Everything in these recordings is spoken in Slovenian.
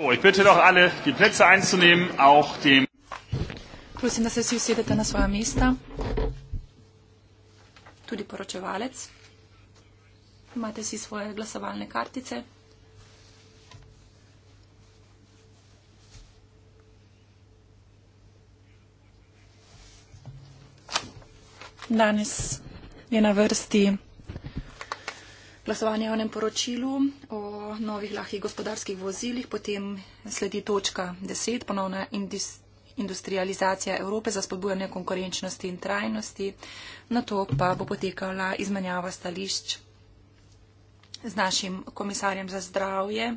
So, ich bitte doch alle, die Plätze einzunehmen, auch dem. Prosim, da se vsi usedete na svoja mesta, tudi poročevalec. Imate si svoje glasovalne kartice. Danes je na vrsti glasovanje o enem poročilu o novih lahkih gospodarskih vozilih, potem sledi točka 10, ponovna industrializacija Evrope za spodbujanje konkurenčnosti in trajnosti, na to pa bo potekala izmenjava stališč z našim komisarjem za zdravje,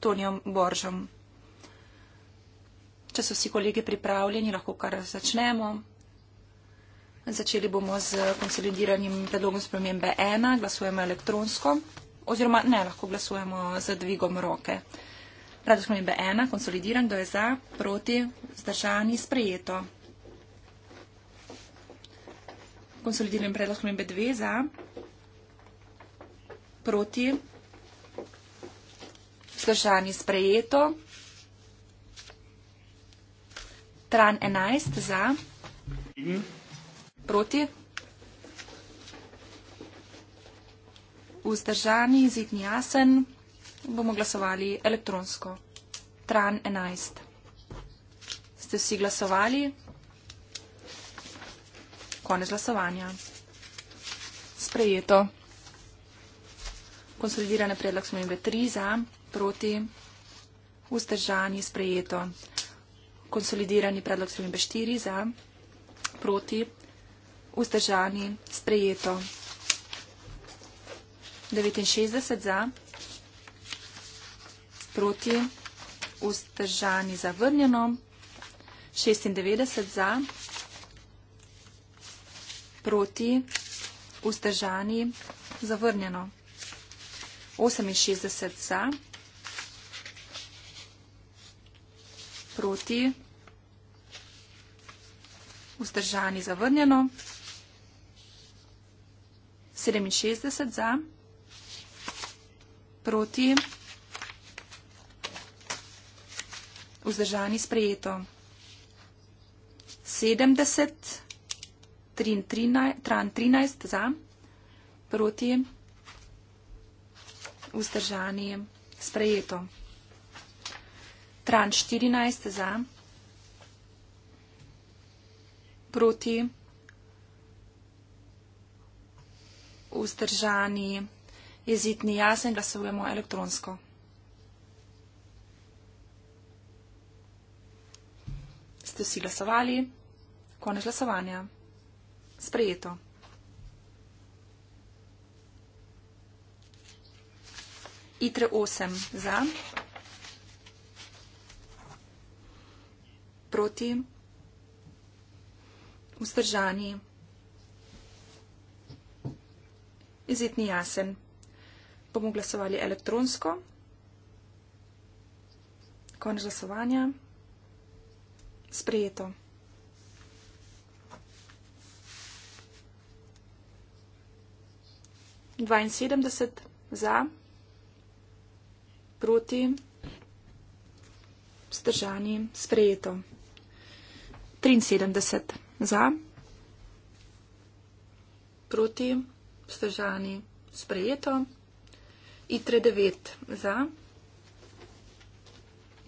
Tonijom Boržom. Če so vsi kolegi pripravljeni, lahko kar začnemo. Začeli bomo z konsolidiranjem predlogom spremembe ena, glasujemo elektronsko oziroma ne, lahko glasujemo z dvigom roke. Predlog spremembe ena, konsolidiran, kdo je za, proti, zdržani, sprejeto. Konsolidiran predlog spremembe dve, za, proti, zdržani, sprejeto. Tran enajst, za. Mm -hmm. Proti? Vzdržani, zidni jasen. Bomo glasovali elektronsko. Tran 11. Ste vsi glasovali? Konec glasovanja. Sprejeto. Konsolidirane predlog smo imeli 3 za, proti, vzdržani, sprejeto. Konsolidirani predlog smo imeli 4 za, proti, vzdržani, sprejeto. 69 za, proti, vzdržani, zavrnjeno. 96 za, proti, vzdržani, zavrnjeno. 68 za, proti, vzdržani, zavrnjeno. 67 za, proti, vzdržani sprejeto. 70, 13 za, proti, vzdržani sprejeto. Tran 14 za, proti, vzdržani sprejeto. vzdržani jezitni jasen glasujemo elektronsko. Ste vsi glasovali? Konec glasovanja. Sprejeto. ITRE 8 za. Proti. Vzdržani. Izid ni jasen. Bomo glasovali elektronsko. Konč glasovanja. Sprejeto. Dvainsedemdeset za, proti, vzdržani, sprejeto. Triinsedemdeset za, proti, vzdržani vzdržani sprejeto. ITRE 9 za,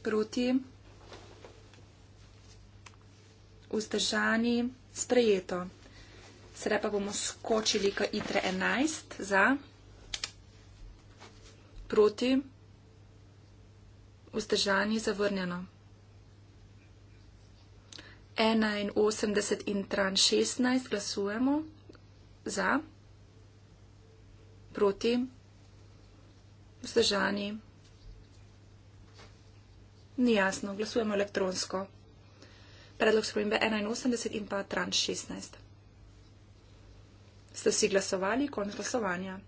proti, vzdržani sprejeto. Sedaj pa bomo skočili k ITRE 11 za, proti, vzdržani zavrnjeno. 81 in tran 16 glasujemo za proti vzdržani. Ni jasno, glasujemo elektronsko. Predlog spremembe 81 in pa tranš 16. Ste vsi glasovali, konc glasovanja.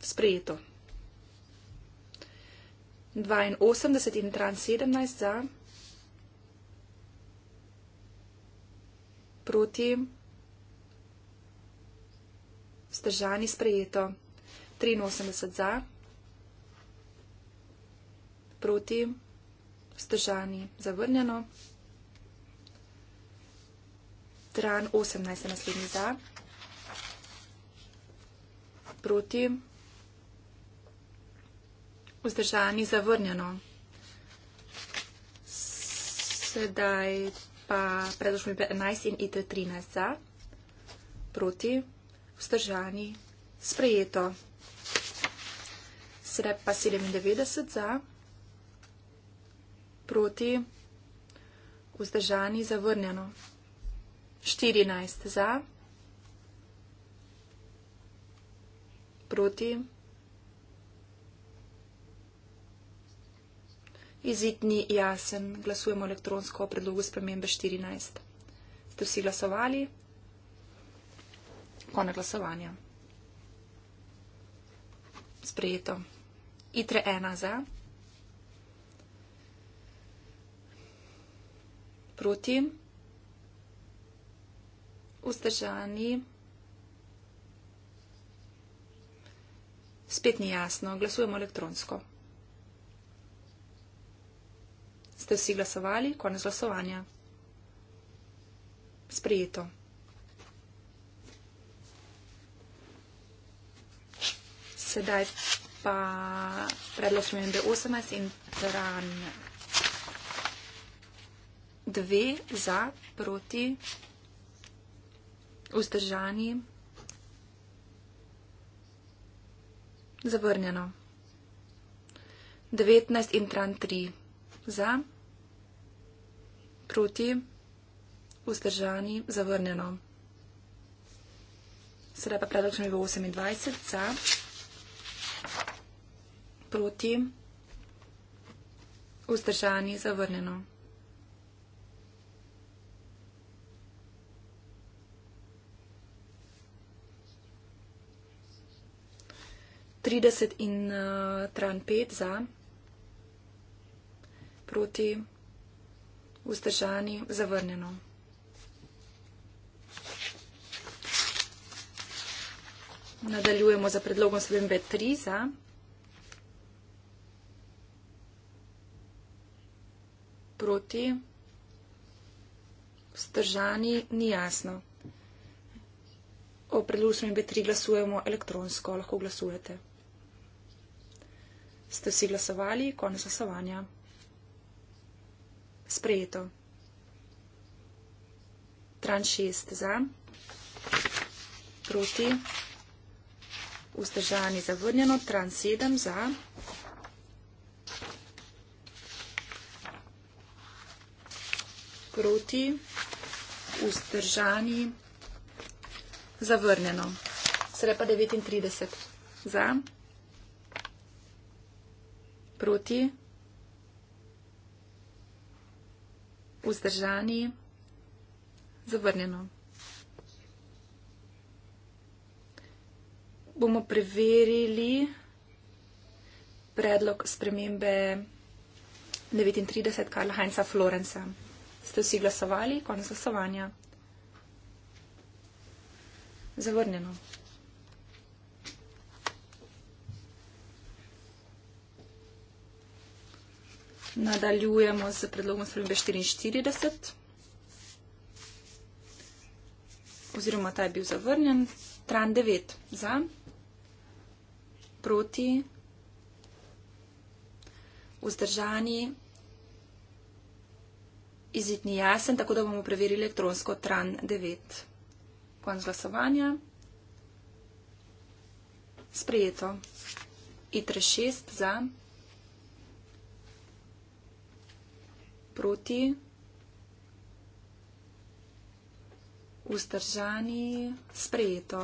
Sprejeto. 82 in trans 17 za. Proti. Vzdržani sprejeto. 83 za. Proti. Vzdržani zavrnjeno. Tran 18 je naslednji za. Proti. Vzdržani zavrnjeno. Sedaj pa predložimo 11 in IT 13 za. Proti vzdržani, sprejeto. Srep pa 97 za, proti, vzdržani, zavrnjeno. 14 za, proti, izid ni jasen, glasujemo elektronsko o predlogu spremembe 14. Ste vsi glasovali? Konec glasovanja. Sprejeto. ITRE ena za. Proti. Vzdržani. Spet ni jasno. Glasujemo elektronsko. Ste vsi glasovali? Konec glasovanja. Sprejeto. sedaj pa predlog spremembe 18 in tran 2 za proti vzdržani zavrnjeno. 19 in tran 3 za proti vzdržani zavrnjeno. Sedaj pa predlog spremembe 28 za proti, vzdržani, zavrnjeno. Trideset in eh, tran pet za, proti, vzdržani, zavrnjeno. Nadaljujemo za predlogom sedem B3 za. proti, vzdržani, ni jasno. O predlogu smo in B3 glasujemo elektronsko, lahko glasujete. Ste vsi glasovali, konec glasovanja. Sprejeto. Tran 6 za, proti, vzdržani zavrnjeno, tran 7 za. proti, vzdržani, zavrnjeno. Sedaj pa 39 za, proti, vzdržani, zavrnjeno. Bomo preverili predlog spremembe 39 Karla Heinza Florenca. Ste vsi glasovali? Konec glasovanja. Zavrnjeno. Nadaljujemo z predlogom spremembe 44. Oziroma ta je bil zavrnjen. Tran 9 za. Proti. Vzdržani izid ni jasen, tako da bomo preverili elektronsko tran 9. Konc glasovanja. Sprejeto. ITR 6 za. Proti. Ustržani. Sprejeto.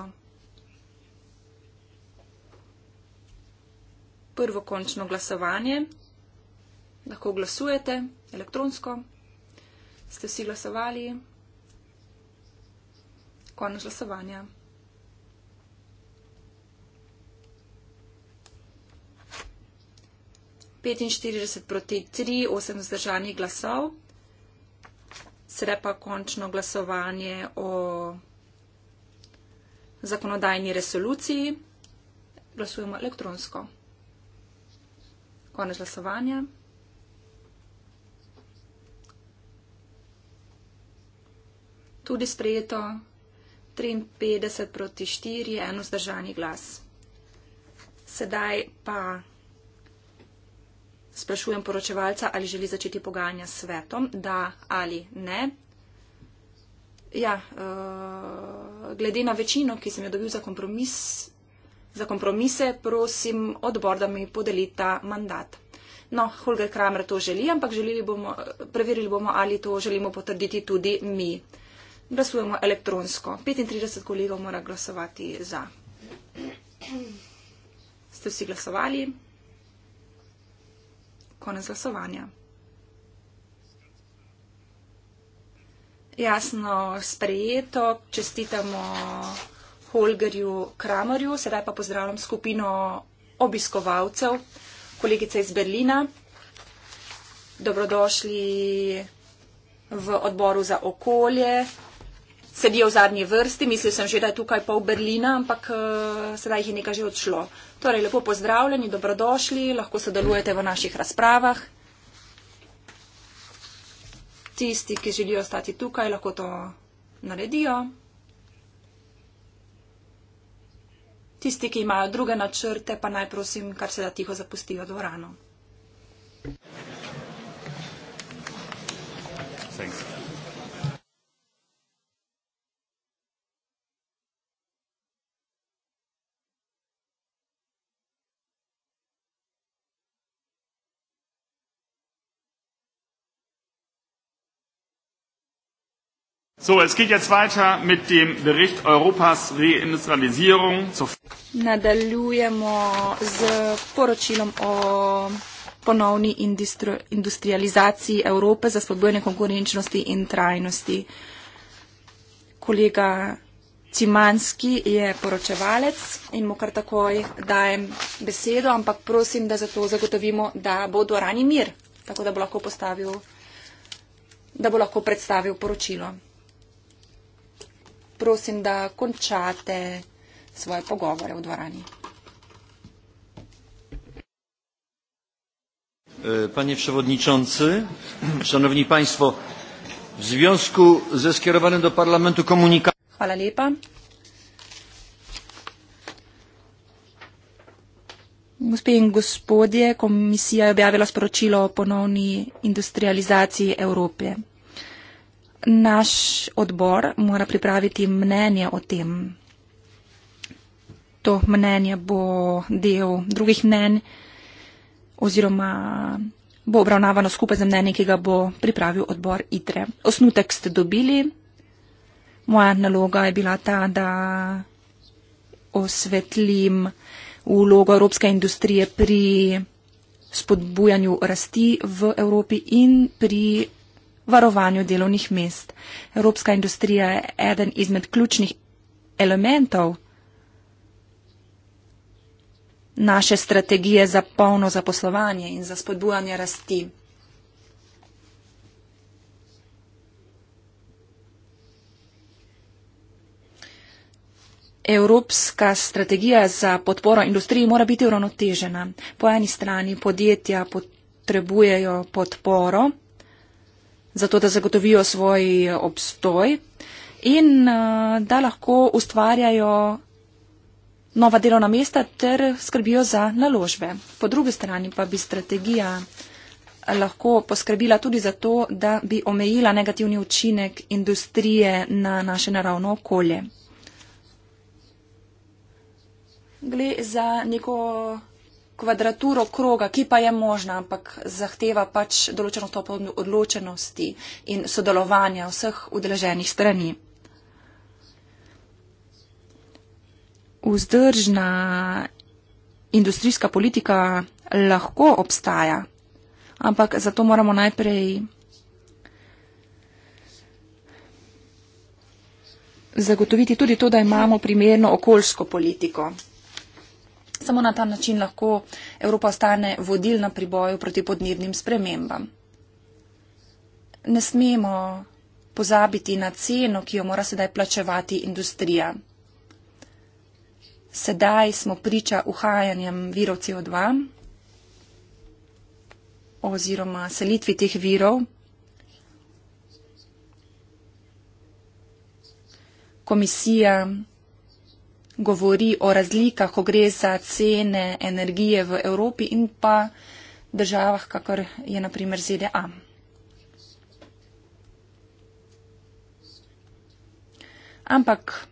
Prvo končno glasovanje. Lahko glasujete elektronsko. Ste vsi glasovali? Konec glasovanja. Petinštirideset proti tri, osem zdržanih glasov. Sedaj pa končno glasovanje o zakonodajni resoluciji. Glasujemo elektronsko. Konec glasovanja. tudi sprejeto 53 proti 4, eno zdržani glas. Sedaj pa sprašujem poročevalca, ali želi začeti pogajanja s svetom, da ali ne. Ja, eh, glede na večino, ki sem jo dobil za, kompromis, za kompromise, prosim odbor, da mi podelita mandat. No, Holger Kramer to želi, ampak bomo, preverili bomo, ali to želimo potrditi tudi mi glasujemo elektronsko. 35 kolegov mora glasovati za. Ste vsi glasovali? Konec glasovanja. Jasno sprejeto, čestitamo Holgerju Kramerju, sedaj pa pozdravljam skupino obiskovalcev, kolegice iz Berlina. Dobrodošli v odboru za okolje, sedijo v zadnji vrsti. Mislil sem že, da je tukaj pol Berlina, ampak uh, sedaj jih je nekaj že odšlo. Torej, lepo pozdravljeni, dobrodošli, lahko sodelujete v naših razpravah. Tisti, ki želijo ostati tukaj, lahko to naredijo. Tisti, ki imajo druge načrte, pa naj prosim, kar se da tiho zapustijo dvorano. Thanks. So, es geht jetzt weiter mit dem Bericht Europas Reindustrialisierung. Nadaljujemo z poročilom o ponovni industrializaciji Evrope za spodbojanje konkurenčnosti in trajnosti. Kolega Cimanski je poročevalec in mu kar takoj dajem besedo, ampak prosim, da zato zagotovimo, da bo dvorani mir, tako da bo lahko, postavil, da bo lahko predstavil poročilo prosim, da končate svoje pogovore v dvorani. E, panie Przewodniczący, Szanowni Państwo, w związku ze skierowanym do Parlamentu komunikacjem... Gospe in gospodje, komisija je objavila sporočilo o ponovni industrializaciji Evrope naš odbor mora pripraviti mnenje o tem. To mnenje bo del drugih mnen oziroma bo obravnavano skupaj z mnenjem, ki ga bo pripravil odbor ITRE. Osnutek ste dobili. Moja naloga je bila ta, da osvetlim vlogo evropske industrije pri spodbujanju rasti v Evropi in pri varovanju delovnih mest. Evropska industrija je eden izmed ključnih elementov naše strategije za polno zaposlovanje in za spodbujanje rasti. Evropska strategija za podporo industriji mora biti uravnotežena. Po eni strani podjetja potrebujejo podporo, zato da zagotovijo svoj eh, obstoj in eh, da lahko ustvarjajo nova delovna mesta ter skrbijo za naložbe. Po drugi strani pa bi strategija lahko poskrbila tudi za to, da bi omejila negativni učinek industrije na naše naravno okolje. Gre za neko kvadraturo kroga, ki pa je možna, ampak zahteva pač določeno stopno odločenosti in sodelovanja vseh udeleženih strani. Vzdržna industrijska politika lahko obstaja, ampak zato moramo najprej zagotoviti tudi to, da imamo primerno okoljsko politiko. Samo na ta način lahko Evropa ostane vodilna pri boju proti podnebnim spremembam. Ne smemo pozabiti na ceno, ki jo mora sedaj plačevati industrija. Sedaj smo priča uhajanjem virov CO2 oziroma selitvi teh virov. Komisija govori o razlikah, ko gre za cene energije v Evropi in pa državah, kakor je naprimer ZDA. Ampak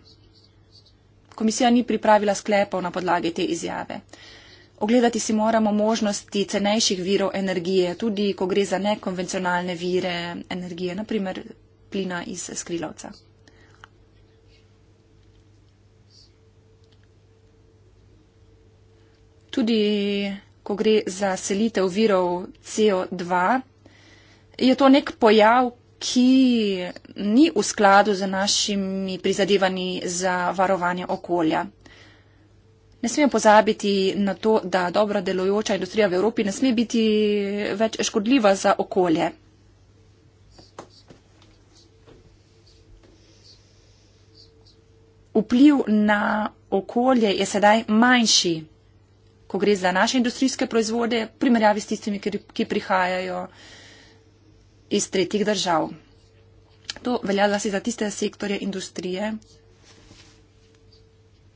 komisija ni pripravila sklepov na podlagi te izjave. Ogledati si moramo možnosti cenejših virov energije, tudi ko gre za nekonvencionalne vire energije, naprimer plina iz skrilovca. tudi ko gre za selitev virov CO2, je to nek pojav, ki ni v skladu z našimi prizadevanji za varovanje okolja. Ne smemo pozabiti na to, da dobra delojoča industrija v Evropi ne sme biti več škodljiva za okolje. Vpliv na okolje je sedaj manjši ko gre za naše industrijske proizvode, v primerjavi s tistimi, ki prihajajo iz tretjih držav. To velja zlasti za tiste sektorje industrije,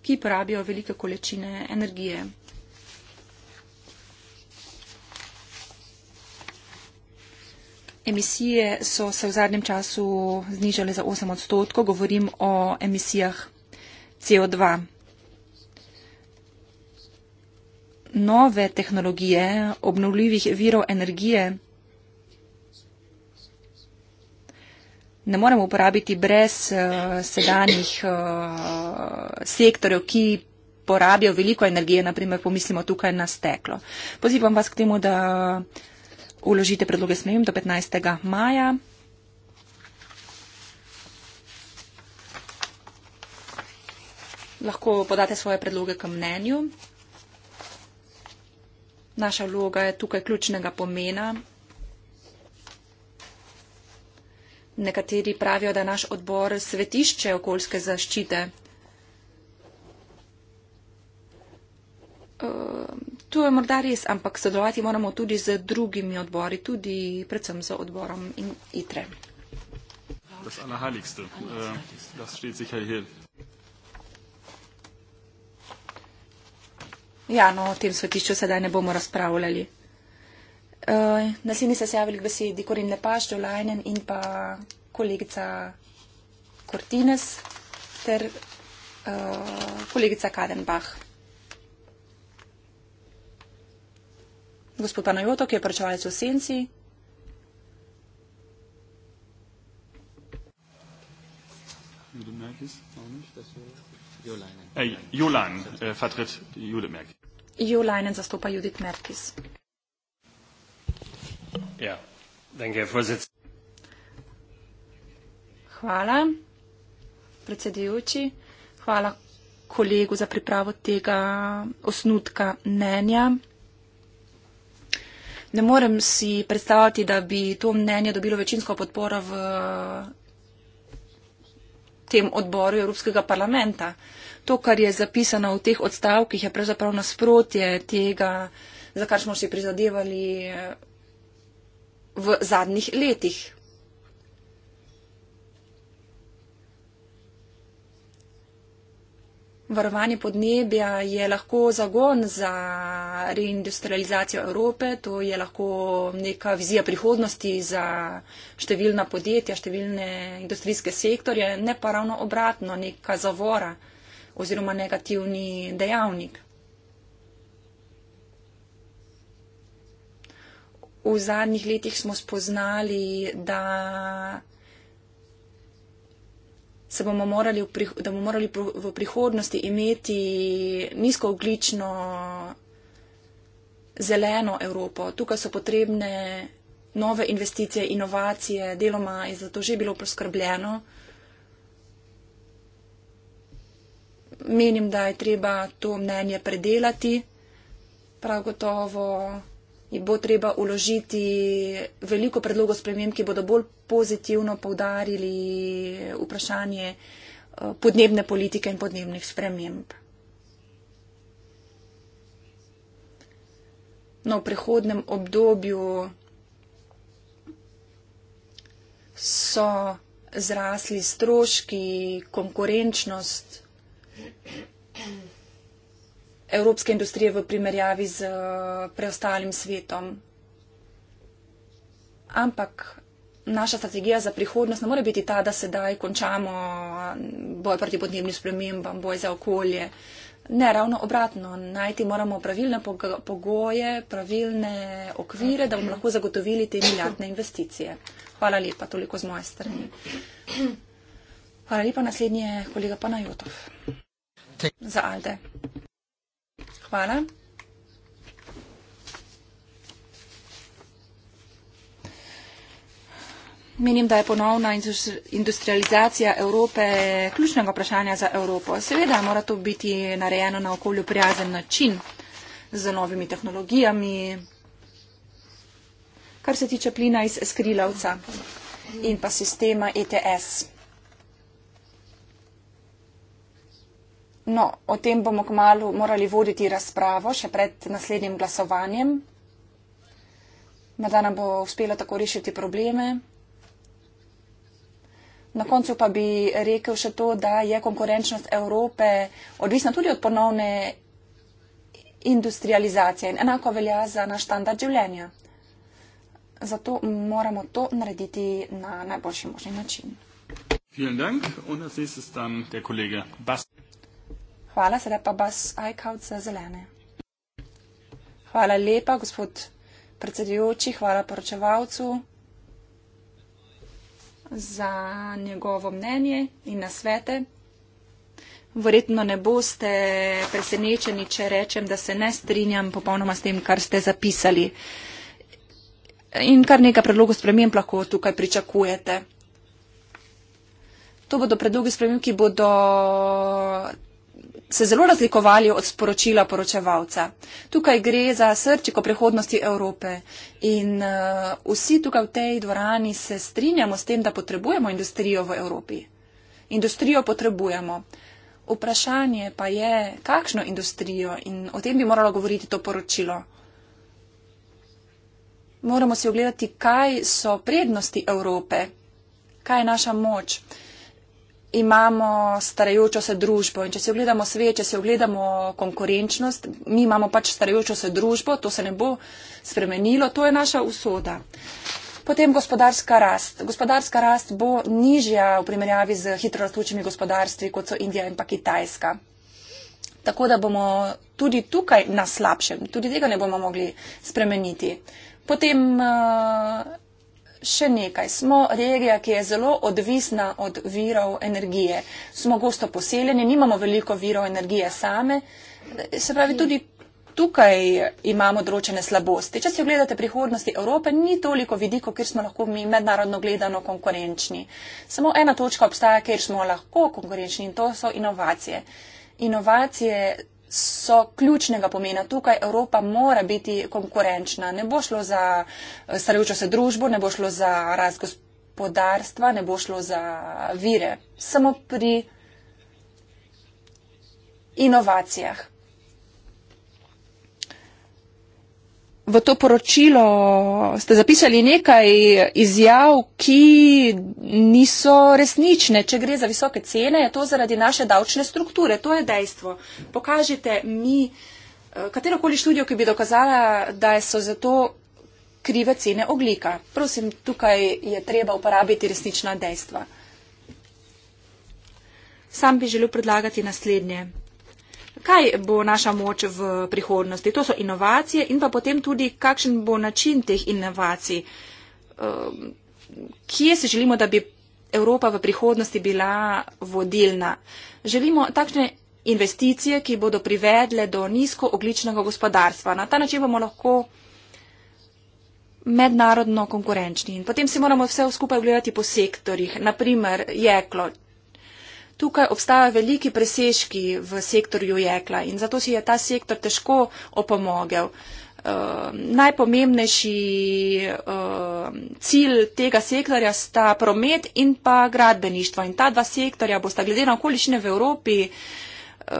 ki porabijo velike količine energije. Emisije so se v zadnjem času znižale za 8 odstotkov, govorim o emisijah CO2. nove tehnologije obnovljivih virov energije ne moremo uporabiti brez uh, sedanjih uh, sektorjev, ki porabijo veliko energije, naprimer pomislimo tukaj na steklo. Pozivam vas k temu, da uložite predloge smejem do 15. maja. Lahko podate svoje predloge k mnenju. Naša vloga je tukaj ključnega pomena. Nekateri pravijo, da je naš odbor svetišče okoljske zaščite. Ehm, to je morda res, ampak sodelovati moramo tudi z drugimi odbori, tudi predvsem z odborom in ITRE. Das Allerheiligste, äh, das steht sicher hier Ja, no, o tem svetišču sedaj ne bomo razpravljali. Uh, eh, naslednji se je javil k besedi Korin Lepaš, Dolajnen in pa kolegica Kortines ter uh, kolegica Kadenbach. Gospod Panajoto, ki je pričevalec v Senci. Do you notice how much that's all? Julein äh, eh, vertritt Judith Merkis. Julein zastopa Judith Merkis. Ja, danke, Herr Vorsitzender. Hvala, predsedujoči. Hvala kolegu za pripravo tega osnutka mnenja. Ne morem si predstavljati, da bi to mnenje dobilo večinsko podporo v tem odboru Evropskega parlamenta to, kar je zapisano v teh odstavkih, je pravzaprav nasprotje tega, za kar smo si prizadevali v zadnjih letih. Varovanje podnebja je lahko zagon za reindustrializacijo Evrope, to je lahko neka vizija prihodnosti za številna podjetja, številne industrijske sektorje, ne pa ravno obratno, neka zavora oziroma negativni dejavnik. V zadnjih letih smo spoznali, da se bomo morali v, prih bomo morali v prihodnosti imeti nizkooglično zeleno Evropo. Tukaj so potrebne nove investicije, inovacije, deloma je zato že bilo poskrbljeno. menim, da je treba to mnenje predelati. Prav gotovo bo treba uložiti veliko predlogov sprememb, ki bodo bolj pozitivno povdarili vprašanje eh, podnebne politike in podnebnih sprememb. No, v prihodnem obdobju so zrasli stroški, konkurenčnost evropske industrije v primerjavi z eh, preostalim svetom. Ampak naša strategija za prihodnost ne more biti ta, da sedaj končamo eh, boj proti podnebnim spremembam, boj za okolje. Ne, ravno obratno, najti moramo pravilne pogoje, pravilne okvire, da bomo lahko zagotovili te milijardne investicije. Hvala lepa, toliko z moje strani. Hvala lepa, naslednji je kolega Panajotov za Alde. Hvala. Menim, da je ponovna industrializacija Evrope ključnega vprašanja za Evropo. Seveda mora to biti narejeno na okolju prijazen način z novimi tehnologijami, kar se tiče plina iz skrilavca in pa sistema ETS. No, o tem bomo kmalo morali voditi razpravo, še pred naslednjim glasovanjem. Morda nam bo uspelo tako rešiti probleme. Na koncu pa bi rekel še to, da je konkurenčnost Evrope odvisna tudi od ponovne industrializacije in enako velja za naš standard življenja. Zato moramo to narediti na najboljši možni način. Hvala. Hvala, sedaj pa bas iCloud za zelene. Hvala lepa, gospod predsedujoči, hvala poročevalcu za njegovo mnenje in nasvete. Verjetno ne boste presenečeni, če rečem, da se ne strinjam popolnoma s tem, kar ste zapisali. In kar nekaj predlogov sprememb lahko tukaj pričakujete. To bodo predlogi sprememb, ki bodo se zelo razlikovali od sporočila poročevalca. Tukaj gre za srčiko prihodnosti Evrope in uh, vsi tukaj v tej dvorani se strinjamo s tem, da potrebujemo industrijo v Evropi. Industrijo potrebujemo. Vprašanje pa je, kakšno industrijo in o tem bi moralo govoriti to poročilo. Moramo si ogledati, kaj so prednosti Evrope, kaj je naša moč. Uh, imamo starajočo se družbo in če se ogledamo svet, če se ogledamo konkurenčnost, mi imamo pač starajočo se družbo, to se ne bo spremenilo, to je naša usoda. Potem gospodarska rast. Gospodarska rast bo nižja v primerjavi z hitro rastočimi gospodarstvi, kot so Indija in pa Kitajska. Tako da bomo tudi tukaj na slabšem, tudi tega ne bomo mogli spremeniti. Potem uh, še nekaj. Smo regija, ki je zelo odvisna od virov energije. Smo gosto poseljeni, nimamo veliko virov energije same. Se pravi, tudi tukaj imamo določene slabosti. Če si ogledate prihodnosti Evrope, ni toliko vidiko, kjer smo lahko mi mednarodno gledano konkurenčni. Samo ena točka obstaja, kjer smo lahko konkurenčni in to so inovacije. Inovacije so ključnega pomena. Tukaj Evropa mora biti konkurenčna. Ne bo šlo za eh, starajočo se družbo, ne bo šlo za rast gospodarstva, ne bo šlo za vire. Samo pri inovacijah. v to poročilo ste zapisali nekaj izjav, ki niso resnične. Če gre za visoke cene, je to zaradi naše davčne strukture. To je dejstvo. Pokažite mi eh, katerokoli študijo, ki bi dokazala, da so za to krive cene oglika. Prosim, tukaj je treba uporabiti resnična dejstva. Sam bi želel predlagati naslednje kaj bo naša moč v prihodnosti. To so inovacije in pa potem tudi, kakšen bo način teh inovacij. Ehm, kje se želimo, da bi Evropa v prihodnosti bila vodilna? Želimo takšne investicije, ki bodo privedle do nizkoogličnega gospodarstva. Na ta način bomo lahko mednarodno konkurenčni. In potem si moramo vse skupaj gledati po sektorjih. Naprimer, jeklo tukaj obstajajo veliki presežki v sektorju jekla in zato si je ta sektor težko opomogel. Uh, najpomembnejši uh, cilj tega sektorja sta promet in pa gradbeništvo. In ta dva sektorja bosta glede na okolišine v Evropi uh,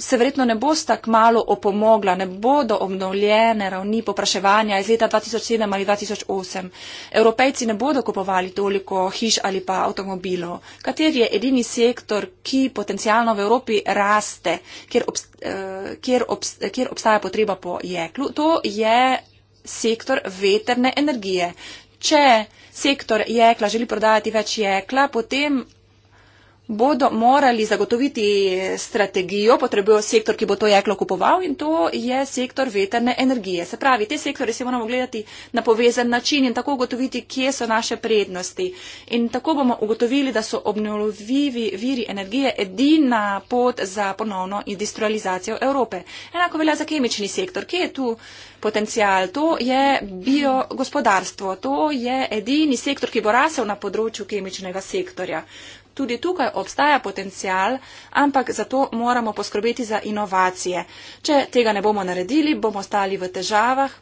se verjetno ne bo tako malo opomogla, ne bodo obnovljene ravni popraševanja iz leta 2007 ali 2008. Evropejci ne bodo kupovali toliko hiš ali pa avtomobilov. Kateri je edini sektor, ki potencialno v Evropi raste, kjer, obst, eh, kjer, obst, kjer obstaja potreba po jeklu? To je sektor veterne energije. Če sektor jekla želi prodajati več jekla, potem bodo morali zagotoviti strategijo, potrebujo sektor, ki bo to jeklo kupoval in to je sektor veterne energije. Se pravi, te sektore si moramo gledati na povezan način in tako ugotoviti, kje so naše prednosti. In tako bomo ugotovili, da so obnovljivi viri energije edina pot za ponovno industrializacijo Evrope. Enako velja za kemični sektor. Kje je tu potencial? To je biogospodarstvo. To je edini sektor, ki bo rasel na področju kemičnega sektorja. Tudi tukaj obstaja potencial, ampak zato moramo poskrbeti za inovacije. Če tega ne bomo naredili, bomo ostali v težavah.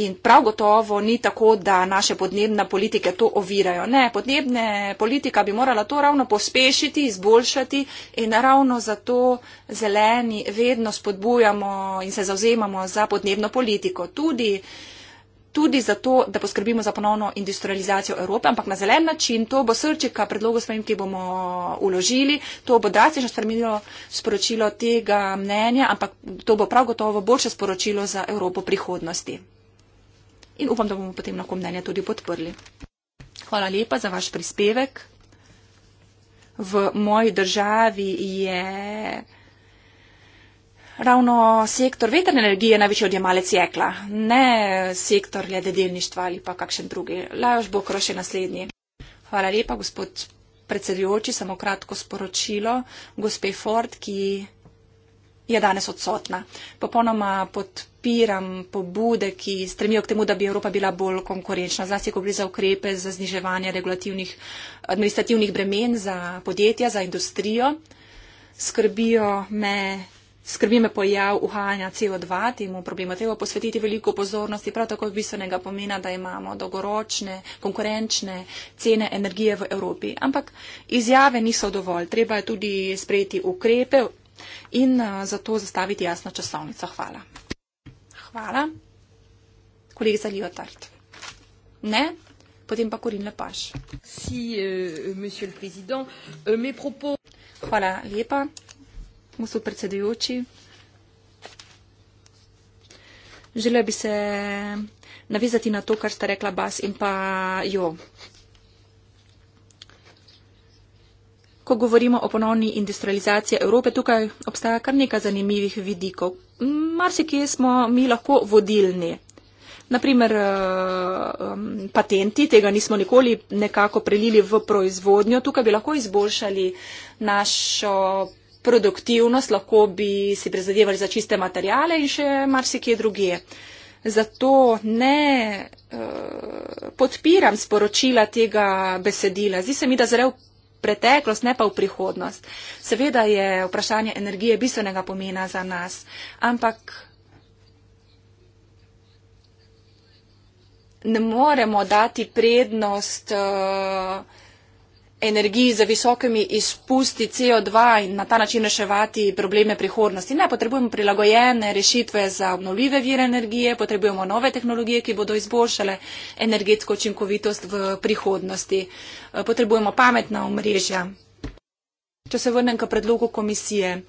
In prav gotovo ni tako, da naše podnebne politike to ovirajo. Ne, podnebne politika bi morala to ravno pospešiti, izboljšati in ravno zato zeleni vedno spodbujamo in se zauzemamo za podnebno politiko. Tudi uh, tudi zato, da poskrbimo za ponovno industrializacijo Evrope, ampak na zelen način. To bo srčika predlogu spremem, ki bomo uložili. To bo drastično spremenilo sporočilo tega mnenja, ampak to bo prav gotovo boljše sporočilo za Evropo prihodnosti. In upam, da bomo potem lahko mnenje tudi podprli. Hvala lepa za vaš prispevek. V moji državi je. Ravno sektor vetrne energije je največji odjemalec jekla, ne sektor glede delništva ali pa kakšen drugi. Lajoš bo kroše naslednji. Hvala lepa, gospod predsedujoči, samo kratko sporočilo gospe Ford, ki je danes odsotna. Popolnoma podpiram pobude, ki stremijo k temu, da bi Evropa bila bolj konkurenčna, zlasti ko gre za ukrepe za zniževanje regulativnih administrativnih bremen za podjetja, za industrijo. Skrbijo me Skrbi me pojav uhajanja CO2, temu problemu treba posvetiti veliko pozornosti, prav tako je bistvenega pomena, da imamo dolgoročne, konkurenčne cene energije v Evropi. Ampak izjave niso dovolj, treba je tudi sprejeti ukrepe in zato zastaviti jasno časovnico. Hvala. Hvala. Kolegica Ljotard. Ne? Potem pa Korin Lepaš. Si, uh, monsieur le président, uh, mes propos. Hvala lepa gospod predsedujoči. Želel bi se navezati na to, kar sta rekla Bas in pa jo. Ko govorimo o ponovni industrializaciji Evrope, tukaj obstaja kar nekaj zanimivih vidikov. Marsikje smo mi lahko vodilni. Naprimer, eh, um, patenti tega nismo nikoli nekako prelili v proizvodnjo. Tukaj bi lahko izboljšali našo produktivnost, lahko bi si prizadevali za čiste materijale in še marsikje druge. Zato ne uh, podpiram sporočila tega besedila. Zdi se mi, da zre v preteklost, ne pa v prihodnost. Seveda je vprašanje energije bistvenega pomena za nas, ampak. Ne moremo dati prednost uh, energiji z visokimi izpusti CO2 in na ta način reševati probleme prihodnosti. Ne, potrebujemo prilagojene rešitve za obnovljive vire energije, potrebujemo nove tehnologije, ki bodo izboljšale energetsko učinkovitost v prihodnosti. Eh, potrebujemo pametna omrežja. Če se vrnem k predlogu komisije,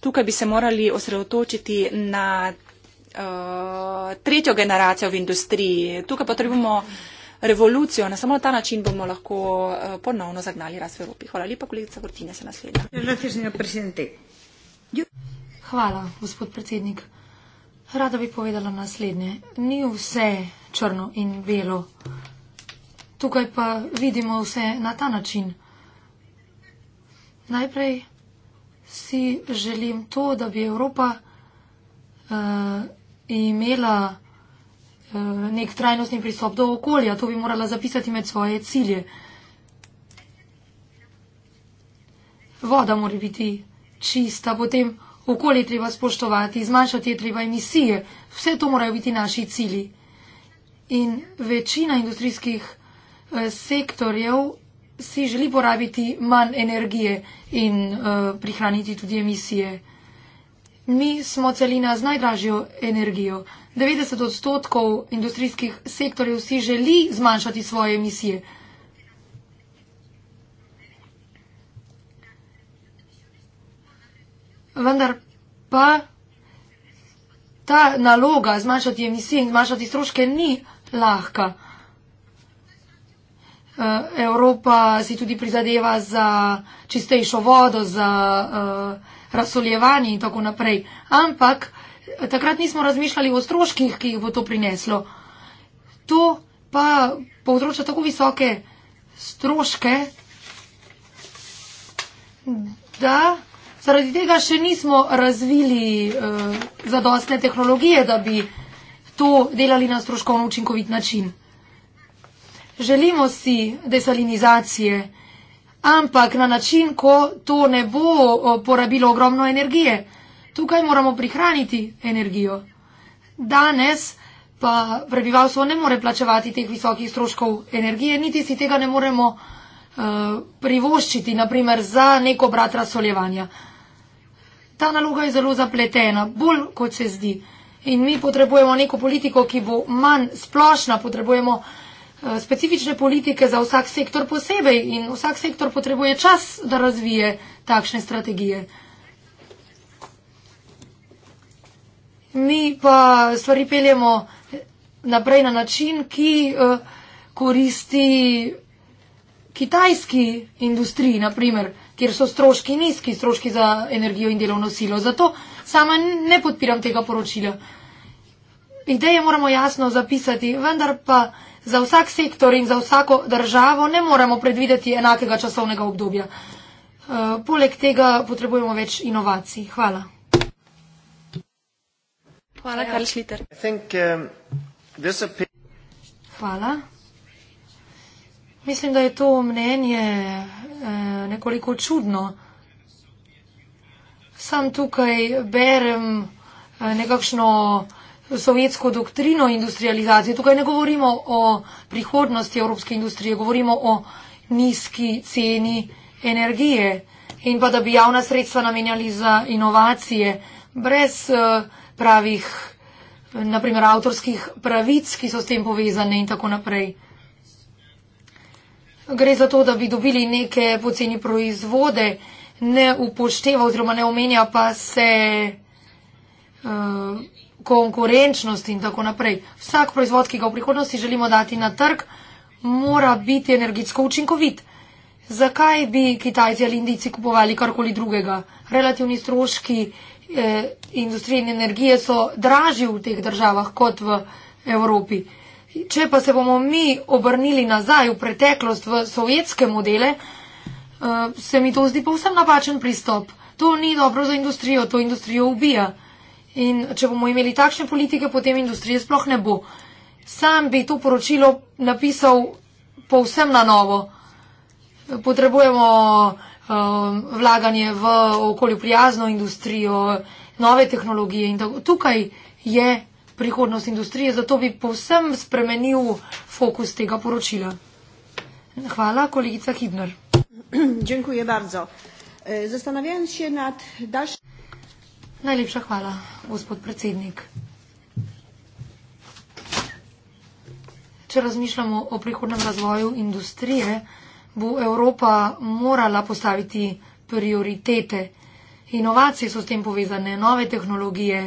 tukaj bi se morali osredotočiti na uh, tretjo generacijo v industriji. Tukaj potrebujemo revolucijo. Ne samo na ta način bomo lahko eh, ponovno zagnali razvoj Evropi. Hvala lepa, kolegica Vrtine, se naslednja. Hvala, gospod predsednik. Rada bi povedala naslednje. Ni vse črno in belo. Tukaj pa vidimo vse na ta način. Najprej si želim to, da bi Evropa uh, imela Eh, nek trajnostni pristop do okolja. To bi morala zapisati med svoje cilje. Voda mora biti čista, potem okolje treba spoštovati, zmanjšati je treba emisije. Vse to morajo biti naši cilji. In večina industrijskih eh, sektorjev si želi porabiti manj energije in uh, prihraniti tudi emisije. Mi smo celina z najdražjo energijo. 90 odstotkov industrijskih sektorjev si želi zmanjšati svoje emisije. Vendar pa ta naloga zmanjšati emisije in zmanjšati stroške ni lahka. Eh, Evropa si tudi prizadeva za čistejšo vodo, za. Uh, razsoljevani in tako naprej. Ampak takrat nismo razmišljali o stroških, ki jih bo to prineslo. To pa povzroča tako visoke stroške, da zaradi tega še nismo razvili uh, zadostne tehnologije, da bi to delali na stroškovno učinkovit način. Želimo si desalinizacije ampak na način, ko to ne bo porabilo ogromno energije. Tukaj moramo prihraniti energijo. Danes pa prebivalstvo ne more plačevati teh visokih stroškov energije, niti si tega ne moremo uh, privoščiti, naprimer za neko brat razsoljevanja. Ta naloga je zelo zapletena, bolj kot se zdi. In mi potrebujemo neko politiko, ki bo manj splošna, potrebujemo uh, Eh, specifične politike za vsak sektor posebej in vsak sektor potrebuje čas, da razvije takšne strategije. Mi pa stvari peljemo naprej na način, ki eh, koristi kitajski industriji, naprimer, kjer so stroški nizki, stroški za energijo in delovno silo. Zato sama ne podpiram tega poročila. Ideje moramo jasno zapisati, vendar pa. Za vsak sektor in za vsako državo ne moremo predvideti enakega časovnega obdobja. Uh, poleg tega potrebujemo več inovacij. Hvala. Hvala, Karl Šliter. Um, Hvala. Mislim, da je to mnenje eh, nekoliko čudno. Sam tukaj berem eh, nekakšno sovjetsko doktrino industrializacije. Tukaj ne govorimo o prihodnosti evropske industrije, govorimo o nizki ceni energije in pa da bi javna sredstva namenjali za inovacije brez eh, pravih, naprimer, avtorskih pravic, ki so s tem povezane in tako naprej. Gre za to, da bi dobili neke poceni proizvode, ne upošteva oziroma ne omenja pa se. Uh, konkurenčnost in tako naprej. Vsak proizvod, ki ga v prihodnosti želimo dati na trg, mora biti energetsko učinkovit. Zakaj bi Kitajci ali Indijci kupovali karkoli drugega? Relativni stroški eh, industrije in energije so dražji v teh državah kot v Evropi. Če pa se bomo mi obrnili nazaj v preteklost v sovjetske modele, eh, se mi to zdi povsem napačen pristop. To ni dobro za industrijo, to industrijo ubija. In če bomo imeli takšne politike, potem industrije sploh ne bo. Sam bi to poročilo napisal povsem na novo. Potrebujemo um, vlaganje v okolju prijazno industrijo, nove tehnologije in tako. Tukaj je prihodnost industrije, zato bi povsem spremenil fokus tega poročila. Hvala, kolegica Hidner. Dziękuję bardzo. E, zastanawiając się nad dalszym. Najlepša hvala, gospod predsednik. Če razmišljamo o prihodnem razvoju industrije, bo Evropa morala postaviti prioritete. Inovacije so s tem povezane, nove tehnologije.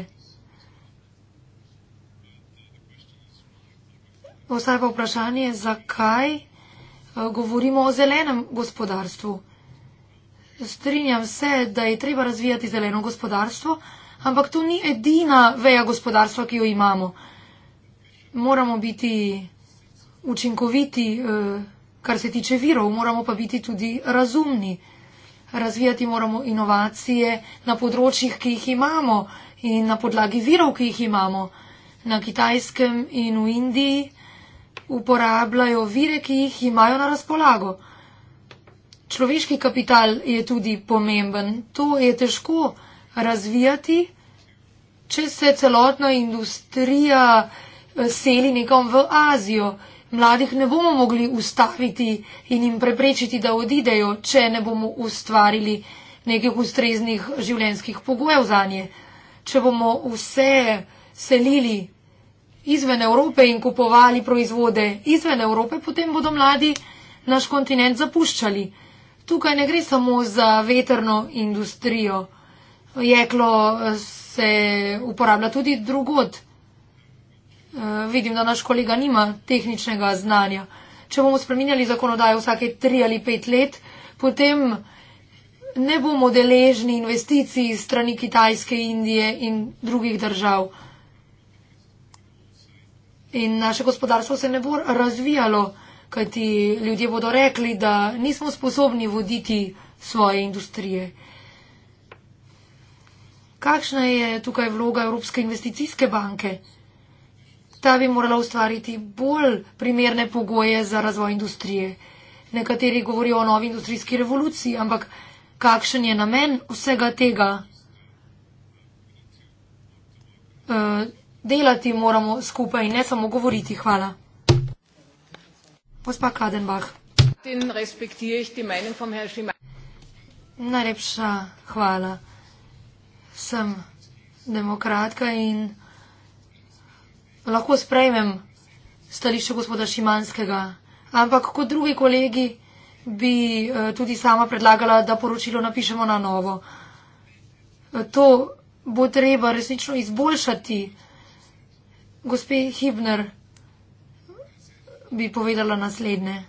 Ostaje pa vprašanje, zakaj eh, govorimo o zelenem gospodarstvu. Strinjam se, da je treba razvijati zeleno gospodarstvo, ampak to ni edina veja gospodarstva, ki jo imamo. Moramo biti učinkoviti, eh, kar se tiče virov, moramo pa biti tudi razumni. Razvijati moramo inovacije na področjih, ki jih imamo in na podlagi virov, ki jih imamo. Na kitajskem in v Indiji uporabljajo vire, ki jih imajo na razpolago človeški kapital je tudi pomemben. To je težko razvijati, če se celotna industrija eh, seli nekam v Azijo. Mladih ne bomo mogli ustaviti in jim preprečiti, da odidejo, če ne bomo ustvarili nekih ustreznih življenjskih pogojev za nje. Če bomo vse selili izven Evrope in kupovali proizvode izven Evrope, potem bodo mladi naš kontinent zapuščali tukaj ne gre samo za veterno industrijo. Jeklo eh, se uporablja tudi drugod. Eh, vidim, da naš kolega nima tehničnega znanja. Če bomo spreminjali zakonodajo vsake tri ali pet let, potem ne bomo deležni investicij strani Kitajske, Indije in drugih držav. In naše gospodarstvo se ne bo razvijalo kajti ljudje bodo rekli, da nismo sposobni voditi svoje industrije. Kakšna je tukaj vloga Evropske investicijske banke? Ta bi morala ustvariti bolj primerne pogoje za razvoj industrije. Nekateri govorijo o novi industrijski revoluciji, ampak kakšen je namen vsega tega? Eh, delati moramo skupaj in ne samo govoriti. Hvala. Gospa Kadenbach. Najlepša hvala. Sem demokratka in lahko sprejmem stališče gospoda Šimanskega, ampak kot drugi kolegi bi eh, tudi sama predlagala, da poročilo napišemo na novo. Eh, to bo treba resnično izboljšati. Gospe Hibner, bi povedala naslednje.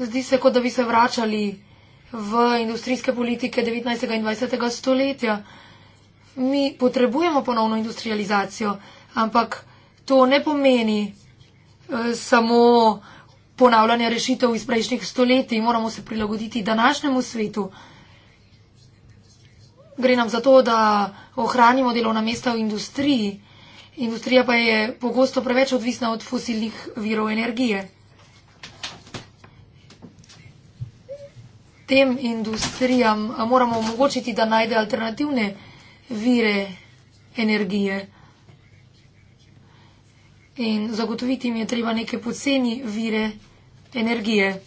Zdi se, kot da bi se vračali v industrijske politike 19. in 20. stoletja. Mi potrebujemo ponovno industrializacijo, ampak to ne pomeni eh, samo ponavljanje rešitev iz prejšnjih stoletij. Moramo se prilagoditi današnjemu svetu. Gre nam za to, da ohranimo delovna mesta v industriji. Industrija pa je pogosto preveč odvisna od fosilnih virov energije. Tem industrijam moramo omogočiti, da najde alternativne vire energije. In zagotoviti jim je treba neke poceni vire energije.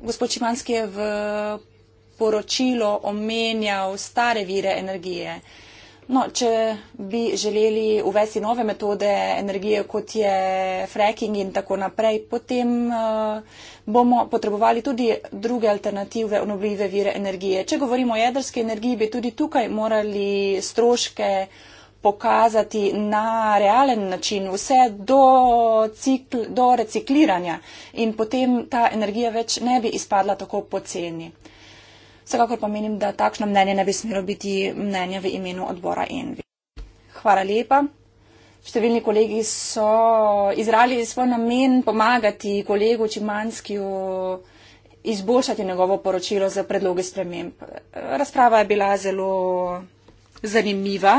Gospod Čimanski je v poročilo omenjal stare vire energije. No, če bi želeli uvesti nove metode energije, kot je fracking in tako naprej, potem uh, bomo potrebovali tudi druge alternative obnovljive vire energije. Če govorimo o jedrski energiji, bi tudi tukaj morali stroške pokazati na realen način, vse do, cikl, do recikliranja in potem ta energija več ne bi izpadla tako poceni. Vsekakor pa menim, da takšno mnenje ne bi smelo biti mnenje v imenu odbora Envi. Hvala lepa. Številni kolegi so izrali svoj namen pomagati kolegu Čimanskiju izboljšati njegovo poročilo za predloge sprememb. Razprava je bila zelo zanimiva.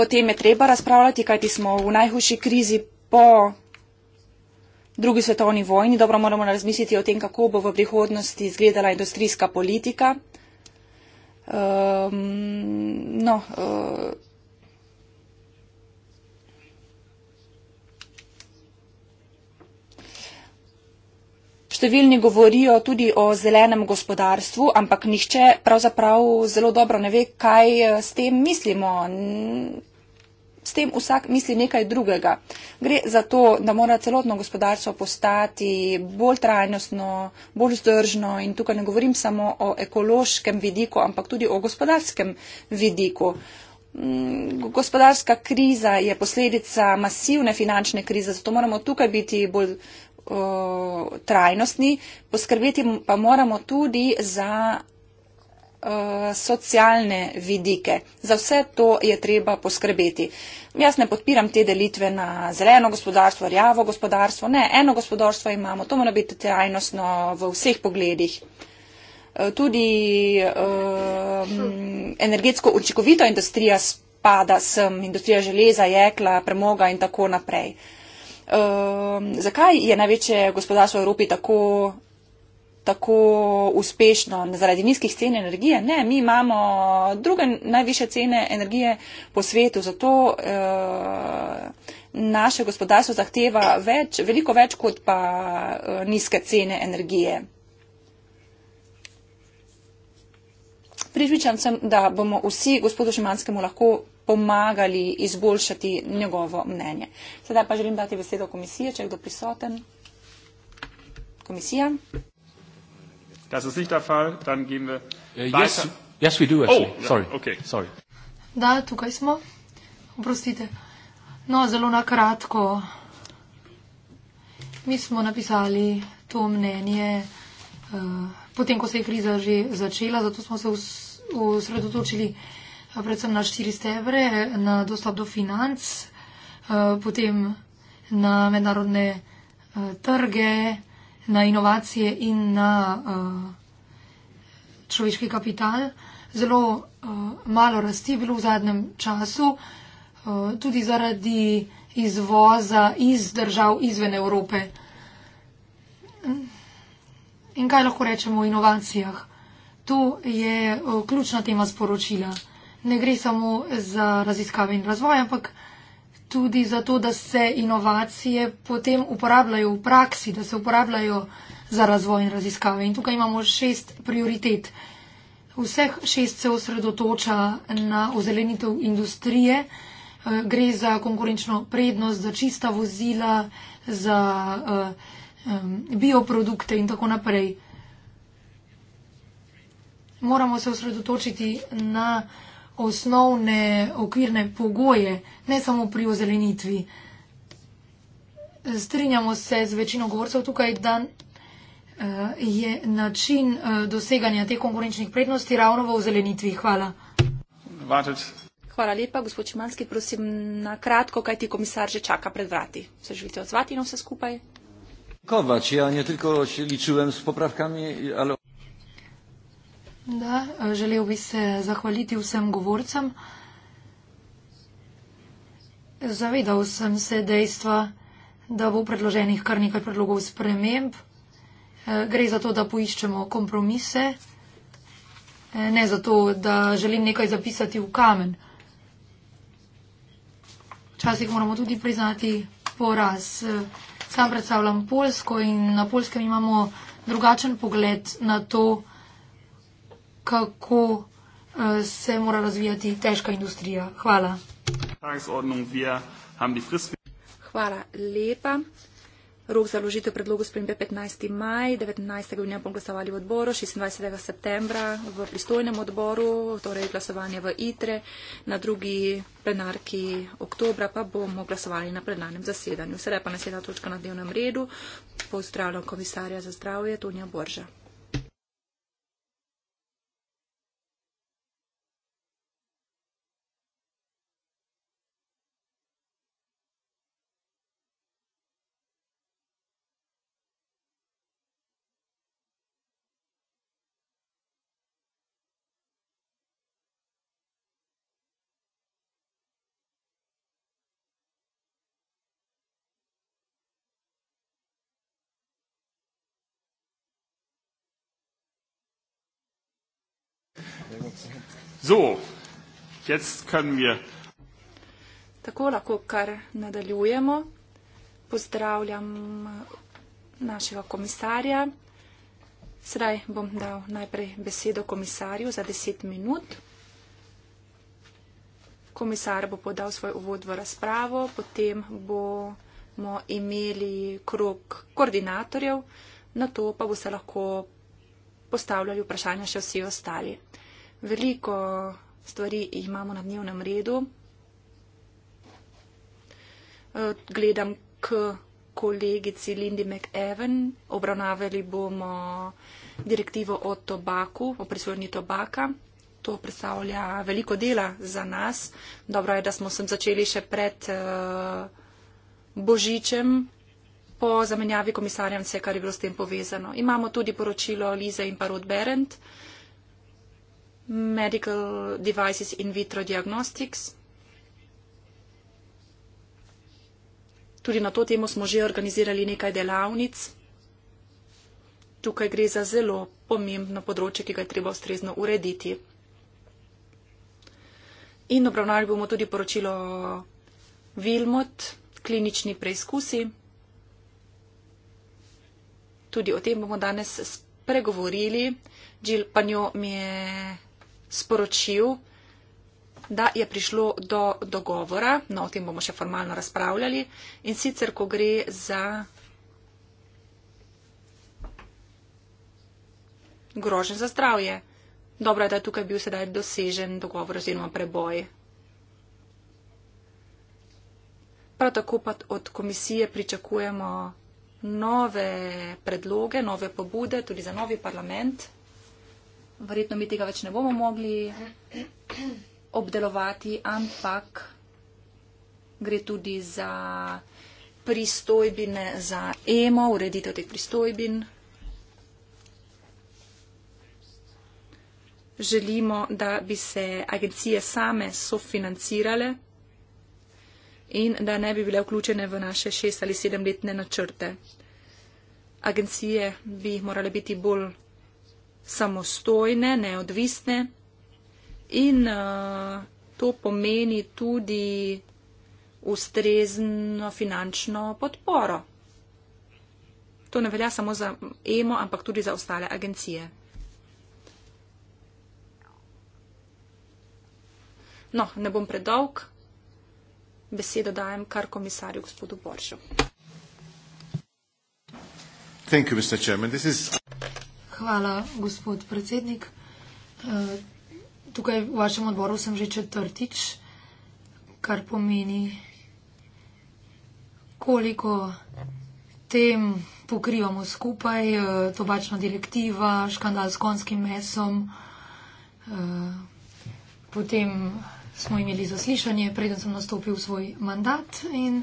O tem je treba razpravljati, kajti smo v najhujši krizi po drugi svetovni vojni. Dobro moramo razmisliti o tem, kako bo v prihodnosti izgledala industrijska politika. Um, no, uh, Številni govorijo tudi o zelenem gospodarstvu, ampak nišče pravzaprav zelo dobro ne ve, kaj eh, s tem mislimo. S tem vsak misli nekaj drugega. Gre za to, da mora celotno gospodarstvo postati bolj trajnostno, bolj vzdržno in tukaj ne govorim samo o ekološkem vidiku, ampak tudi o gospodarskem vidiku. Mm, gospodarska kriza je posledica masivne finančne krize, zato moramo tukaj biti bolj uh, trajnostni, poskrbeti pa moramo tudi za Eh, socialne vidike. Za vse to je treba poskrbeti. Jaz ne podpiram te delitve na zeleno gospodarstvo, rjavo gospodarstvo. Ne, eno gospodarstvo imamo, to mora biti trajnostno v vseh pogledih. Eh, tudi um, energetsko učinkovita industrija spada sem, industrija železa, jekla, premoga in tako naprej. Um, zakaj je največje gospodarstvo v Evropi tako tako uspešno zaradi nizkih cen energije. Ne, mi imamo druge najviše cene energije po svetu, zato uh, naše gospodarstvo zahteva več, veliko več kot pa uh, nizke cene energije. Prižvičan sem, da bomo vsi gospodu Šimanskemu lahko pomagali izboljšati njegovo mnenje. Sedaj pa želim dati besedo komisije, če je kdo prisoten. Komisija. Das ist nicht der Fall, dann gehen wir uh, weiter. Yes, yes we do oh, actually. Oh, sorry. Okay. Sorry. Da, tukaj smo. Oprostite. No, zelo na kratko. Mi smo napisali to mnenje uh, potem, ko se je kriza že začela, zato smo se osredotočili uh, predvsem na štiri stebre, na dostop do financ, uh, potem na mednarodne uh, trge, na inovacije in na uh, človeški kapital. Zelo uh, malo rasti je bilo v zadnjem času, uh, tudi zaradi izvoza iz držav izven Evrope. In kaj lahko rečemo o inovacijah? To je uh, ključna tema sporočila. Ne gre samo za raziskave in razvoj, ampak tudi zato, da se inovacije potem uporabljajo v praksi, da se uporabljajo za razvoj in raziskave. In tukaj imamo šest prioritet. Vseh šest se osredotoča na ozelenitev industrije. Eh, gre za konkurenčno prednost, za čista vozila, za eh, bioprodukte in tako naprej. Moramo se osredotočiti na osnovne okvirne pogoje, ne samo pri ozelenitvi. Strinjamo se z večino govorcev tukaj, da eh, je način eh, doseganja teh konkurenčnih prednosti ravno v ozelenitvi. Hvala. Hvala lepa, gospod Čimanski. Prosim na kratko, kaj ti komisar že čaka pred vrati. Se želite odzvati na vse skupaj? Kovač, ja ne toliko še ličujem s popravkami, ali... Da, želel bi se zahvaliti vsem govorcem. Zavedal sem se dejstva, da bo predloženih kar nekaj predlogov sprememb. Eh, gre za to, da poiščemo kompromise, eh, ne za to, da želim nekaj zapisati v kamen. Včasih moramo tudi priznati poraz. Eh, sam predstavljam Polsko in na Polskem imamo drugačen pogled na to, kako uh, se mora razvijati težka industrija. Hvala. Hvala lepa. Rok za ložitev predlogu spremembe 15. maj, 19. junija bom glasovali v odboru, 26. septembra v pristojnem odboru, torej glasovanje v ITRE, na drugi plenarki oktobra pa bomo glasovali na plenarnem zasedanju. Sedaj pa naslednja točka na dnevnem redu, pozdravljam komisarja za zdravje Tonija Borža. So, jetzt können wir. Tako lahko kar nadaljujemo. Pozdravljam našega komisarja. Sedaj bom dal najprej besedo komisarju za deset minut. Komisar bo podal svoj uvod v razpravo, potem bomo imeli krok koordinatorjev, na to pa bo se lahko postavljali vprašanja še vsi ostali veliko stvari imamo na dnevnem redu. E, gledam k kolegici Lindy McEwen, obravnavali bomo direktivo o tobaku, o prisvojenju tobaka. To predstavlja veliko dela za nas. Dobro je, da smo sem začeli še pred e, Božičem, po zamenjavi komisarjem, vse, kar je bilo s tem povezano. Imamo tudi poročilo Lize in pa Rod Berendt medical devices in vitro diagnostics. Tudi na to temo smo že organizirali nekaj delavnic. Tukaj gre za zelo pomembno področje, ki ga je treba ustrezno urediti. In obravnali bomo tudi poročilo Vilmot, klinični preizkusi. Tudi o tem bomo danes spregovorili. Jill Panjo mi je sporočil, da je prišlo do dogovora, no o tem bomo še formalno razpravljali, in sicer, ko gre za grožen za zdravje. Dobro je, da je tukaj bil sedaj dosežen dogovor oziroma preboj. Prav tako pa od komisije pričakujemo nove predloge, nove pobude, tudi za novi parlament verjetno mi tega več ne bomo mogli obdelovati, ampak gre tudi za pristojbine za EMO, ureditev teh pristojbin. Želimo, da bi se agencije same sofinancirale in da ne bi bile vključene v naše šest ali sedemletne načrte. Agencije bi morale biti bolj samostojne, neodvisne in eh, to pomeni tudi ustrezno finančno podporo. To ne velja samo za EMO, ampak tudi za ostale agencije. No, ne bom predolg. Besedo dajem kar komisarju gospodu Boršu. Thank you, Mr. Chairman. This is... Hvala, gospod predsednik. E, tukaj v vašem odboru sem že četrtič, kar pomeni, koliko tem pokrivamo skupaj, e, tobačna direktiva, škandal s konskim mesom, e, potem smo imeli zaslišanje, preden sem nastopil svoj mandat in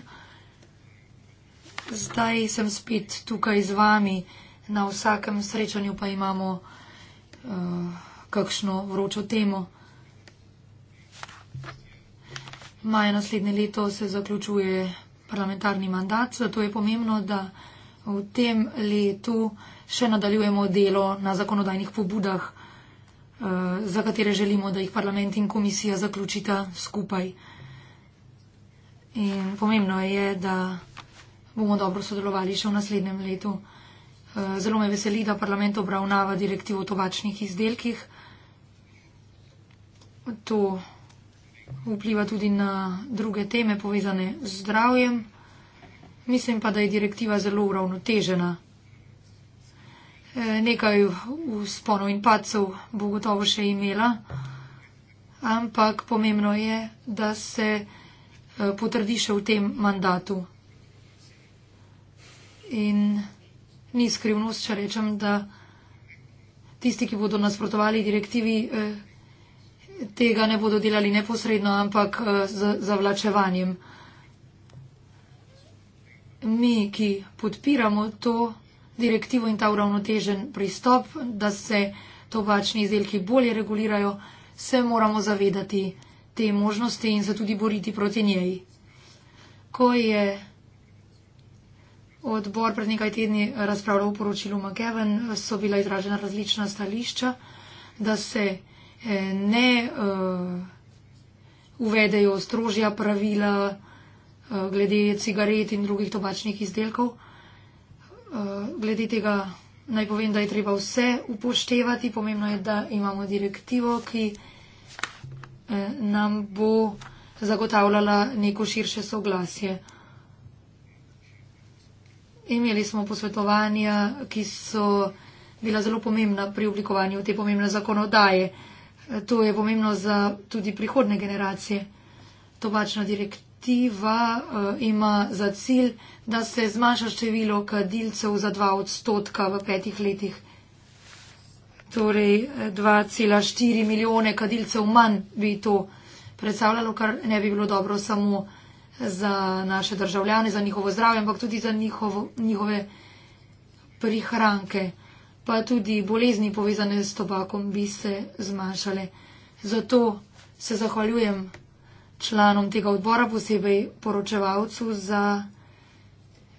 zdaj sem spet tukaj z vami na vsakem srečanju pa imamo uh, kakšno vročo temo. Maja naslednje leto se zaključuje parlamentarni mandat, zato je pomembno, da v tem letu še nadaljujemo delo na zakonodajnih pobudah, uh, za katere želimo, da jih parlament in komisija zaključita skupaj. In pomembno je, da bomo dobro sodelovali še v naslednjem letu. Eh, zelo me veseli, da parlament obravnava direktivo o tobačnih izdelkih. To vpliva tudi na druge teme povezane z zdravjem. Mislim pa, da je direktiva zelo uravnotežena. Eh, nekaj usponov in pacov bo gotovo še imela, ampak pomembno je, da se eh, potrdi še v tem mandatu. In ni skrivnost, če rečem, da tisti, ki bodo nasprotovali direktivi, eh, tega ne bodo delali neposredno, ampak eh, z zavlačevanjem. Mi, ki podpiramo to direktivo in ta uravnotežen pristop, da se tobačni izdelki bolje regulirajo, se moramo zavedati te možnosti in se tudi boriti proti njej. Ko je odbor pred nekaj tedni razpravljal o poročilu McKeven, so bila izražena različna stališča, da se eh, ne eh, uvedejo strožja pravila eh, glede cigaret in drugih tobačnih izdelkov. Glede tega naj povem, da je treba vse upoštevati. Pomembno je, da imamo direktivo, ki nam bo zagotavljala neko širše soglasje. Imeli smo posvetovanja, ki so bila zelo pomembna pri oblikovanju te pomembne zakonodaje. E, to je pomembno za tudi prihodne generacije. Tobačna direktiva uh, ima za cilj, da se zmanjša število kadilcev za dva odstotka v petih letih. Torej 2,4 e, milijone kadilcev manj bi to predstavljalo, kar ne bi bilo dobro samo za naše državljane, za njihovo zdravje, ampak tudi za njihovo, njihove prihranke, pa tudi bolezni povezane s tobakom bi se zmanjšale. Zato se zahvaljujem članom tega odbora, posebej poročevalcu za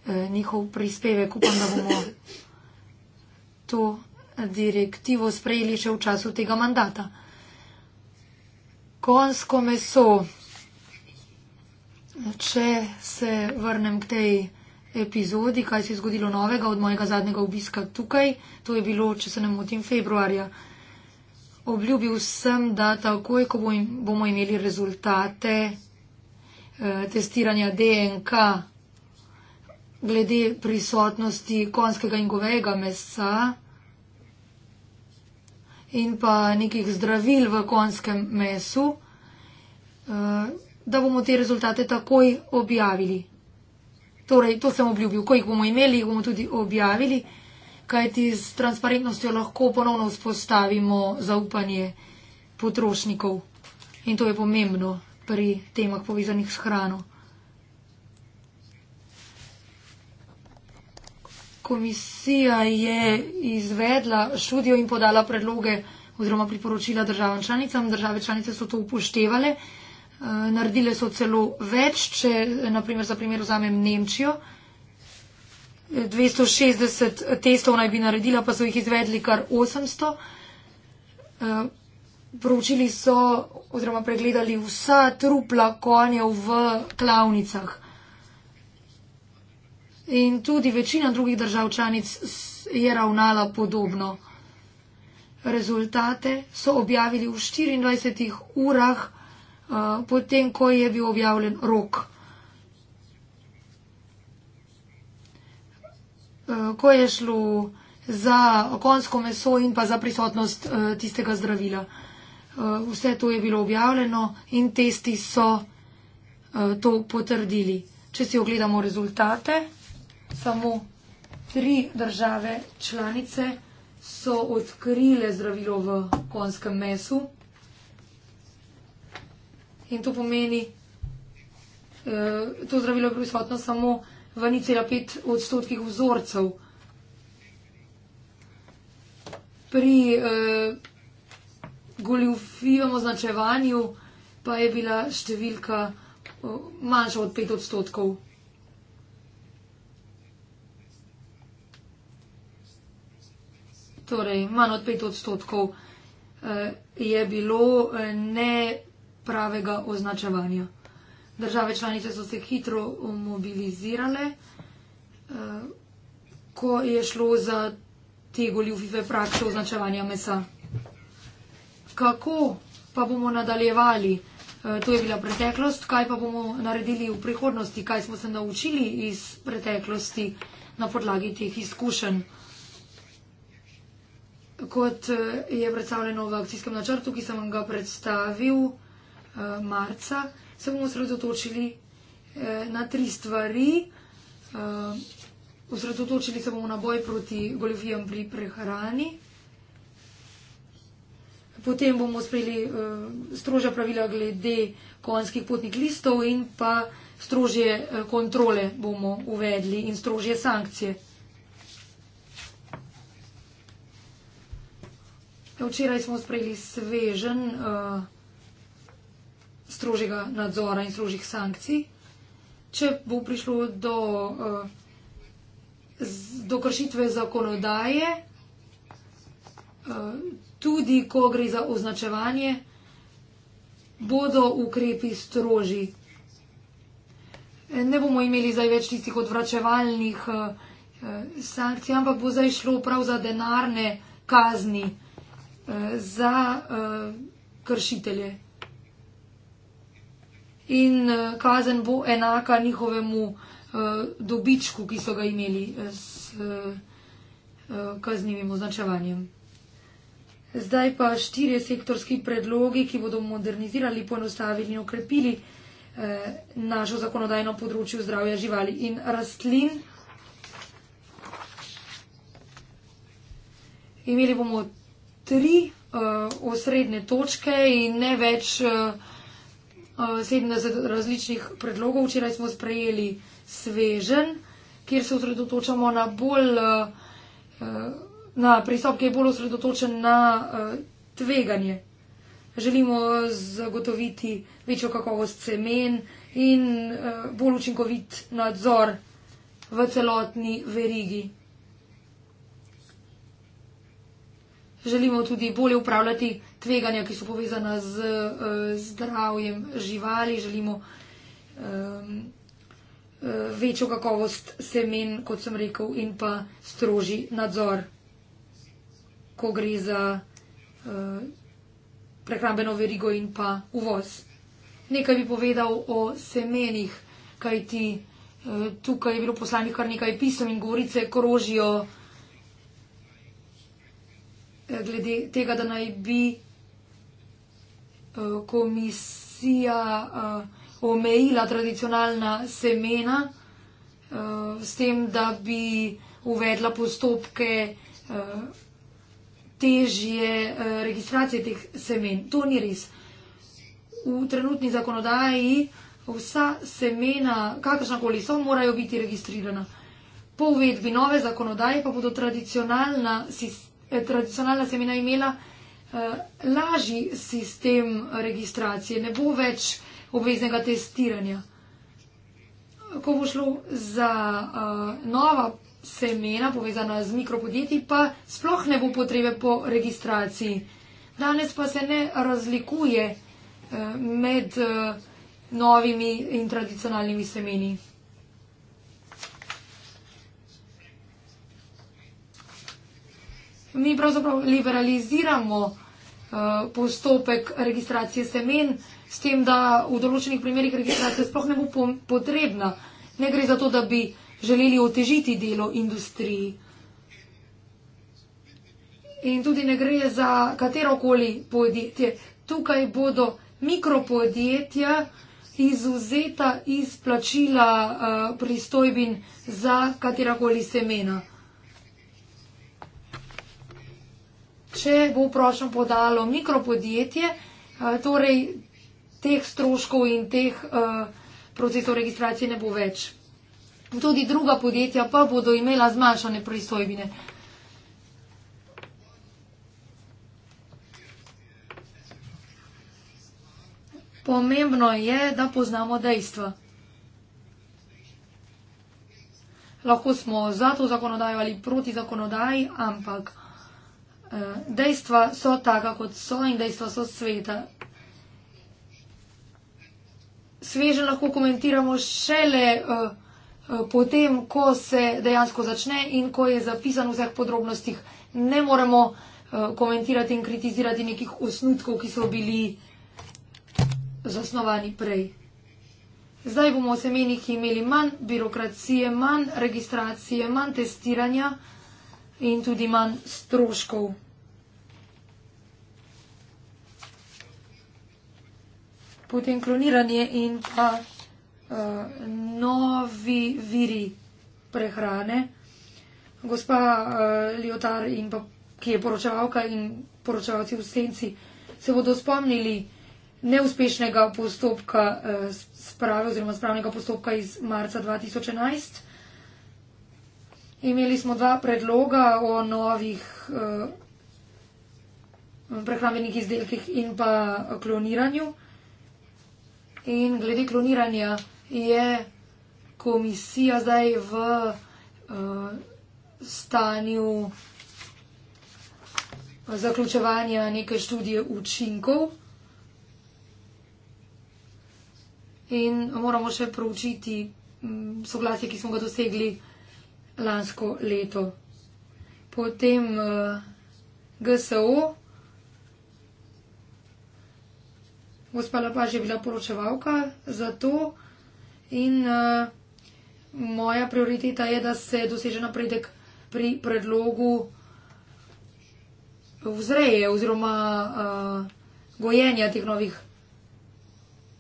eh, njihov prispevek. Upam, da bomo to direktivo sprejeli še v času tega mandata. Konsko meso. Če se vrnem k tej epizodi, kaj se je zgodilo novega od mojega zadnjega obiska tukaj, to je bilo, če se ne motim, februarja. Obljubil sem, da takoj, ko bomo imeli rezultate eh, testiranja DNK glede prisotnosti konskega in govejega mesa in pa nekih zdravil v konskem mesu, eh, da bomo te rezultate takoj objavili. Torej, to sem obljubil, ko jih bomo imeli, jih bomo tudi objavili, kajti s transparentnostjo lahko ponovno vzpostavimo zaupanje potrošnikov. In to je pomembno pri temah povezanih s hrano. Komisija je izvedla študijo in podala predloge oziroma priporočila državam članicam. Države članice so to upoštevale. Eh, naredile so celo več, če naprimer, za primer vzamem Nemčijo. 260 eh, testov naj bi naredila, pa so jih izvedli kar 800. Eh, proučili so oziroma pregledali vsa trupla konjev v klavnicah. In tudi večina drugih držav članic je ravnala podobno. Rezultate so objavili v 24 urah uh, potem, ko je bil objavljen rok. E, ko je šlo za konsko meso in pa za prisotnost e, tistega zdravila. E, vse to je bilo objavljeno in testi so to potrdili. Če si ogledamo rezultate, samo tri države članice so odkrile zdravilo v konskem mesu. In to pomeni, eh, to zdravilo je prisotno samo v 0,5 odstotkih vzorcev. Pri eh, goljufivem označevanju pa je bila številka eh, manjša od 5 odstotkov. Torej, manj od 5 odstotkov eh, je bilo eh, ne pravega označevanja. Države članice so se hitro mobilizirale, eh, ko je šlo za te goljufive prakse označevanja mesa. Kako pa bomo nadaljevali? Eh, to je bila preteklost, kaj pa bomo naredili v prihodnosti, kaj smo se naučili iz preteklosti na podlagi teh izkušenj. Kot eh, je predstavljeno v akcijskem načrtu, ki sem vam ga predstavil, Eh, marca, se bomo sredotočili eh, na tri stvari. Eh, osredotočili se bomo na boj proti goljofijam pri prehrani, potem bomo sprejeli strožja pravila glede konjskih potnik listov in pa strožje kontrole bomo uvedli in strožje sankcije. Ja, včeraj smo sprejeli svežen uh, strožjega nadzora in strožjih sankcij, če bo prišlo do, eh, do kršitve zakonodaje, eh, tudi ko gre za označevanje, bodo ukrepi stroži. Ne bomo imeli zdaj več tistih odvračevalnih eh, sankcij, ampak bo zdaj šlo prav za denarne kazni za kršitelje in eh, kazen bo enaka njihovemu eh, dobičku, ki so ga imeli eh, s kaznivim označevanjem. Zdaj pa štirje sektorski predlogi, ki bodo modernizirali, poenostavili in okrepili našo zakonodajno področje zdravja živali in rastlin. Imeli bomo tri uh, osrednje točke in ne več uh, 70 različnih predlogov. Včeraj smo sprejeli svežen, kjer se osredotočamo na bolj, eh, na pristop, ki je bolj osredotočen na eh, tveganje. Želimo zagotoviti večjo kakovost semen in eh, bolj učinkovit nadzor v celotni verigi. Želimo tudi bolje upravljati tveganja, ki so povezana z uh, zdravjem živali, želimo um, uh, večjo kakovost semen, kot sem rekel, in pa stroži nadzor, ko gre za uh, prehrambeno verigo in pa uvoz. Nekaj bi povedal o semenih, kaj ti uh, tukaj je bilo poslanih kar nekaj pisem in govorice krožijo. Glede tega, da naj bi Eh, komisija uh, omejila tradicionalna semena uh, s tem, da bi uvedla postopke uh, težje uh, registracije teh semen. To ni res. V trenutni zakonodaji vsa semena, kakršnakoli so, morajo biti registrirana. Po uvedbi nove zakonodaje pa bodo tradicionalna, si, eh, tradicionalna semena imela. Eh, lažji sistem registracije, ne bo več obveznega testiranja. Ko bo šlo za uh, nova semena povezana z mikropodjetji, pa sploh ne bo potrebe po registraciji. Danes pa se ne razlikuje uh, med uh, novimi in tradicionalnimi semeni. Mi pravzaprav liberaliziramo Eh, postopek registracije semen, s tem, da v določenih primerjih registracija sploh ne bo potrebna. Ne gre za to, da bi želeli otežiti delo industriji. In tudi ne gre za katerokoli podjetje. Tukaj bodo mikropodjetja izuzeta iz plačila uh, pristojbin za katerakoli semena. če bo prošnjo podalo mikropodjetje, eh, torej teh stroškov in teh eh, procesov registracije ne bo več. Tudi druga podjetja pa bodo imela zmanjšane pristojbine. Pomembno je, da poznamo dejstva. Lahko smo za to zakonodajo ali proti zakonodaji, ampak dejstva so taka, kot so in dejstva so sveta. Sveže lahko komentiramo šele eh, eh, potem, ko se dejansko začne in ko je zapisan v vseh podrobnostih. Ne moremo eh, komentirati in kritizirati nekih osnutkov, ki so bili zasnovani prej. Zdaj bomo v semenih imeli manj birokracije, manj registracije, manj testiranja in tudi manj stroškov. Potem kloniranje in pa uh, novi viri prehrane. Gospa uh, eh, Ljotar, ki je poročevalka in poročevalci v senci, se bodo spomnili neuspešnega postopka uh, sprave oziroma spravnega postopka iz marca 2011. Imeli smo dva predloga o novih eh, prehrambenih izdelkih in pa kloniranju. In glede kloniranja je komisija zdaj v eh, stanju zaključevanja neke študije učinkov. In moramo še proučiti mm, soglasje, ki smo ga dosegli lansko leto. Potem uh, eh, GSO, gospa Lepa že bila poročevalka za to in uh, moja prioriteta je, da se doseže napredek pri predlogu vzreje oziroma uh, gojenja teh novih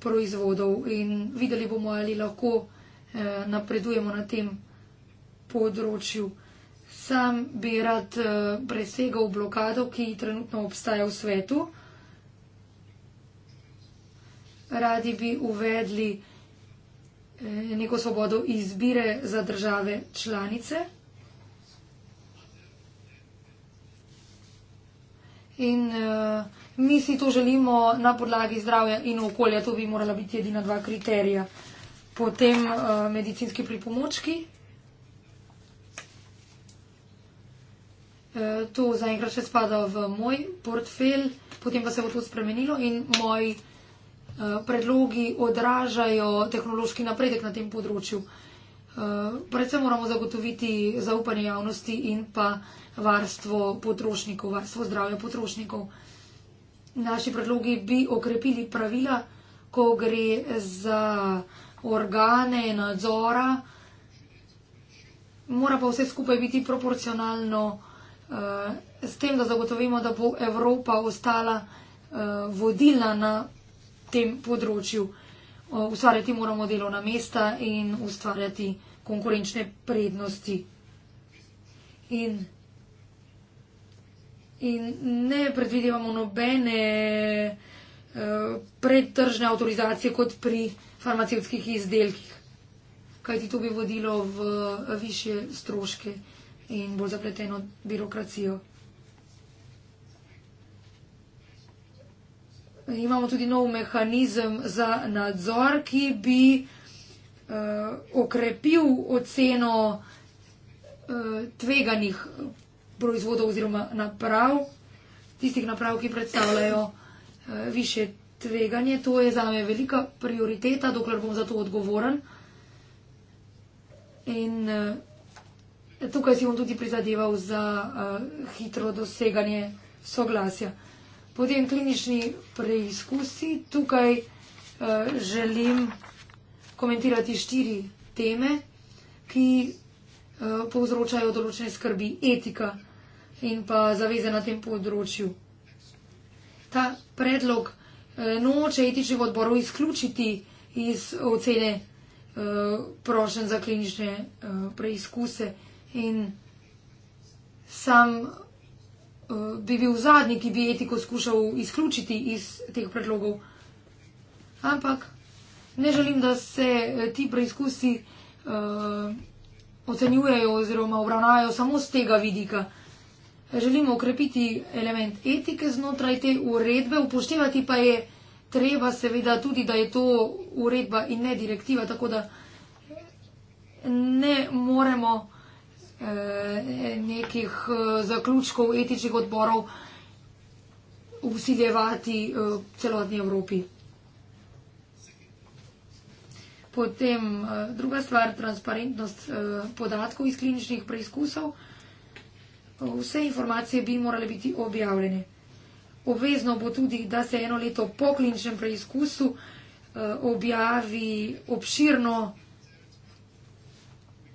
proizvodov in videli bomo, ali lahko uh, napredujemo na tem področju področju. Sam bi rad uh, presegal blokado, ki trenutno obstaja v svetu. Radi bi uvedli eh, neko svobodo izbire za države članice. In uh, mi si to želimo na podlagi zdravja in okolja, to bi morala biti edina dva kriterija. Potem uh, medicinski pripomočki. Eh, to zaenkrat še spada v moj portfelj, potem pa se bo to spremenilo in moji eh, predlogi odražajo tehnološki napredek na tem področju. Eh, predvsem moramo zagotoviti zaupanje javnosti in pa varstvo potrošnikov, varstvo zdravja potrošnikov. Naši predlogi bi okrepili pravila, ko gre za organe nadzora, mora pa vse skupaj biti proporcionalno Eh, s tem, da zagotovimo, da bo Evropa ostala eh, vodilna na tem področju. Eh, ustvarjati moramo delovna mesta in ustvarjati konkurenčne prednosti. In, in ne predvidevamo nobene predtržne avtorizacije kot pri farmacevskih izdelkih, kajti to bi vodilo v višje stroške in bolj zapleteno birokracijo. Imamo tudi nov mehanizem za nadzor, ki bi uh, okrepil oceno uh, tveganih proizvodov oziroma naprav, tistih naprav, ki predstavljajo uh, više tveganje. To je za me velika prioriteta, dokler bom za to odgovoren. In, uh, tukaj si bom tudi prizadeval za uh, hitro doseganje soglasja. Potem klinični preizkusi. Tukaj uh, želim komentirati štiri teme, ki uh, povzročajo določene skrbi, etika in pa zaveze na tem področju. Ta predlog uh, noče etičnih odborov izključiti iz ocene uh, prošen za klinične uh, preizkuse. Uh, In sam uh, bi bil zadnji, ki bi etiko skušal izključiti iz teh predlogov. Ampak ne želim, da se eh, ti preizkusi uh, ocenjujejo oziroma obravnavajo samo z tega vidika. Želimo ukrepiti element etike znotraj te uredbe, upoštevati pa je treba seveda tudi, da je to uredba in ne direktiva, tako da ne moremo. Eh, nekih eh, zaključkov etičnih odborov usiljevati eh, celotni Evropi. Potem druga stvar, transparentnost podatkov iz kliničnih preizkusov. Vse informacije bi morale biti objavljene. Obvezno bo tudi, da se eno leto po kliničnem preizkusu objavi obširno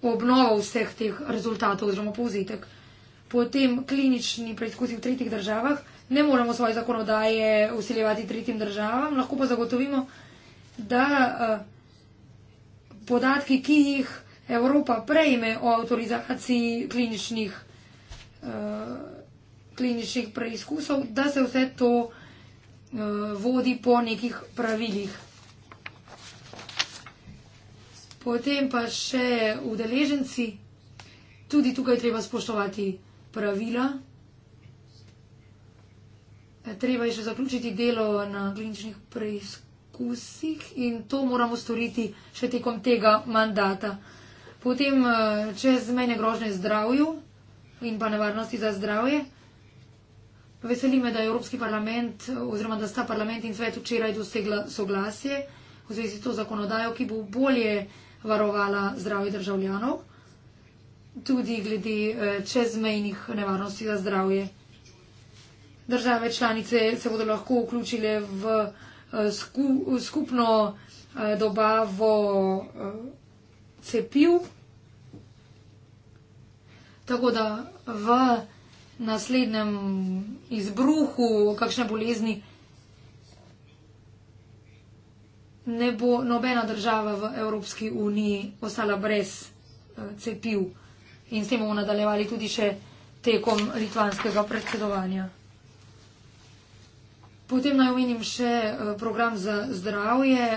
obnova vseh teh rezultatov oziroma povzetek. Potem klinični preizkusi v tretjih državah. Ne moramo svoje zakonodaje usiljevati tretjim državam, lahko pa zagotovimo, da uh, podatki, ki jih Evropa prejme o avtorizaciji kliničnih, uh, kliničnih preizkusov, da se vse to uh, vodi po nekih pravilih. Potem pa še udeleženci, tudi tukaj treba spoštovati pravila. Treba je še zaključiti delo na kliničnih preizkusih in to moramo storiti še tekom tega mandata. Potem eh, čez mene grožne zdravju in pa nevarnosti za zdravje. Veseli me, da je Evropski parlament oziroma da sta parlament in svet včeraj dosegla soglasje v zvezi s to zakonodajo, ki bo bolje varovala zdravje državljanov, tudi glede eh, čezmejnih nevarnosti za zdravje. Države članice se bodo lahko vključile v eh, skupno eh, dobavo cepiv, tako da v naslednjem izbruhu kakšne bolezni ne bo nobena država v Evropski uniji ostala brez eh, cepiv. In s tem bomo nadaljevali tudi še tekom litvanskega predsedovanja. Potem naj omenim še eh, program za zdravje.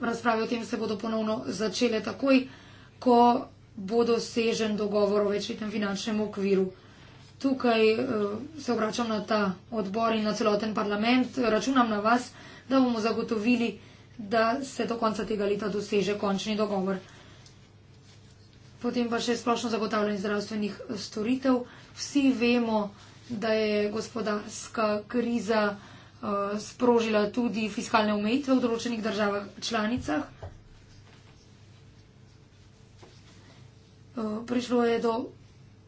Razprave o tem se bodo ponovno začele takoj, ko bo dosežen dogovor o večletnem finančnem okviru. Tukaj eh, se obračam na ta odbor in na celoten parlament. Računam na vas, da bomo zagotovili da se do konca tega leta doseže končni dogovor. Potem pa še splošno zagotavljanje zdravstvenih eh, storitev. Vsi vemo, da je gospodarska kriza eh, sprožila tudi fiskalne omejitve v določenih državah članicah. Eh, prišlo je do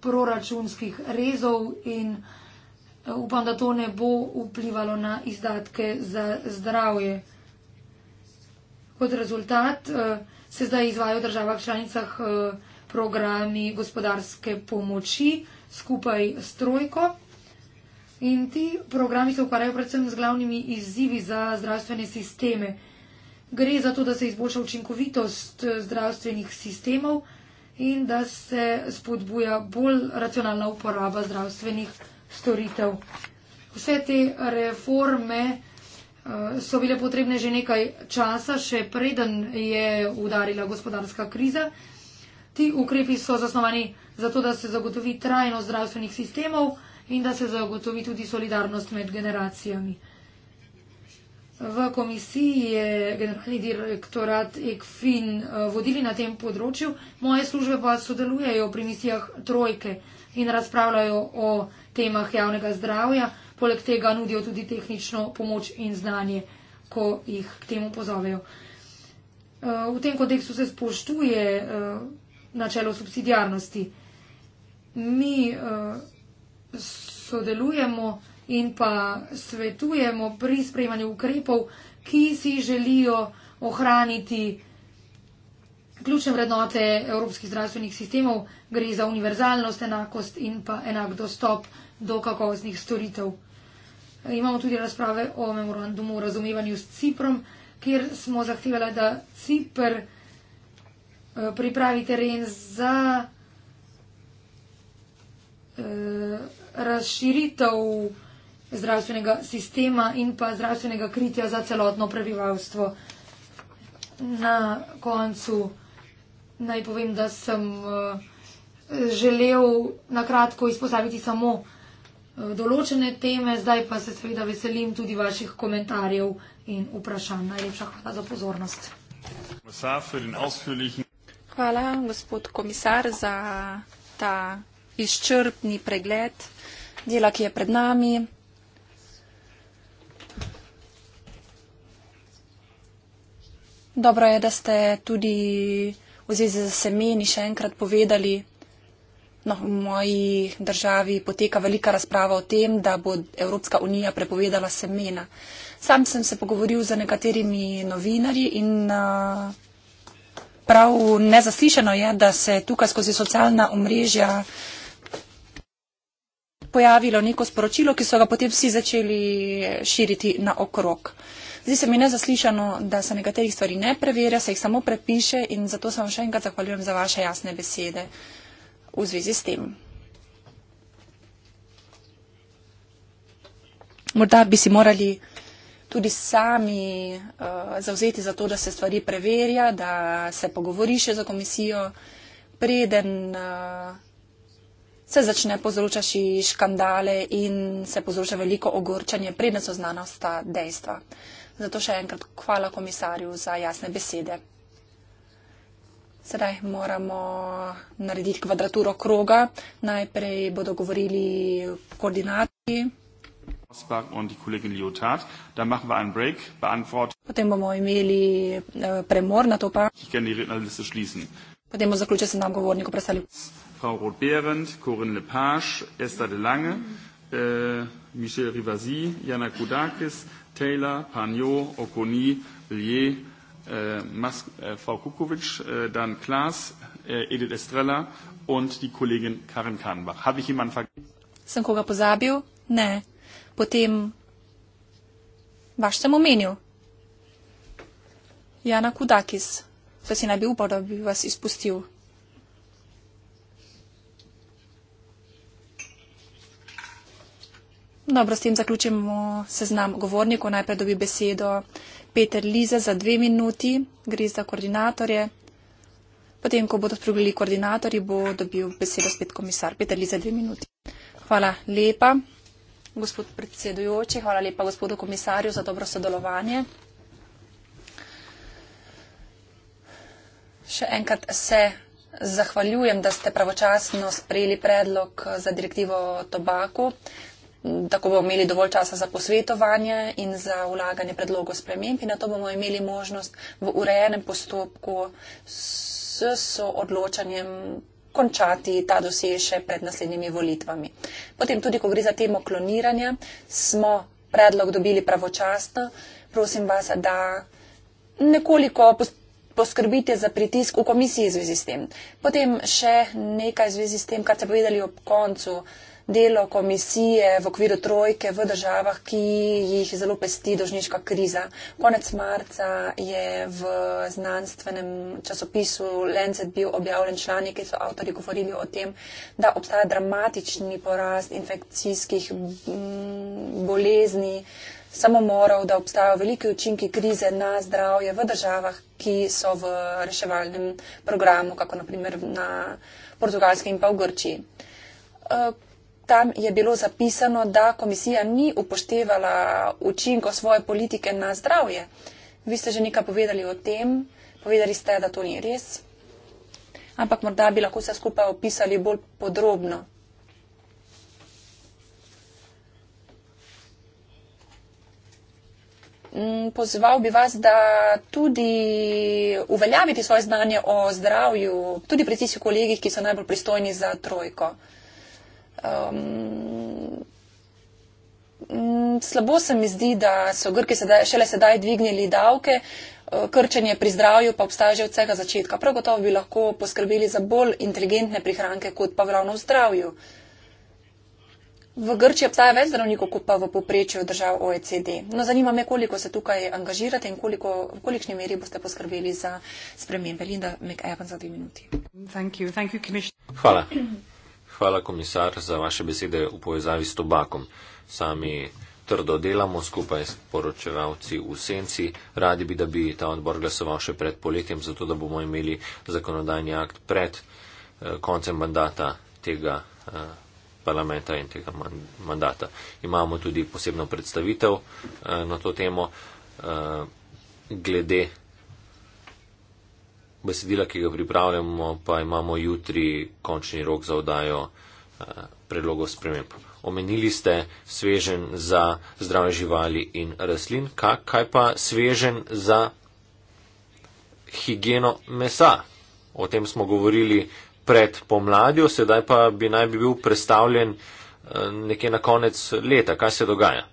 proračunskih rezov in upam, da to ne bo vplivalo na izdatke za zdravje. Kot rezultat eh, se zdaj izvajo v državah članicah eh, programi gospodarske pomoči skupaj s trojko. In ti programi se ukvarjajo predvsem z glavnimi izzivi za zdravstvene sisteme. Gre za to, da se izboljša učinkovitost eh, zdravstvenih sistemov in da se spodbuja bolj racionalna uporaba zdravstvenih storitev. Vse te reforme Eh, so bile potrebne že nekaj časa, še preden je udarila gospodarska kriza. Ti ukrepi so zasnovani zato, da se zagotovi trajnost zdravstvenih sistemov in da se zagotovi tudi solidarnost med generacijami. V komisiji je generalni direktorat ECFIN eh, vodili na tem področju, moje službe pa sodelujejo pri misijah trojke in razpravljajo o temah javnega zdravja, poleg tega nudijo tudi tehnično pomoč in znanje, ko jih k temu pozovejo. Eh, v tem kontekstu se spoštuje eh, načelo subsidijarnosti. Mi eh, sodelujemo in pa svetujemo pri sprejemanju ukrepov, ki si želijo ohraniti ključne vrednote evropskih zdravstvenih sistemov, gre za univerzalnost, enakost in pa enak dostop do kakovostnih storitev. Imamo tudi razprave o memorandumu o razumevanju s Ciprom, kjer smo zahtevali, da Cipr eh, pripravi teren za eh, razširitev zdravstvenega sistema in pa zdravstvenega kritja za celotno prebivalstvo. Na koncu naj povem, da sem eh, želel nakratko izpostaviti samo. Eh, določene teme, zdaj pa se seveda veselim tudi vaših komentarjev in vprašanj. Najlepša hvala za pozornost. Hvala, gospod komisar, za ta izčrpni pregled dela, ki je pred nami. Dobro je, da ste tudi v zvezi z semeni še enkrat povedali, No, v moji državi poteka velika razprava o tem, da bo Evropska unija prepovedala semena. Sam sem se pogovoril z nekaterimi novinarji in prav nezaslišano je, da se je tukaj skozi socialna omrežja pojavilo neko sporočilo, ki so ga potem vsi začeli širiti na okrog. Zdi se mi nezaslišano, da se nekaterih stvari ne preverja, se jih samo prepiše in zato se vam še enkrat zahvaljujem za vaše jasne besede v zvezi s tem. Morda bi si morali tudi sami uh, eh, zauzeti za to, da se stvari preverja, da se pogovori še za komisijo, preden uh, se začne povzročati škandale in se povzroča veliko ogorčanje, preden so znanost ta dejstva. Zato še enkrat hvala komisarju za jasne besede. Sedaj moramo narediti kvadraturo kroga. Najprej bodo govorili koordinati. Potem bomo imeli eh, premor na to pa. Potem bo zaključil se nam govornik o predstavljanju. Frau Roth-Behrendt, Corinne Lepage, Esther de Lange, äh, Michel Rivasi, Jana Kudakis, Taylor, Pagnot, Oconi, Lier, äh, Mas äh, Frau Kukovic, äh, dann Klaas, äh, Edith Estrella und die Kollegin Karin Kahnbach. Habe ich jemanden vergessen? Koga pozabil? Ne. Potem vašem omenil. Jana Kudakis. Sasina bi upal, da bi vas izpustil. Dobro, s tem zaključimo seznam govornikov. Najprej dobi besedo Peter Lize za dve minuti, gre za koordinatorje. Potem, ko bodo spregledali koordinatorji, bo dobil besedo spet komisar Peter Lize dve minuti. Hvala lepa, gospod predsedujoči, hvala lepa gospodu komisarju za dobro sodelovanje. Še enkrat se zahvaljujem, da ste pravočasno sprejeli predlog za direktivo o tobaku tako bomo imeli dovolj časa za posvetovanje in za vlaganje predlogov sprememb in na to bomo imeli možnost v urejenem postopku s soodločanjem končati ta dosež še pred naslednjimi volitvami. Potem tudi, ko gre za temo kloniranja, smo predlog dobili pravočasno. Prosim vas, da nekoliko poskrbite za pritisk v komisiji v zvezi s tem. Potem še nekaj v zvezi s tem, kar ste povedali ob koncu delo komisije v okviru trojke v državah, ki jih zelo pesti dožniška kriza. Konec marca je v znanstvenem časopisu Lancet bil objavljen članek, ki so avtori govorili o tem, da obstaja dramatični porast infekcijskih mm, bolezni. Samomorov, da obstajajo veliki učinki krize na zdravje v državah, ki so v reševalnem programu, kako naprimer na Portugalskem in pa v Grčiji. Eh, tam je bilo zapisano, da komisija ni upoštevala učinkov svoje politike na zdravje. Vi ste že nekaj povedali o tem, povedali ste, da to ni res, ampak morda bi lahko vse skupaj opisali bolj podrobno. Mm, pozval bi vas, da tudi uveljavite svoje znanje o zdravju, tudi pri tistih kolegih, ki so najbolj pristojni za trojko. Um, Slabo se mi zdi, da so Grki sedaj, šele sedaj dvignili davke, e, krčenje pri zdravju pa obstaja že od vsega začetka. Prav gotovo bi lahko poskrbeli za bolj inteligentne prihranke, kot pa ravno v zdravju. V Grčiji obstaja več zdravnikov, kot pa v poprečju držav OECD. No, zanima me, koliko se tukaj angažirate in koliko, v kolikšni meri boste poskrbeli za spremembe. Linda McEwan za dve minuti. Thank you. Thank you, Hvala hvala, komisar, za vaše besede v povezavi s tobakom. Sami trdo delamo skupaj s poročevalci v senci. Radi bi, da bi ta odbor glasoval še pred poletjem, zato da bomo imeli zakonodajni akt pred eh, koncem mandata tega eh, parlamenta in tega man mandata. Imamo tudi posebno predstavitev eh, na to temo eh, glede besedila, ki ga pripravljamo, pa imamo jutri končni rok za odajo eh, predlogov sprememb. Omenili ste svežen za zdrave živali in rastlin, kaj pa svežen za higieno mesa? O tem smo govorili pred pomladjo, sedaj pa bi naj bi bil predstavljen eh, nekje na konec leta. Kaj se dogaja?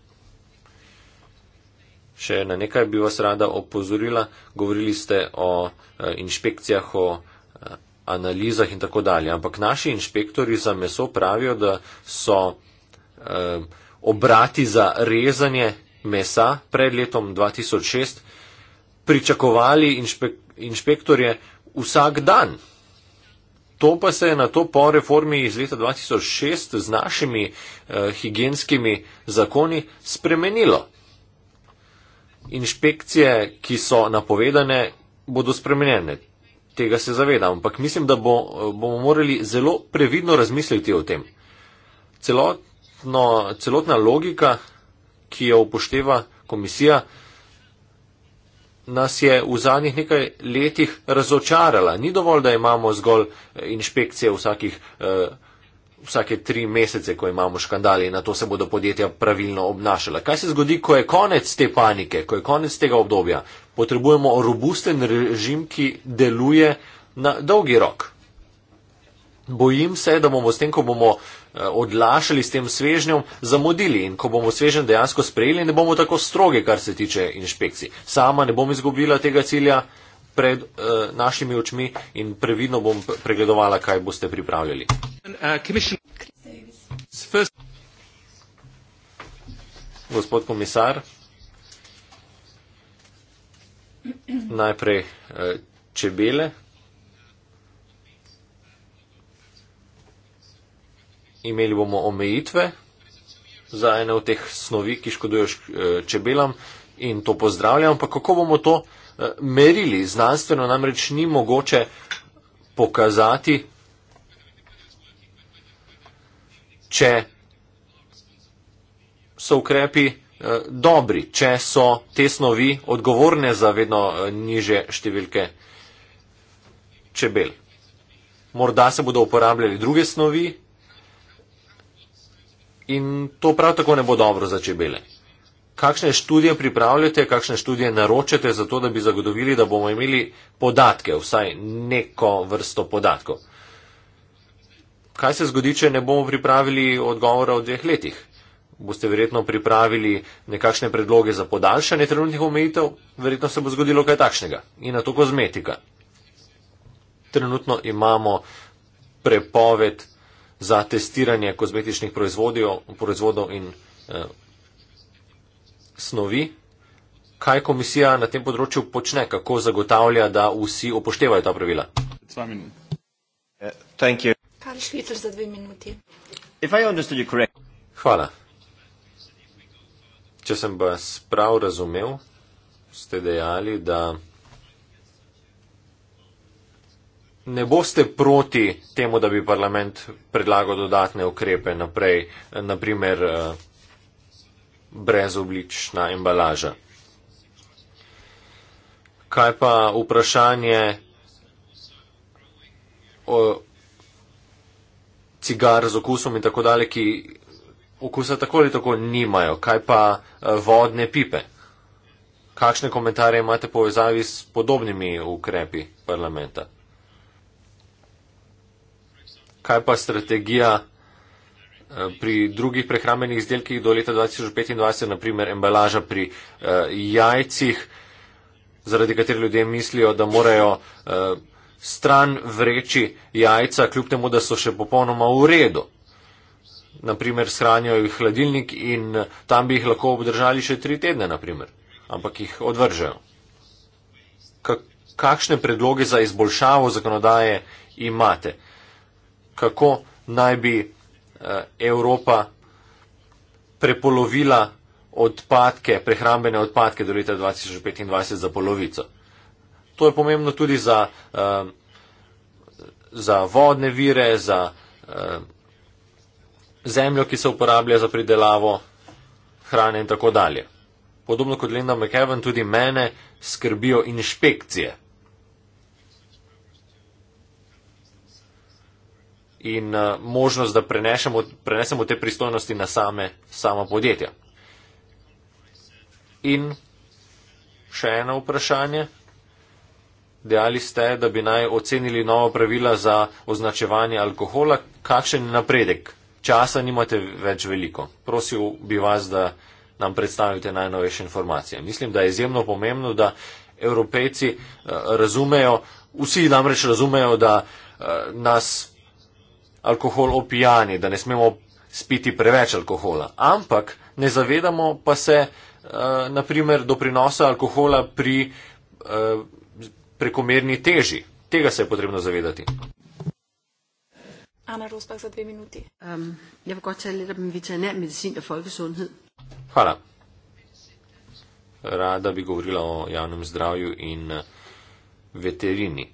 Še na nekaj bi vas rada opozorila. Govorili ste o eh, inšpekcijah, o eh, analizah in tako dalje. Ampak naši inšpektori za meso pravijo, da so eh, obrati za rezanje mesa pred letom 2006 pričakovali inšpektorje vsak dan. To pa se je na to po reformi iz leta 2006 z našimi eh, higijenskimi zakoni spremenilo inšpekcije, ki so napovedane, bodo spremenjene. Tega se zavedam, ampak mislim, da bo, bomo morali zelo previdno razmisliti o tem. Celotno, celotna logika, ki jo upošteva komisija, nas je v zadnjih nekaj letih razočarala. Ni dovolj, da imamo zgolj eh, inšpekcije vsakih. Eh, vsake tri mesece, ko imamo škandali in na to se bodo podjetja pravilno obnašala. Kaj se zgodi, ko je konec te panike, ko je konec tega obdobja? Potrebujemo robusten režim, ki deluje na dolgi rok. Bojim se, da bomo s tem, ko bomo eh, odlašali s tem svežnjem, zamudili in ko bomo svežen dejansko sprejeli, ne bomo tako stroge, kar se tiče inšpekcij. Sama ne bom izgubila tega cilja pred uh, našimi očmi in previdno bom pregledovala, kaj boste pripravljali. Uh, Gospod komisar, najprej eh, čebele imeli bomo omejitve za eno od teh snovi, ki škodujo eh, čebelam in to pozdravljam, pa kako bomo to eh, merili? Znanstveno namreč ni mogoče pokazati če so ukrepi eh, dobri, če so te snovi odgovorne za vedno eh, niže številke čebel. Morda se bodo uporabljali druge snovi in to prav tako ne bo dobro za čebele. Kakšne študije pripravljate, kakšne študije naročate za to, da bi zagotovili, da bomo imeli podatke, vsaj neko vrsto podatkov kaj se zgodi, če ne bomo pripravili odgovora v dveh letih? Boste verjetno pripravili nekakšne predloge za podaljšanje trenutnih omejitev, verjetno se bo zgodilo kaj takšnega. In na to kozmetika. Trenutno imamo prepoved za testiranje kozmetičnih proizvodov in eh, snovi. Kaj komisija na tem področju počne, kako zagotavlja, da vsi upoštevajo ta pravila? Hvala. Karl Švicer za dve minuti. Correct... Hvala. Če sem vas prav razumel, ste dejali, da ne boste proti temu, da bi parlament predlagal dodatne ukrepe naprej, naprimer eh, brezoblična embalaža. Kaj pa vprašanje o cigar z okusom in tako dalje, ki okusa tako ali tako nimajo. Kaj pa eh, vodne pipe? Kakšne komentarje imate povezavi s podobnimi ukrepi parlamenta? Kaj pa strategija eh, pri drugih prehrambenih izdelkih do leta 2025, naprimer embalaža pri eh, jajcih, zaradi katerih ljudje mislijo, da morajo stran vreči jajca, kljub temu, da so še popolnoma v redu. Naprimer, shranijo jih hladilnik in tam bi jih lahko obdržali še tri tedne, naprimer. ampak jih odvržejo. Kakšne predloge za izboljšavo zakonodaje imate? Kako naj bi eh, Evropa prepolovila odpadke, prehrambene odpadke do leta 2025 za polovico? To je pomembno tudi za, eh, za vodne vire, za eh, zemljo, ki se uporablja za pridelavo hrane in tako dalje. Podobno kot Linda McEwen, tudi mene skrbijo inšpekcije. In uh, možnost, da prenešemo, prenesemo te pristojnosti na same, sama podjetja. In še eno vprašanje. Dejali ste, da bi naj ocenili novo pravila za označevanje alkohola. Kakšen napredek? Časa nimate več veliko. Prosil bi vas, da nam predstavite najnovejše informacije. Mislim, da je izjemno pomembno, da evropejci eh, razumejo, vsi namreč razumejo, da eh, nas alkohol opijani, da ne smemo spiti preveč alkohola. Ampak ne zavedamo pa se, eh, naprimer, doprinosa alkohola pri prekomerni teži. Tega se je potrebno zavedati. Ana Rosbach za dve minuti. Um, ja, bi godt tale lidt om veterinær medicin og folkesundhed. Hvala. Rada bi govorila o javnem zdravju in eh, veterini.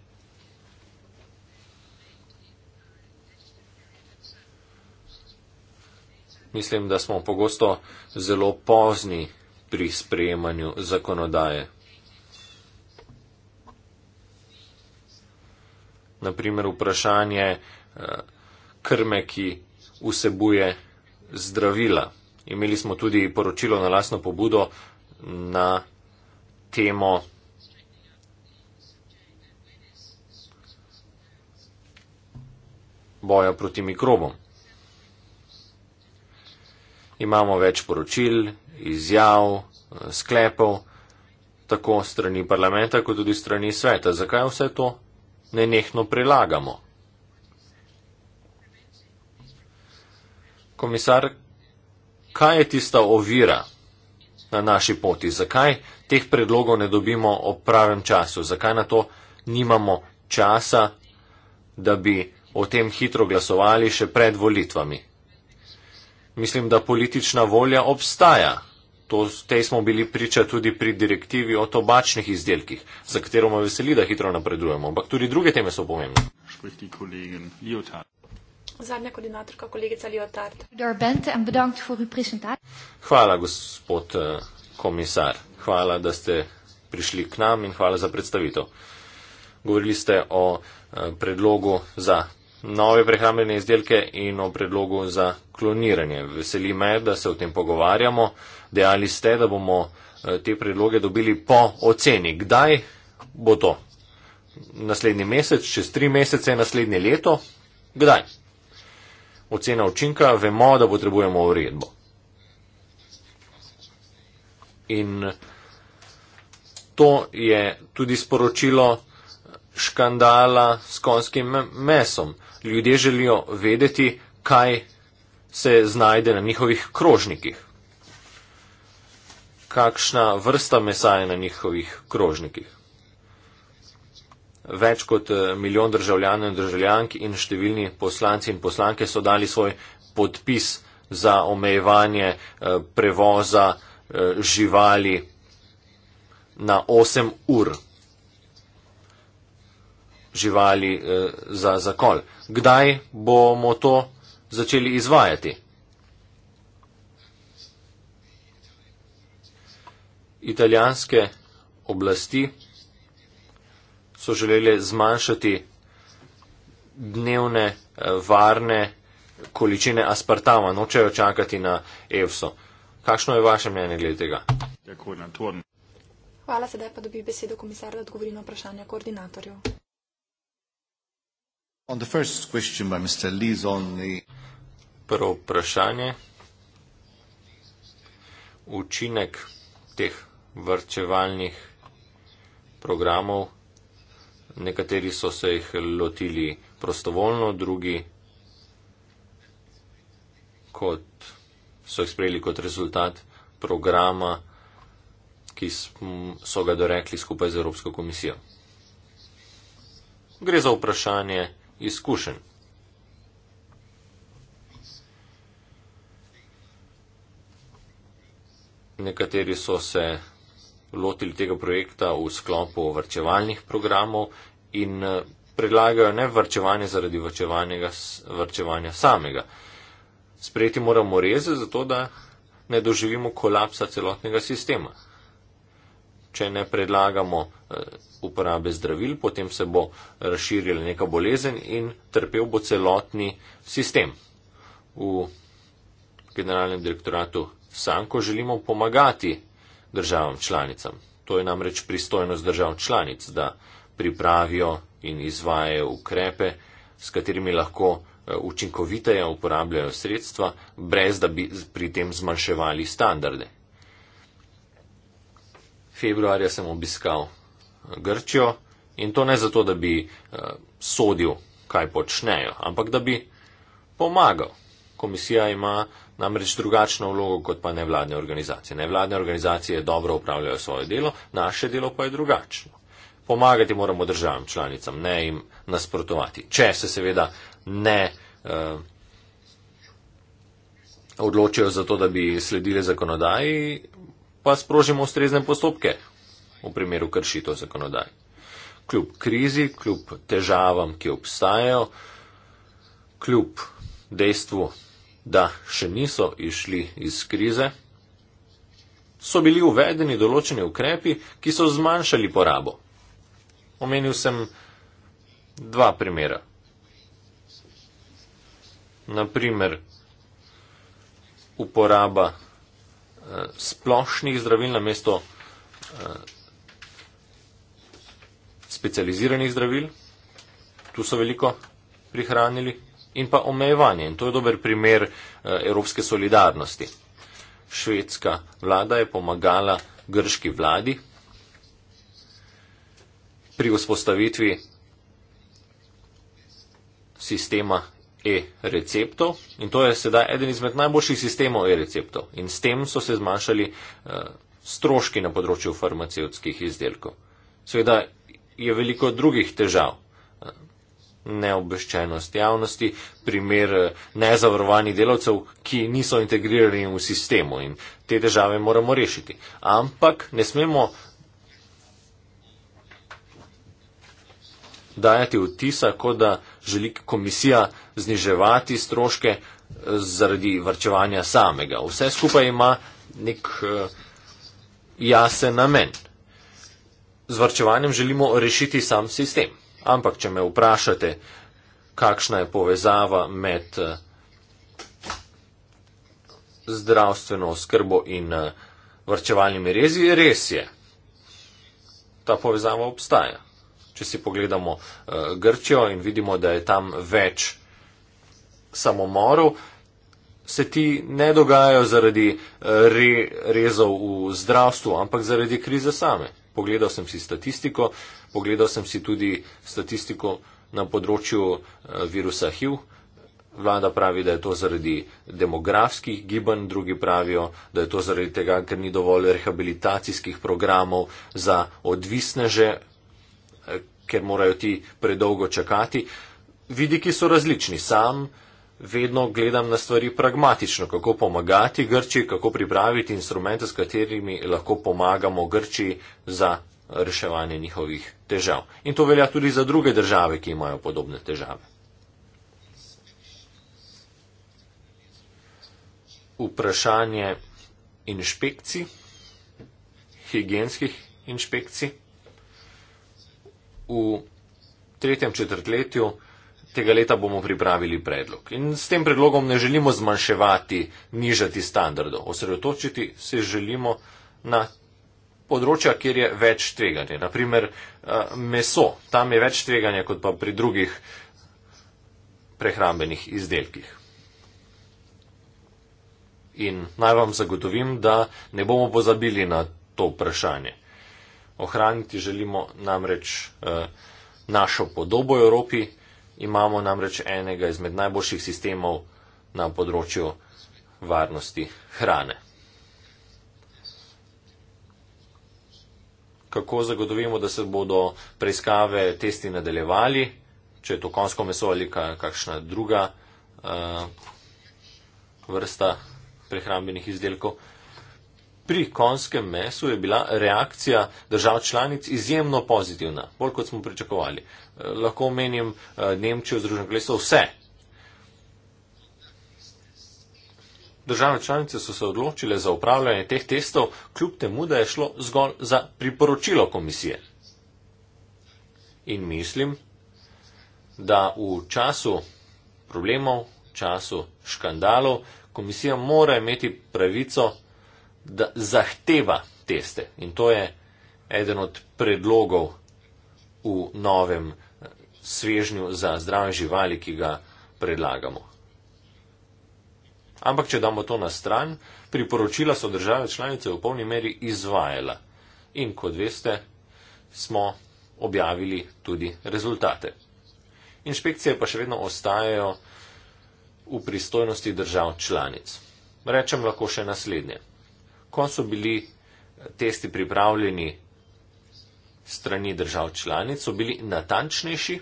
Mislim, da smo pogosto zelo pozni pri sprejemanju zakonodaje. naprimer vprašanje eh, krme, ki vsebuje zdravila. Imeli smo tudi poročilo na lasno pobudo na temo boja proti mikrobom. Imamo več poročil, izjav, eh, sklepov, tako strani parlamenta, kot tudi strani sveta. Zakaj vse to nenehno prilagamo. Komisar, kaj je tista ovira na naši poti? Zakaj teh predlogov ne dobimo o pravem času? Zakaj na to nimamo časa, da bi o tem hitro glasovali še pred volitvami? Mislim, da politična volja obstaja. To, tej smo bili priča tudi pri direktivi o tobačnih izdelkih, za katero me veseli, da hitro napredujemo. Ampak tudi druge teme so pomembne. Zadnja koordinatorka, kolegica Liotard. Hvala, gospod eh, komisar. Hvala, da ste prišli k nam in hvala za predstavitev. Govorili ste o eh, predlogu za nove prehrambene izdelke in o predlogu za kloniranje. Veseli me, da se o tem pogovarjamo. Dejali ste, da bomo eh, te predloge dobili po oceni. Kdaj bo to? Naslednji mesec, čez tri mesece, naslednje leto? Kdaj? Ocena učinka, vemo, da potrebujemo uredbo. In to je tudi sporočilo škandala s konskim mesom ljudje želijo vedeti, kaj se znajde na njihovih krožnikih. Kakšna vrsta mesa je na njihovih krožnikih? Več kot eh, milijon državljanov in državljank in številni poslanci in poslanke so dali svoj podpis za omejevanje eh, prevoza eh, živali na 8 ur živali eh, za zakol. Kdaj bomo to začeli izvajati? Italijanske oblasti so želeli zmanjšati dnevne eh, varne količine aspartama, nočejo čakati na EFSO. Kakšno je vaše mnenje glede tega? Hvala, sedaj pa dobi besedo komisar, da odgovori na vprašanja koordinatorjev. On the first question by Mr. Lee's on the Prvo vprašanje. Učinek teh vrčevalnih programov, nekateri so se jih lotili prostovoljno, drugi kot, so jih sprejeli kot rezultat programa, ki so ga dorekli skupaj z Evropsko komisijo. Gre za vprašanje, izkušenj. Nekateri so se lotili tega projekta v sklopu vrčevalnih programov in eh, predlagajo ne vrčevanje zaradi vrčevanja samega. Sprejeti moramo reze, zato da ne doživimo kolapsa celotnega sistema če ne predlagamo eh, uporabe zdravil, potem se bo razširila neka bolezen in trpel bo celotni sistem. V generalnem direktoratu Sanko želimo pomagati državam članicam. To je namreč pristojnost držav članic, da pripravijo in izvajajo ukrepe, s katerimi lahko eh, učinkoviteje uporabljajo sredstva, brez da bi pri tem zmanjševali standarde februarja sem obiskal eh, Grčijo in to ne zato, da bi eh, sodil, kaj počnejo, ampak da bi pomagal. Komisija ima namreč drugačno vlogo kot pa nevladne organizacije. Nevladne organizacije dobro upravljajo svoje delo, naše delo pa je drugačno. Pomagati moramo državam članicam, ne jim nasprotovati. Če se seveda ne eh, odločijo za to, da bi sledili zakonodaji, pa sprožimo ustrezne postopke v primeru kršitev zakonodaj. Kljub krizi, kljub težavam, ki obstajajo, kljub dejstvu, da še niso išli iz krize, so bili uvedeni določeni ukrepi, ki so zmanjšali porabo. Omenil sem dva primera. Naprimer, uporaba eh, splošnih zdravil na mesto eh, specializiranih zdravil, tu so veliko prihranili, in pa omejevanje. In to je dober primer eh, evropske solidarnosti. Švedska vlada je pomagala grški vladi pri vzpostavitvi sistema e-receptov in to je sedaj eden izmed najboljših sistemov e-receptov in s tem so se zmanjšali uh, stroški na področju farmacevtskih izdelkov. Seveda je veliko drugih težav. Eh, neobveščenost javnosti, primer eh, nezavarovanih delavcev, ki niso integrirani v sistemu in te težave moramo rešiti. Ampak ne smemo dajati vtisa, kot da želi komisija zniževati stroške eh, zaradi vrčevanja samega. Vse skupaj ima nek eh, jasen namen. Z vrčevanjem želimo rešiti sam sistem. Ampak, če me vprašate, kakšna je povezava med eh, zdravstveno oskrbo in vrčevalnimi rezi, res je. Ta povezava obstaja. Če si pogledamo uh, Grčijo in vidimo, da je tam več samomorov, se ti ne dogajajo zaradi uh, re, rezov v zdravstvu, ampak zaradi krize same. Pogledal sem si statistiko, pogledal sem si tudi statistiko na področju uh, virusa HIV. Vlada pravi, da je to zaradi demografskih gibanj, drugi pravijo, da je to zaradi tega, ker ni dovolj rehabilitacijskih programov za odvisneže ker morajo ti predolgo čakati. Vidiki so različni. Sam vedno gledam na stvari pragmatično, kako pomagati Grčiji, kako pripraviti instrumente, s katerimi lahko pomagamo Grčiji za reševanje njihovih težav. In to velja tudi za druge države, ki imajo podobne težave. Vprašanje inšpekcij, higijenskih inšpekcij v tretjem četrtletju tega leta bomo pripravili predlog. In s tem predlogom ne želimo zmanjševati, nižati standardov. Osredotočiti se želimo na področja, kjer je več tveganja. Naprimer, eh, meso. Tam je več tveganja kot pa pri drugih prehrambenih izdelkih. In naj vam zagotovim, da ne bomo pozabili na to vprašanje ohraniti želimo namreč eh, našo podobo Evropi. Imamo namreč enega izmed najboljših sistemov na področju varnosti hrane. Kako zagotovimo, da se bodo preiskave testi nadaljevali, če je to konsko meso ali kakšna druga uh, vrsta prehrambenih izdelkov? Uh, Pri konskem mesu je bila reakcija držav članic izjemno pozitivna, bolj kot smo pričakovali. Eh, lahko omenim eh, Nemčijo, Združeno kraljestvo, vse. Države članice so se odločile za upravljanje teh testov, kljub temu, da je šlo zgolj za priporočilo komisije. In mislim, da v času problemov, času škandalov, komisija mora imeti pravico da zahteva teste. In to je eden od predlogov v novem eh, svežnju za zdrave živali, ki ga predlagamo. Ampak, če damo to na stran, priporočila so države članice v polni meri izvajala. In kot veste, smo objavili tudi rezultate. Inšpekcije pa še vedno ostajajo v pristojnosti držav članic. Rečem lahko še naslednje ko so bili eh, testi pripravljeni strani držav članic, so bili natančnejši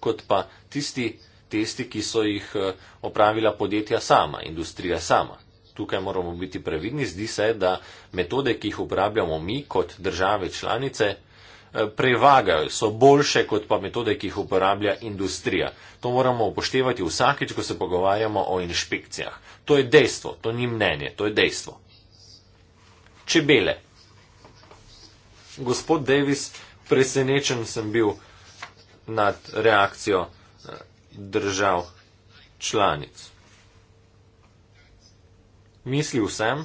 kot pa tisti testi, ki so jih eh, opravila podjetja sama, industrija sama. Tukaj moramo biti previdni, zdi se, da metode, ki jih uporabljamo mi kot države članice, eh, prevagajo, so boljše kot pa metode, ki jih uporablja industrija. To moramo upoštevati vsakeč, ko se pogovarjamo o inšpekcijah. To je dejstvo, to ni mnenje, to je dejstvo čebele. Gospod Davis, presenečen sem bil nad reakcijo eh, držav članic. Mislil sem,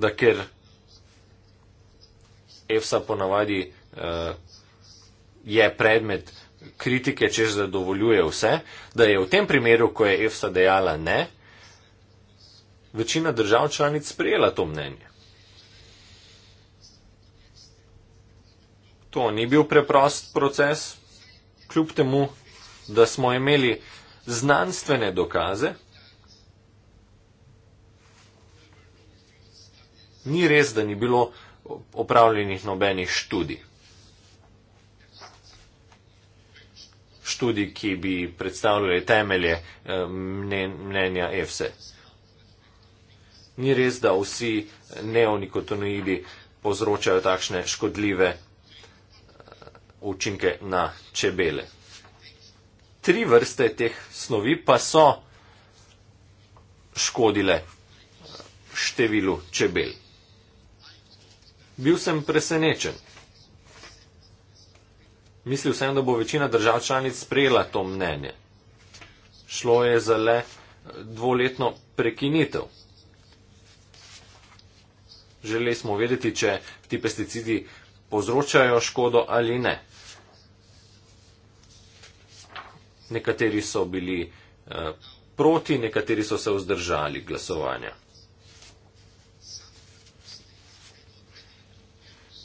da ker EFSA ponavadi uh, je predmet kritike, če zadovoljuje vse, da je v tem primeru, ko je EFSA dejala ne, večina držav članic sprejela to mnenje. To ni bil preprost proces, kljub temu, da smo imeli znanstvene dokaze. Ni res, da ni bilo opravljenih nobenih študij. Študij, ki bi predstavljali temelje eh, mnenja EFSE ni res, da vsi neonikotinoidi povzročajo takšne škodljive eh, učinke na čebele. Tri vrste teh snovi pa so škodile eh, številu čebel. Bil sem presenečen. Mislil sem, da bo večina držav članic sprejela to mnenje. Šlo je za le dvoletno prekinitev. Želeli smo vedeti, če ti pesticidi povzročajo škodo ali ne. Nekateri so bili eh, proti, nekateri so se vzdržali glasovanja.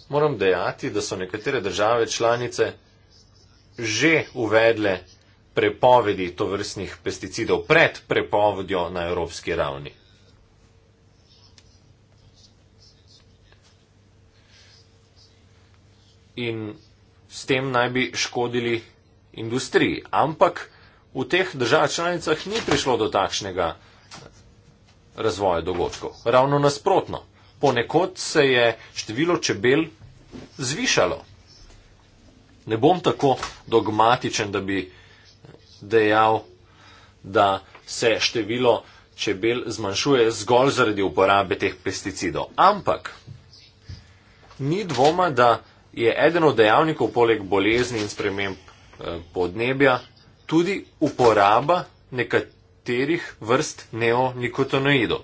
Moram dejati, da so nekatere države članice že uvedle prepovedi tovrstnih pesticidov pred prepovedjo na evropski ravni. in s tem naj bi škodili industriji. Ampak v teh državah članicah ni prišlo do takšnega razvoja dogodkov. Ravno nasprotno. Ponekod se je število čebel zvišalo. Ne bom tako dogmatičen, da bi dejal, da se število čebel zmanjšuje zgolj zaradi uporabe teh pesticidov. Ampak ni dvoma, da je eden od dejavnikov poleg bolezni in sprememb eh, podnebja tudi uporaba nekaterih vrst neonikotinoidov.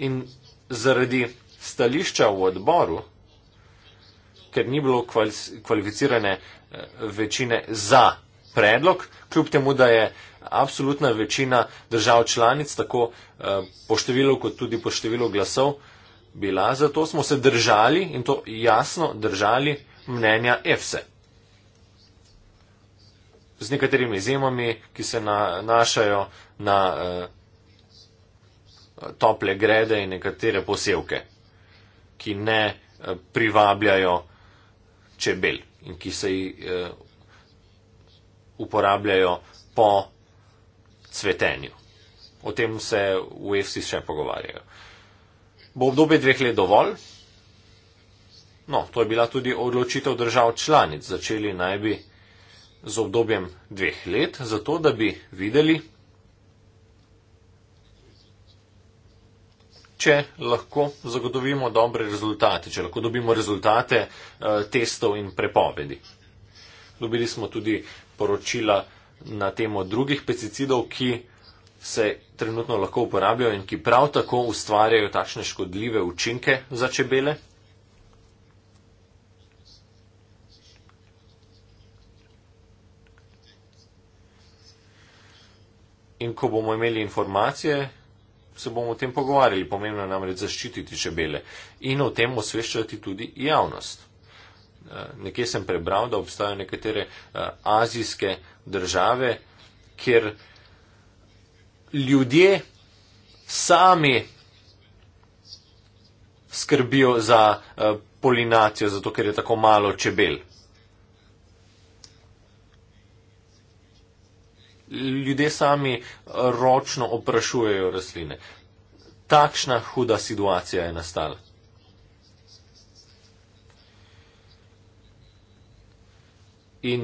In zaradi stališča v odboru, ker ni bilo kvalificirane eh, večine za predlog, kljub temu, da je absolutna večina držav članic, tako eh, po številu, kot tudi po številu glasov, bila. Zato smo se držali in to jasno držali mnenja EFSE. Z nekaterimi izjemami, ki se nanašajo na eh, tople grede in nekatere posevke, ki ne eh, privabljajo čebel in ki se jih uporabljajo po cvetenju. O tem se v EFSI še pogovarjajo. Bo obdobje dveh let dovolj? No, to je bila tudi odločitev držav članic. Začeli naj bi z obdobjem dveh let, zato da bi videli, če lahko zagotovimo dobre rezultate, če lahko dobimo rezultate uh, testov in prepovedi. Dobili smo tudi poročila uh, na temo drugih pesticidov, ki se trenutno lahko uporabljajo in ki prav tako ustvarjajo takšne škodljive učinke za čebele. In ko bomo imeli informacije, se bomo o tem pogovarjali. Pomembno je namreč zaščititi čebele in o tem osveščati tudi javnost. Eh, nekje sem prebral, da obstajajo nekatere eh, azijske države, kjer ljudje sami skrbijo za eh, polinacijo, zato ker je tako malo čebel. Ljudje sami ročno oprašujejo rastline. Takšna huda situacija je nastala. In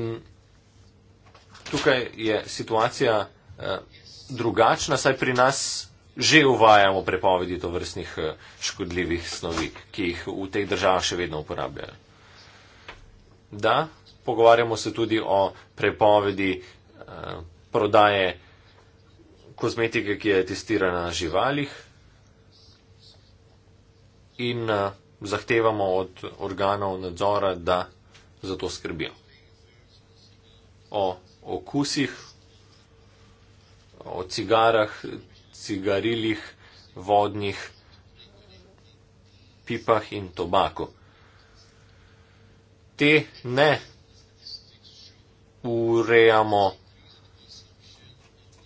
tukaj je situacija eh, drugačna, saj pri nas že uvajamo prepovedi to vrstnih eh, škodljivih snovi, ki jih v teh državah še vedno uporabljajo. Da, pogovarjamo se tudi o prepovedi eh, prodaje kozmetike, ki je testirana na živalih in zahtevamo od organov nadzora, da za to skrbijo o okusih, o cigarah, cigarilih, vodnih pipah in tobaku. Te ne urejamo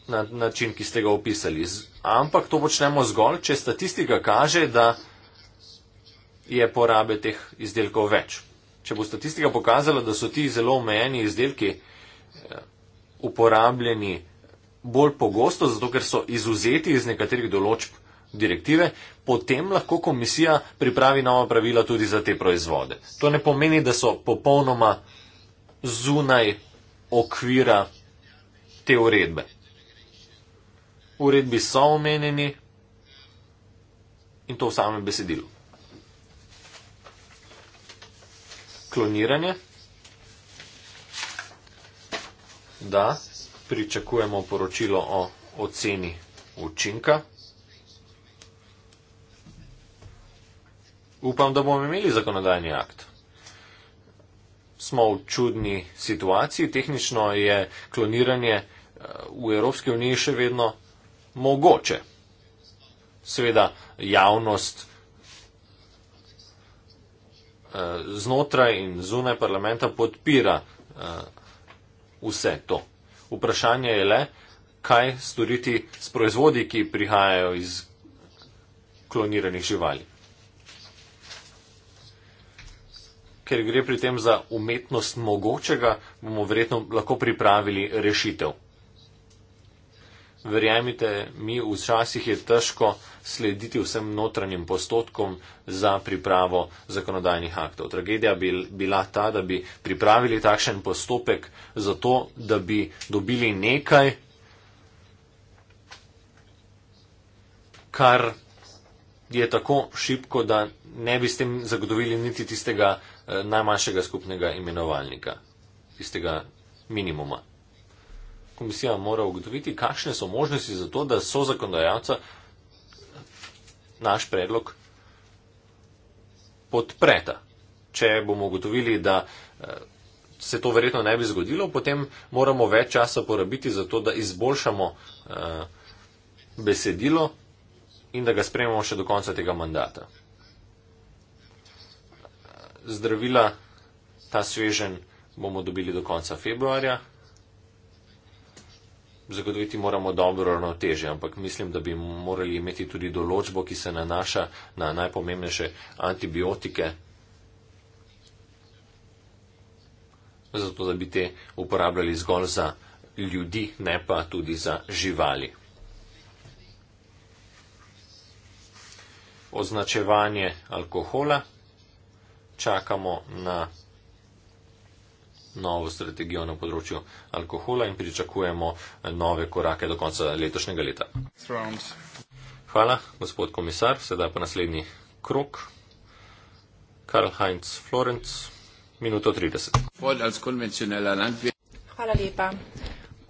na način, ki ste ga opisali. Ampak to počnemo zgolj, če statistika kaže, da je porabe teh izdelkov več. Če bo statistika pokazala, da so ti zelo omejeni izdelki, uporabljeni bolj pogosto, zato ker so izuzeti iz nekaterih določb direktive, potem lahko komisija pripravi nova pravila tudi za te proizvode. To ne pomeni, da so popolnoma zunaj okvira te uredbe. Uredbi so omenjeni in to v samem besedilu. Kloniranje. da pričakujemo poročilo o oceni učinka. Upam, da bomo imeli zakonodajni akt. Smo v čudni situaciji. Tehnično je kloniranje eh, v Evropski uniji še vedno mogoče. Sveda javnost eh, znotraj in zunaj parlamenta podpira eh, vse to. Vprašanje je le, kaj storiti s proizvodi, ki prihajajo iz kloniranih živali. Ker gre pri tem za umetnost mogočega, bomo verjetno lahko pripravili rešitev verjemite mi, včasih je težko slediti vsem notranjim postopkom za pripravo zakonodajnih aktov. Tragedija bi bila ta, da bi pripravili takšen postopek zato, da bi dobili nekaj, kar je tako šipko, da ne bi s tem zagotovili niti tistega eh, najmanjšega skupnega imenovalnika, tistega minimuma komisija mora ugotoviti, kakšne so možnosti za to, da so zakonodajalca naš predlog podpreta. Če bomo ugotovili, da eh, se to verjetno ne bi zgodilo, potem moramo več časa porabiti za to, da izboljšamo eh, besedilo in da ga sprememo še do konca tega mandata. Zdravila, ta svežen, bomo dobili do konca februarja zagotoviti moramo dobro ravnoteže, ampak mislim, da bi morali imeti tudi določbo, ki se nanaša na najpomembnejše antibiotike, zato da bi te uporabljali zgolj za ljudi, ne pa tudi za živali. Označevanje alkohola. Čakamo na novo strategijo na področju alkohola in pričakujemo nove korake do konca letošnjega leta. Hvala, gospod komisar. Sedaj pa naslednji krok. Karl Heinz Florenc, minuto 30. Hvala lepa.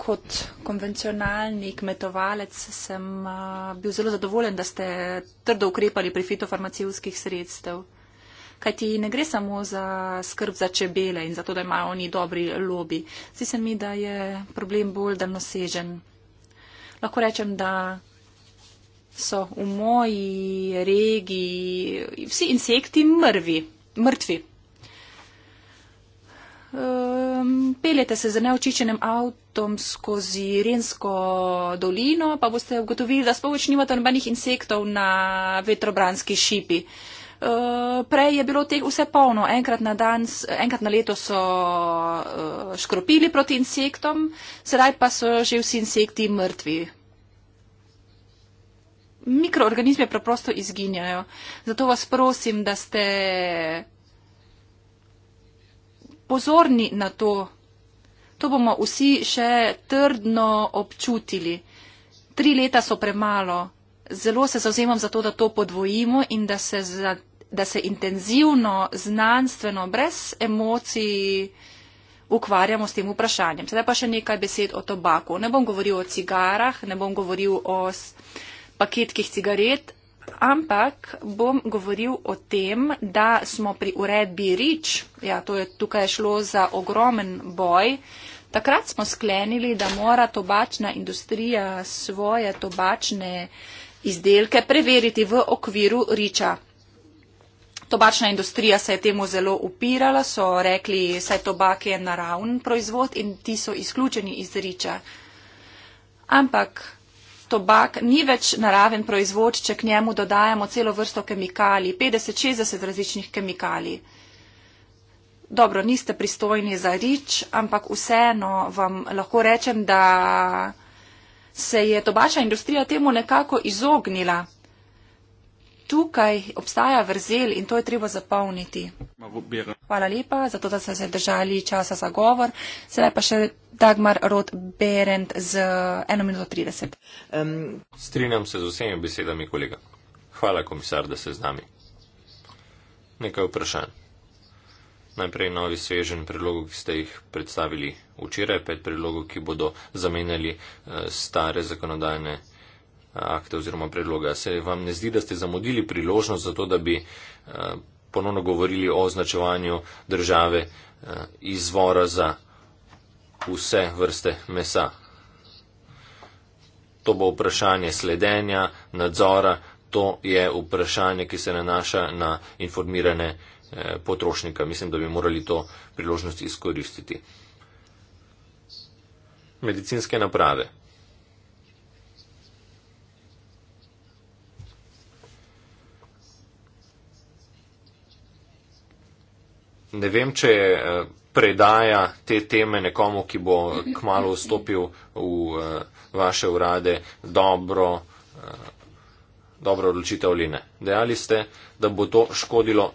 Kot konvencionalni kmetovalec sem bil zelo zadovoljen, da ste trdo ukrepali pri fitofarmacijskih sredstev kajti ne gre samo za skrb za čebele in za to, da imajo oni dobri lobi. Zdi se mi, da je problem bolj daljnosežen. Lahko rečem, da so v moji regiji vsi insekti mrvi, mrtvi. Um, peljete se z neočičenim avtom skozi Rensko dolino, pa boste ugotovili, da spovoč nimate nobenih insektov na vetrobranski šipi. Uh, Eh, prej je bilo teh vse polno. Enkrat na, dan, enkrat na leto so uh, škropili proti insektom, sedaj pa so že vsi insekti mrtvi. Mikroorganizme preprosto izginjajo. Zato vas prosim, da ste pozorni na to. To bomo vsi še trdno občutili. Tri leta so premalo. Zelo se zauzemam za to, da to podvojimo in da se za da se intenzivno, znanstveno, brez emocij ukvarjamo s tem vprašanjem. Sedaj pa še nekaj besed o tobaku. Ne bom govoril o cigarah, ne bom govoril o paketkih cigaret, ampak bom govoril o tem, da smo pri uredbi REACH, ja, to je tukaj šlo za ogromen boj, takrat smo sklenili, da mora tobačna industrija svoje tobačne izdelke preveriti v okviru REACHA. Tobačna industrija se je temu zelo upirala, so rekli, saj tobak je naravn proizvod in ti so izključeni iz riča. Ampak tobak ni več naraven proizvod, če k njemu dodajamo celo vrsto kemikalij, 50-60 različnih kemikalij. Dobro, niste pristojni za rič, ampak vseeno vam lahko rečem, da se je tobačna industrija temu nekako izognila tukaj obstaja vrzel in to je treba zapolniti. Hvala lepa za to, da ste se držali časa za govor. Sedaj pa še Dagmar Rod Berend z 1 minuto 30. Um, Strinjam se z vsemi besedami, kolega. Hvala, komisar, da ste z nami. Nekaj vprašanj. Najprej novi svežen predlogov, ki ste jih predstavili včeraj, pet predlogov, ki bodo zamenjali eh, stare zakonodajne akte oziroma predloga. Se vam ne zdi, da ste zamudili priložnost za to, da bi eh, ponovno govorili o označevanju države eh, izvora za vse vrste mesa? To bo vprašanje sledenja, nadzora, to je vprašanje, ki se nanaša na informirane eh, potrošnika. Mislim, da bi morali to priložnost izkoristiti. Medicinske naprave. ne vem, če je eh, predaja te teme nekomu, ki bo kmalo vstopil v eh, vaše urade, dobro, eh, dobro odločitev ali ne. Dejali ste, da bo to škodilo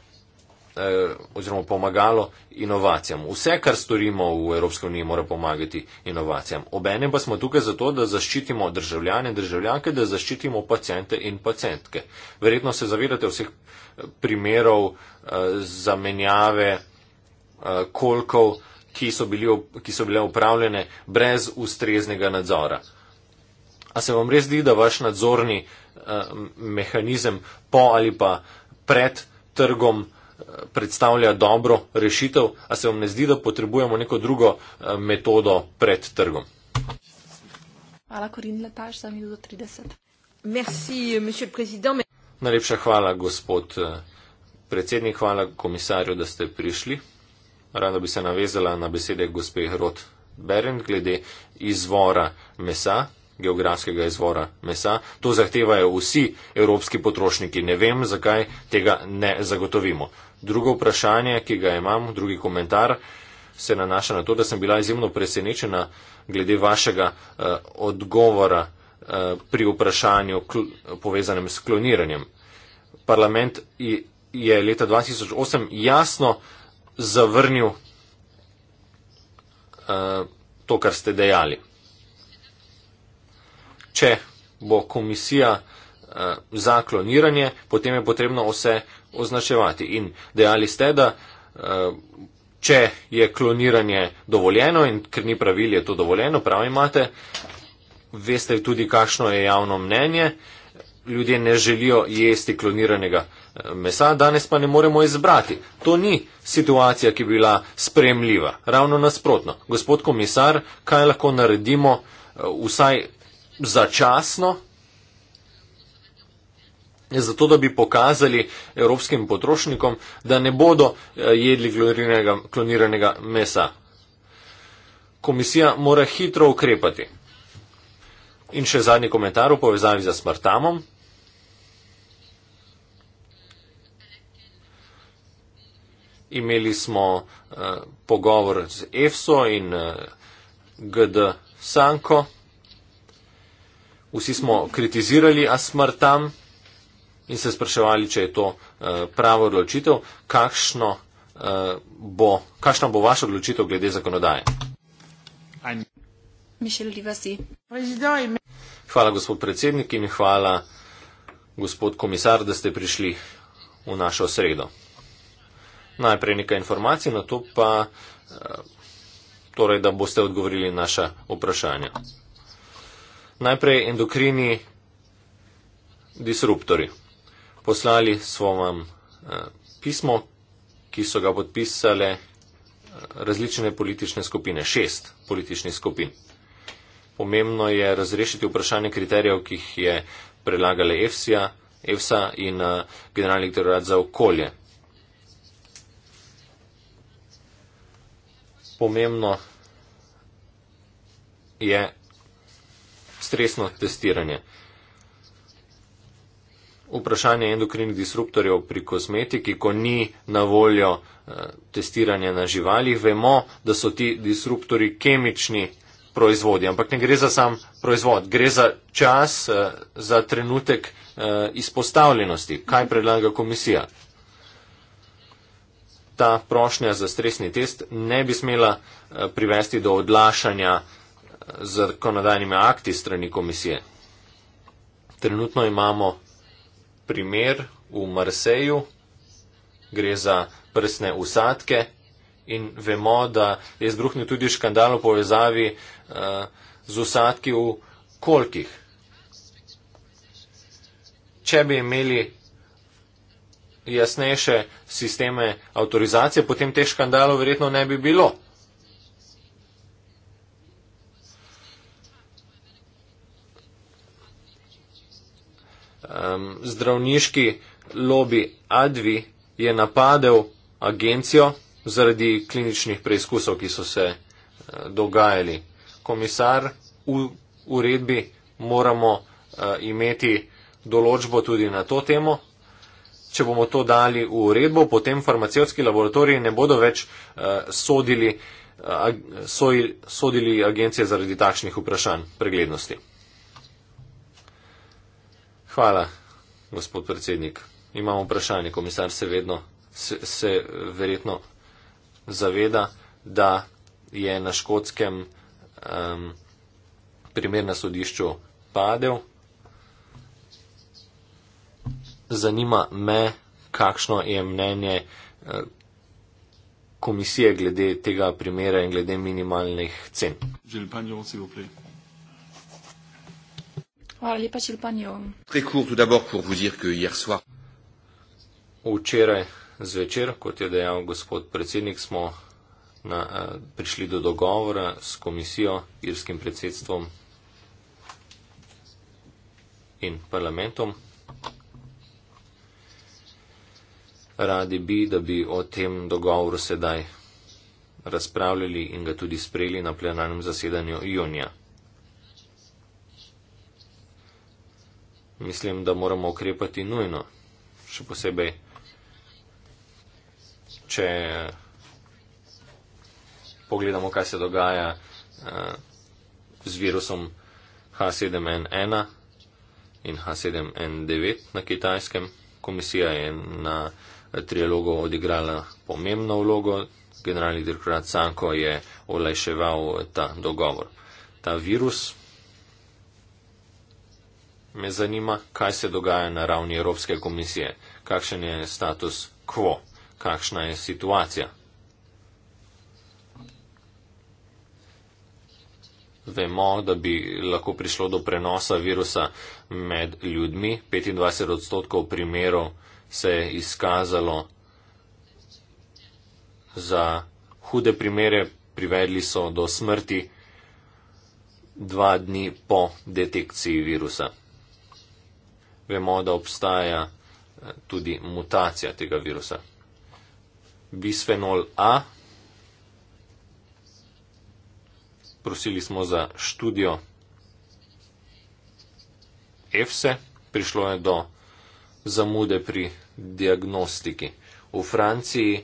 Eh, oziroma pomagalo inovacijam. Vse, kar storimo v Evropske unije, mora pomagati inovacijam. Obene pa smo tukaj zato, da zaščitimo državljane in državljanke, da zaščitimo pacijente in pacijentke. Verjetno se zavedate vseh eh, primerov eh, zamenjave kolkov, ki so, bili, ki so bile upravljene brez ustreznega nadzora. A se vam res zdi, da vaš nadzorni mehanizem po ali pa pred trgom predstavlja dobro rešitev, a se vam ne zdi, da potrebujemo neko drugo eh, metodo pred trgom? Hvala, Korin Letaš, za minuto 30. Merci, euh, monsieur président. Najlepša hvala, gospod eh, predsednik, hvala komisarju, da ste prišli. Rada bi se navezala na besede gospe Hrot Berend glede izvora mesa geografskega izvora mesa. To zahtevajo vsi evropski potrošniki. Ne vem, zakaj tega ne zagotovimo. Drugo vprašanje, ki ga imam, drugi komentar, se nanaša na to, da sem bila izjemno presenečena glede vašega uh, odgovora uh, pri vprašanju kl, povezanem s kloniranjem. Parlament je, je leta 2008 jasno zavrnil uh, to, kar ste dejali če bo komisija eh, za kloniranje, potem je potrebno vse označevati. In dejali ste, da eh, če je kloniranje dovoljeno in ker ni pravil, je to dovoljeno, prav imate, veste tudi, kakšno je javno mnenje. Ljudje ne želijo jesti kloniranega eh, mesa, danes pa ne moremo izbrati. To ni situacija, ki bi bila spremljiva. Ravno nasprotno. Gospod komisar, kaj lahko naredimo vsaj začasno, zato da bi pokazali evropskim potrošnikom, da ne bodo eh, jedli kloniranega mesa. Komisija mora hitro ukrepati. In še zadnji komentar v povezavi za smrtamom. Imeli smo uh, pogovor z EFSO in uh, eh, GD Sanko vsi smo kritizirali Asmrt tam in se spraševali, če je to eh, pravo odločitev, kakšno eh, bo, kakšna bo vaša odločitev glede zakonodaje. Hvala, gospod predsednik, in hvala, gospod komisar, da ste prišli v našo sredo. Najprej nekaj informacij, na to pa eh, torej, da boste odgovorili naša vprašanja najprej endokrini disruptori. Poslali smo vam eh, pismo, ki so ga podpisale eh, različne politične skupine, šest političnih skupin. Pomembno je razrešiti vprašanje kriterijev, ki jih je predlagala EFSA, EFSA in eh, Generalni direktorat za okolje. Pomembno je stresno testiranje. Vprašanje endokrinih disruptorjev pri kozmetiki, ko ni na voljo eh, testiranje na živalih, vemo, da so ti disruptori kemični proizvodi, ampak ne gre za sam proizvod, gre za čas, eh, za trenutek eh, izpostavljenosti. Kaj predlaga komisija? Ta prošnja za stresni test ne bi smela privesti do odlašanja zakonodajnimi akti strani komisije. Trenutno imamo primer v Marseju, gre za prsne usadke in vemo, da je zbruhnil tudi škandal v povezavi uh, z usadki v kolkih. Če bi imeli jasnejše sisteme avtorizacije, potem teh škandalov verjetno ne bi bilo. um, zdravniški lobby Advi je napadel agencijo zaradi kliničnih preizkusov, ki so se uh, dogajali. Komisar v uredbi moramo uh, imeti določbo tudi na to temo. Če bomo to dali v uredbo, potem farmacevtski laboratoriji ne bodo več uh, sodili, uh, sodili agencije zaradi takšnih vprašanj preglednosti. Hvala, gospod predsednik. Imamo vprašanje. Komisar se vedno, se, se verjetno zaveda, da je na škotskem um, primer na sodišču padel. Zanima me, kakšno je mnenje eh, komisije glede tega primera in glede minimalnih cen. Želim, panjo, Včeraj zvečer, kot je dejal gospod predsednik, smo na, eh, prišli do dogovora s komisijo, irskim predsedstvom in parlamentom. Radi bi, da bi o tem dogovoru sedaj razpravljali in ga tudi sprejeli na plenarnem zasedanju junija. mislim, da moramo ukrepati nujno. Še posebej, če pogledamo, kaj se dogaja eh, z virusom H7N1 in H7N9 na kitajskem. Komisija je na trialogu odigrala pomembno vlogo. Generalni direktorat Sanko je olajševal ta dogovor. Ta virus me zanima, kaj se dogaja na ravni Evropske komisije, kakšen je status quo, kakšna je situacija. Vemo, da bi lahko prišlo do prenosa virusa med ljudmi. 25 odstotkov primerov se je izkazalo za hude primere, privedli so do smrti dva dni po detekciji virusa vemo, da obstaja eh, tudi mutacija tega virusa. Bisfenol A. Prosili smo za študijo EFSE. Prišlo je do zamude pri diagnostiki. V Franciji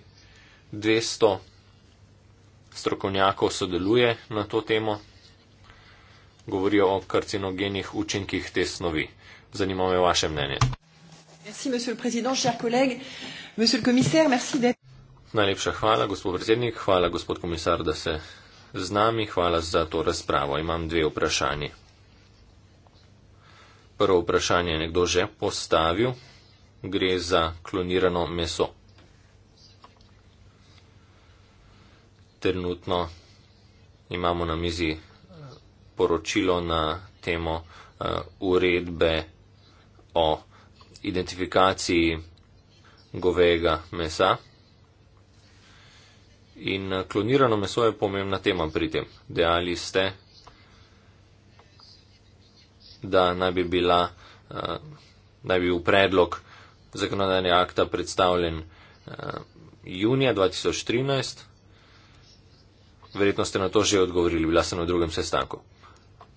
200 strokovnjakov sodeluje na to temo. Govorijo o karcinogenih učinkih te snovi. Zanima me vaše mnenje. Najlepša hvala, gospod predsednik, hvala, gospod komisar, da ste z nami, hvala za to razpravo. Imam dve vprašanje. Prvo vprašanje je nekdo že postavil, gre za klonirano meso. Trenutno imamo na mizi eh, poročilo na temo uh, uredbe o identifikaciji govejega mesa. In eh, klonirano meso je pomembna tema pri tem. Dejali ste, da naj bi bila, eh, naj bi bil predlog zakonodajne akta predstavljen eh, junija 2013. Verjetno ste na to že odgovorili, bila sem na drugem sestanku.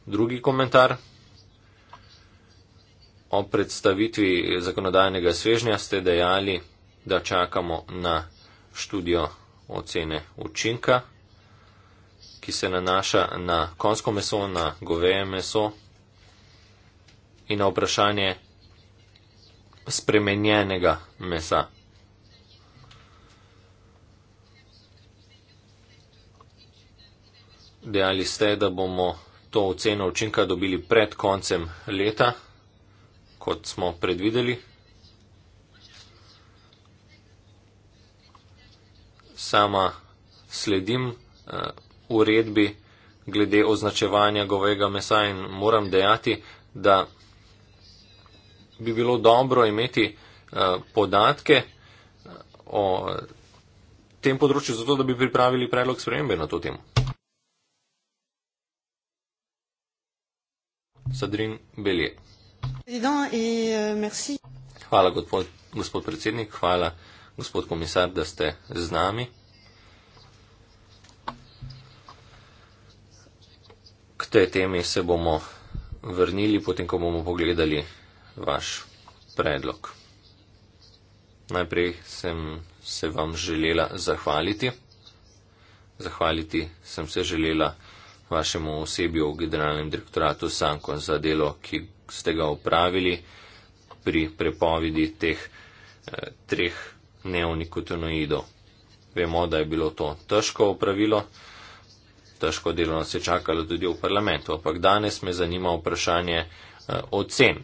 Drugi komentar o predstavitvi zakonodajnega svežnja ste dejali, da čakamo na študijo ocene učinka, ki se nanaša na konsko meso, na goveje meso in na vprašanje spremenjenega mesa. Dejali ste, da bomo to oceno učinka dobili pred koncem leta kot smo predvideli. Sama sledim uh, uredbi glede označevanja govega mesa in moram dejati, da bi bilo dobro imeti uh, podatke eh, o tem področju, zato da bi pripravili predlog spremembe na to temo. Sadrin Belje. Euh, hvala, gospod, gospod predsednik, hvala, gospod komisar, da ste z nami. K tej temi se bomo vrnili, potem, ko bomo pogledali vaš predlog. Najprej sem se vam želela zahvaliti. Zahvaliti sem se želela vašemu osebju v generalnem direktoratu Sanko za delo, ki ste ga opravili pri prepovedi teh eh, treh neonikotinoidov. Vemo, da je bilo to težko opravilo, težko delo nas je čakalo tudi v parlamentu, ampak danes me zanima vprašanje eh, ocen,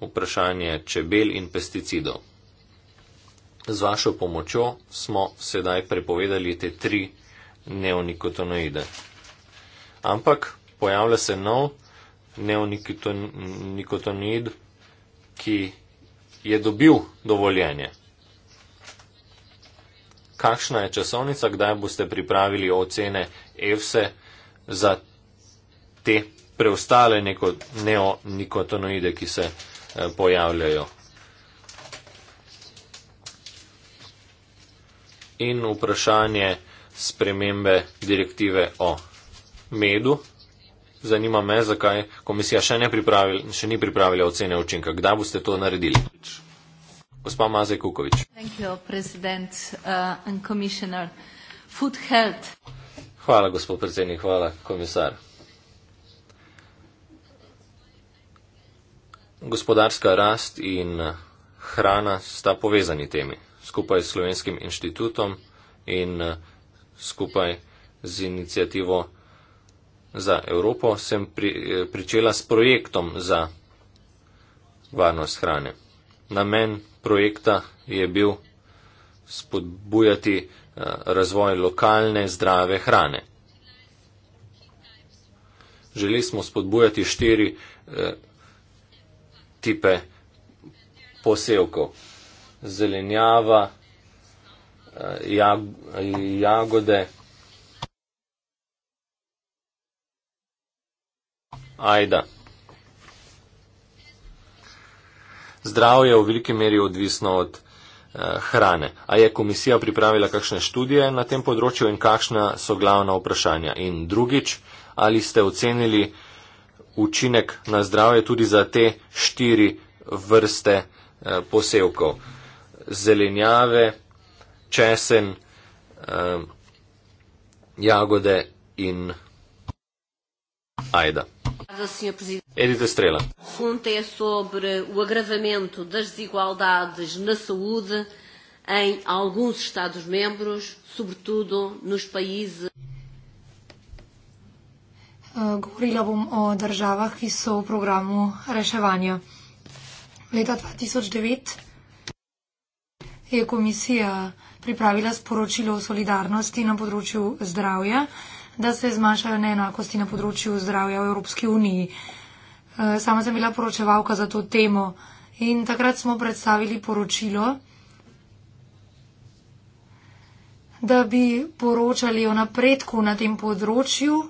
vprašanje čebel in pesticidov. Z vašo pomočjo smo sedaj prepovedali te tri neonikotinoide. Ampak pojavlja se nov neonikotonid, ki je dobil dovoljenje. Kakšna je časovnica, kdaj boste pripravili ocene EFSE za te preostale neonikotonoide, ki se eh, pojavljajo? In vprašanje spremembe direktive o medu. Zanima me, zakaj komisija še, pripravil, še ni pripravila ocene učinka. Kdaj boste to naredili? Gospa Mazej Kukovič. You, uh, hvala, gospod predsednik, hvala, komisar. Gospodarska rast in hrana sta povezani temi, skupaj s Slovenskim inštitutom in uh, skupaj z inicijativo za Evropo, sem pri, eh, pričela s projektom za varnost hrane. Namen projekta je bil spodbujati eh, razvoj lokalne zdrave hrane. Želi smo spodbujati štiri eh, tipe posevkov. Zelenjava, eh, jag jagode, Ajda. Zdravje je v veliki meri odvisno od eh, hrane. A je komisija pripravila kakšne študije na tem področju in kakšna so glavna vprašanja? In drugič, ali ste ocenili učinek na zdravje tudi za te štiri vrste eh, posevkov? Zelenjave, česen, eh, jagode in ajda. Obrigada, Sr. Presidente. Edith Estrela. Pergunta é sobre o agravamento das desigualdades na saúde em alguns Estados-membros, sobretudo nos países. Eh, govorila bom o državah, ki so v programu reševanja. Leta 2009 je komisija pripravila sporočilo o solidarnosti na področju zdravja da se zmanjšajo neenakosti na področju zdravja v Evropski uniji. E, sama sem bila poročevalka za to temo in takrat smo predstavili poročilo, da bi poročali o napredku na tem področju e,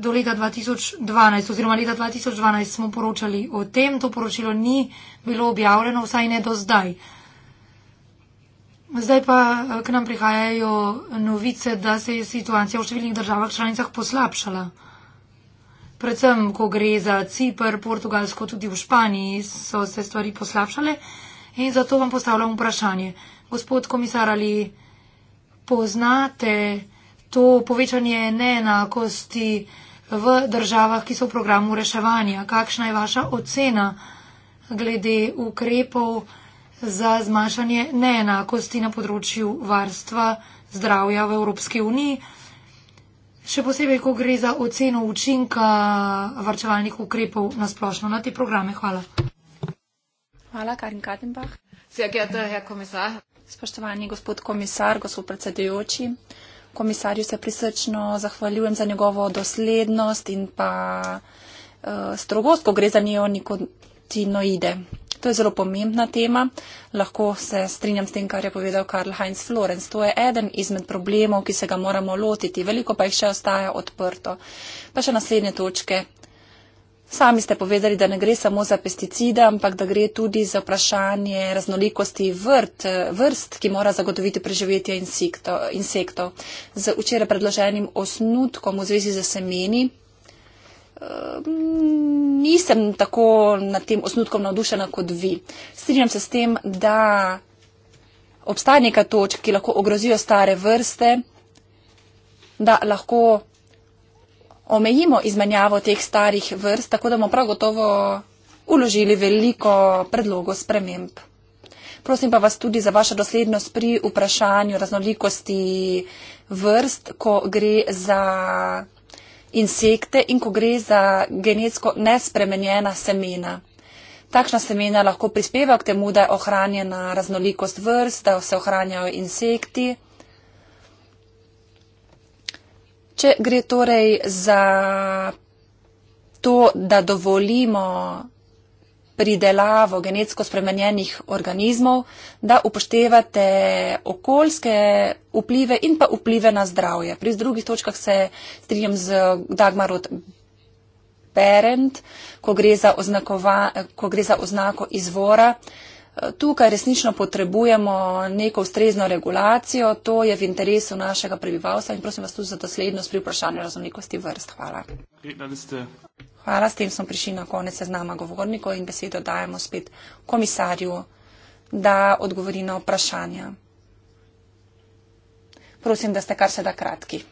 do leta 2012 oziroma leta 2012 smo poročali o tem. To poročilo ni bilo objavljeno, vsaj ne do zdaj. Zdaj pa eh, k nam prihajajo novice, da se je situacija v številnih državah članicah poslabšala. Predvsem, ko gre za Cipr, Portugalsko, tudi v Španiji so se stvari poslabšale in zato vam postavljam vprašanje. Gospod komisar, ali poznate to povečanje neenakosti v državah, ki so v programu reševanja? Kakšna je vaša ocena glede ukrepov? za zmanjšanje neenakosti na področju varstva zdravja v Evropski uniji. Še posebej, ko gre za oceno učinka varčevalnih ukrepov na splošno na te programe. Hvala. Hvala, Karin Kartenbach. Sjagete, herr komisar. Spoštovani gospod komisar, gospod predsedujoči. Komisarju se prisrčno zahvaljujem za njegovo doslednost in pa uh, strogost, ko gre za neonikotinoide. To je zelo pomembna tema. Lahko se strinjam s tem, kar je povedal Karl Heinz Florenc. To je eden izmed problemov, ki se ga moramo lotiti. Veliko pa jih še ostaja odprto. Pa še naslednje točke. Sami ste povedali, da ne gre samo za pesticide, ampak da gre tudi za vprašanje raznolikosti vrt, vrst, ki mora zagotoviti preživetje insektov. Z včeraj predloženim osnutkom v zvezi z semeni Ehm, nisem tako nad tem osnutkom navdušena kot vi. Strinjam se s tem, da obstaja neka točka, ki lahko ogrozijo stare vrste, da lahko omejimo izmenjavo teh starih vrst, tako da bomo prav gotovo uložili veliko predlogov sprememb. Prosim pa vas tudi za vašo doslednost pri vprašanju raznolikosti vrst, ko gre za insekte in ko gre za genetsko nespremenjena semena. Takšna semena lahko prispevajo k temu, da je ohranjena raznolikost vrst, da se ohranjajo insekti. Če gre torej za to, da dovolimo pridelavo genetsko spremenjenih organizmov, da upoštevate okoljske vplive in pa vplive na zdravje. Pri drugih točkah se strinjam z Dagmarot Berend, ko gre, ko gre za oznako izvora. Tukaj resnično potrebujemo neko ustrezno regulacijo, to je v interesu našega prebivalstva in prosim vas tudi za doslednost pri vprašanju raznolikosti vrst. Hvala. Okay, Hvala, s tem smo prišli na konec seznama govornikov in besedo dajemo spet komisarju, da odgovori na vprašanja. Prosim, da ste kar se da kratki.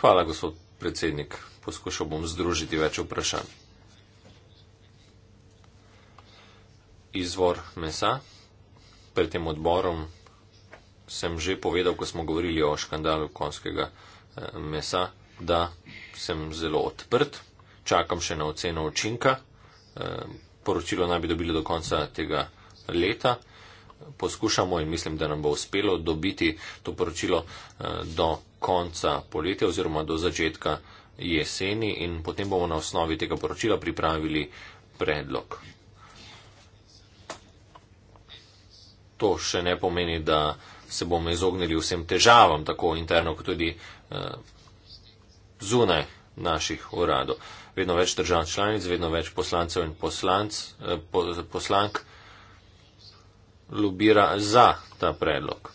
Hvala, gospod predsednik. Poskušal bom združiti več vprašanj. Izvor mesa pred tem odborom sem že povedal, ko smo govorili o škandalu konskega eh, mesa, da sem zelo odprt, čakam še na oceno učinka. Eh, poročilo naj bi dobili do konca tega leta. Poskušamo in mislim, da nam bo uspelo dobiti to poročilo eh, do konca poletja oziroma do začetka jeseni in potem bomo na osnovi tega poročila pripravili predlog. To še ne pomeni, da se bomo izognili vsem težavam, tako interno, kot tudi eh, zunaj naših uradov. Vedno več držav članic, vedno več poslancev in poslanc, eh, poslank lubira za ta predlog.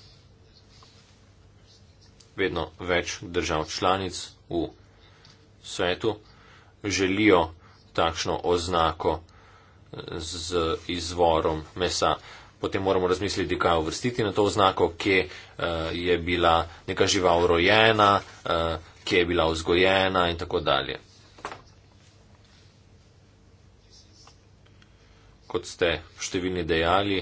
Vedno več držav članic v svetu želijo takšno oznako eh, z izvorom mesa potem moramo razmisliti, kaj uvrstiti na to oznako, kje uh, je bila neka žival rojena, uh, kje je bila vzgojena in tako dalje. Kot ste številni dejali,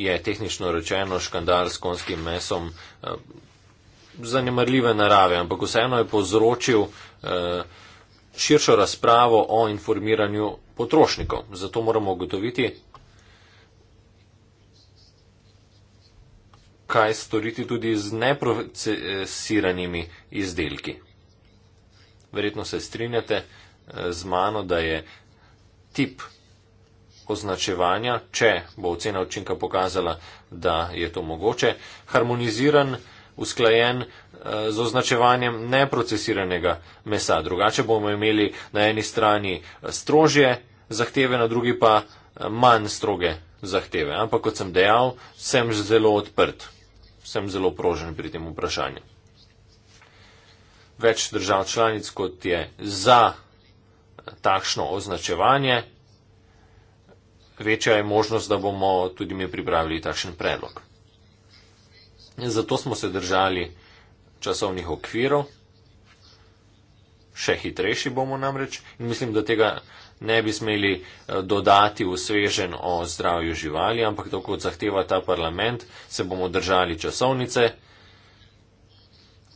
je tehnično rečeno škandal s konskim mesom uh, zanemarljive narave, ampak vseeno je povzročil uh, širšo razpravo o informiranju potrošnikov. Zato moramo ugotoviti, kaj storiti tudi z neprocesiranimi izdelki. Verjetno se strinjate eh, z mano, da je tip označevanja, če bo ocena učinka pokazala, da je to mogoče, harmoniziran, usklajen Eh, z označevanjem neprocesiranega mesa. Drugače bomo imeli na eni strani eh, strožje zahteve, na drugi pa eh, manj stroge zahteve. Ampak kot sem dejal, sem zelo odprt, sem zelo prožen pri tem vprašanju. Več držav članic, kot je za takšno označevanje, večja je možnost, da bomo tudi mi pripravili takšen predlog. Zato smo se držali časovnih okvirov. Še hitrejši bomo namreč in mislim, da tega ne bi smeli eh, dodati v svežen o zdravju živali, ampak tako kot zahteva ta parlament, se bomo držali časovnice.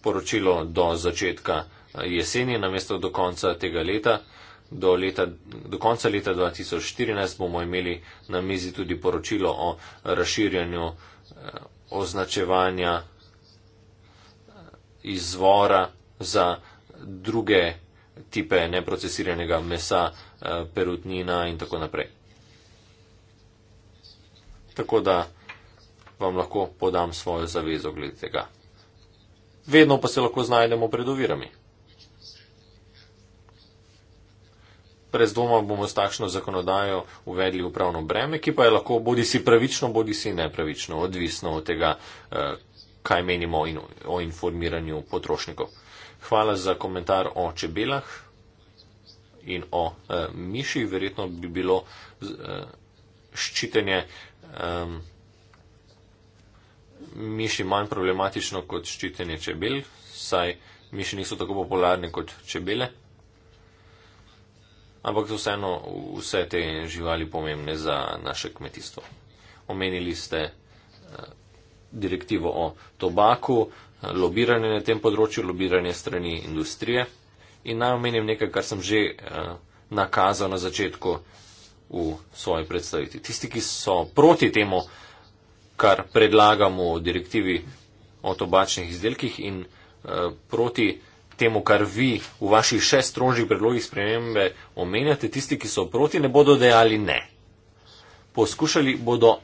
Poročilo do začetka eh, jeseni, namesto do konca tega leta, do, leta, do konca leta 2014 bomo imeli na mizi tudi poročilo o razširjanju eh, označevanja izvora za druge tipe neprocesiranega mesa, eh, perutnina in tako naprej. Tako da vam lahko podam svojo zavezo glede tega. Vedno pa se lahko znajdemo pred ovirami. Prez doma bomo s takšno zakonodajo uvedli upravno breme, ki pa je lahko bodi si pravično, bodi si nepravično, odvisno od tega, eh, kaj menimo in o informiranju potrošnikov. Hvala za komentar o čebelah in o e, eh, miših. Verjetno bi bilo e, ščitenje e, miši manj problematično kot ščitenje čebel, saj miši niso tako popularni kot čebele. Ampak so vseeno vse te živali pomembne za naše kmetijstvo. Omenili ste. E, direktivo o tobaku, lobiranje na tem področju, lobiranje strani industrije. In naj omenim nekaj, kar sem že eh, nakazal na začetku v svoji predstavitvi. Tisti, ki so proti temu, kar predlagamo v direktivi o tobačnih izdelkih in eh, proti temu, kar vi v vaših šest strožjih predlogih spremembe omenjate, tisti, ki so proti, ne bodo dejali ne. Poskušali bodo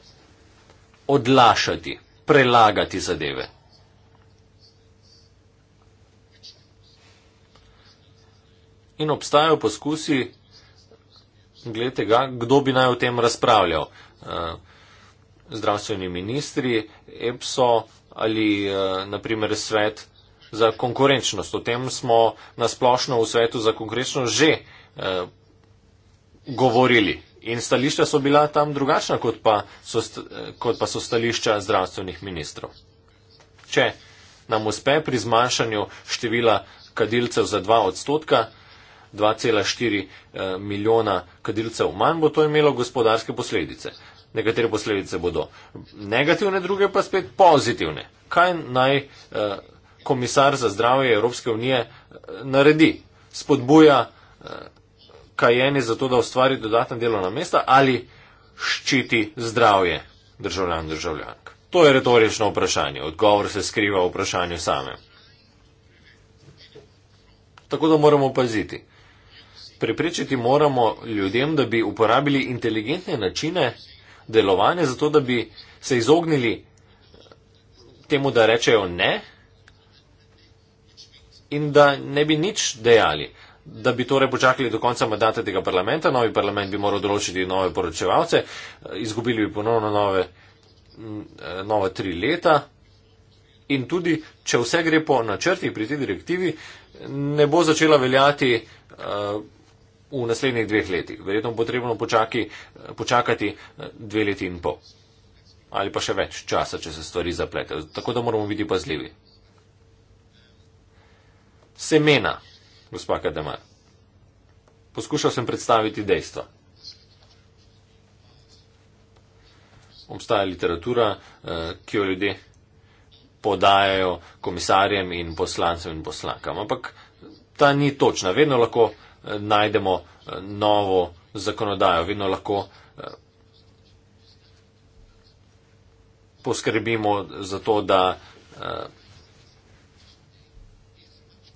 odlašati prelagati zadeve. In obstajajo poskusi, gledajte ga, kdo bi naj o tem razpravljal. Eh, zdravstveni ministri, EPSO ali eh, naprimer svet za konkurenčnost. O tem smo nasplošno v svetu za konkurenčnost že eh, govorili. In stališča so bila tam drugačna, kot pa so, st kot pa so stališča zdravstvenih ministrov. Če nam uspe pri zmanjšanju števila kadilcev za 2 odstotka, 2,4 eh, milijona kadilcev manj bo to imelo gospodarske posledice. Nekatere posledice bodo negativne, druge pa spet pozitivne. Kaj naj eh, komisar za zdravje Evropske unije eh, naredi? Spodbuja kajeni za to, da ustvari dodatna delovna mesta ali ščiti zdravje državljan in državljank? To je retorično vprašanje. Odgovor se skriva v vprašanju same. Tako da moramo paziti. Prepričati moramo ljudem, da bi uporabili inteligentne načine delovanja, zato da bi se izognili temu, da rečejo ne in da ne bi nič dejali da bi torej počakali do konca mandata tega parlamenta, novi parlament bi moral določiti nove poročevalce, eh, izgubili bi ponovno nove, eh, nove tri leta in tudi, če vse gre po načrtih pri tej direktivi, ne bo začela veljati eh, v naslednjih dveh letih. Verjetno bo potrebno počaki, počakati dve leti in pol ali pa še več časa, če se stvari zapletejo. Tako da moramo biti pazljivi. Semena gospa Kademar. Poskušal sem predstaviti dejstva. Obstaja literatura, eh, ki jo ljudje podajajo komisarjem in poslancem in poslankam, ampak ta ni točna. Vedno lahko eh, najdemo eh, novo zakonodajo, vedno lahko poskrbimo za to, da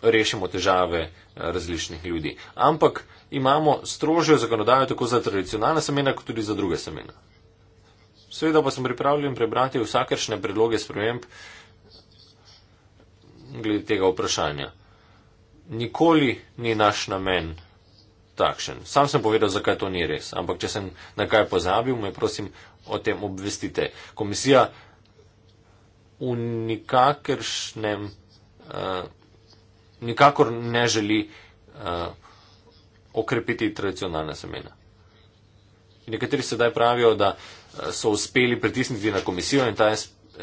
rešimo težave eh, različnih ljudi. Ampak imamo strožjo zakonodajo tako za tradicionalna semena, kot tudi za druge semena. Seveda pa sem pripravljen prebrati vsakršne predloge sprememb glede tega vprašanja. Nikoli ni naš namen takšen. Sam sem povedal, zakaj to ni res, ampak če sem na kaj pozabil, me prosim o tem obvestite. Komisija v nikakršnem. Uh, nikakor ne želi uh, okrepiti tradicionalne semena. Nekateri sedaj pravijo, da eh, so uspeli pritisniti na komisijo in ta je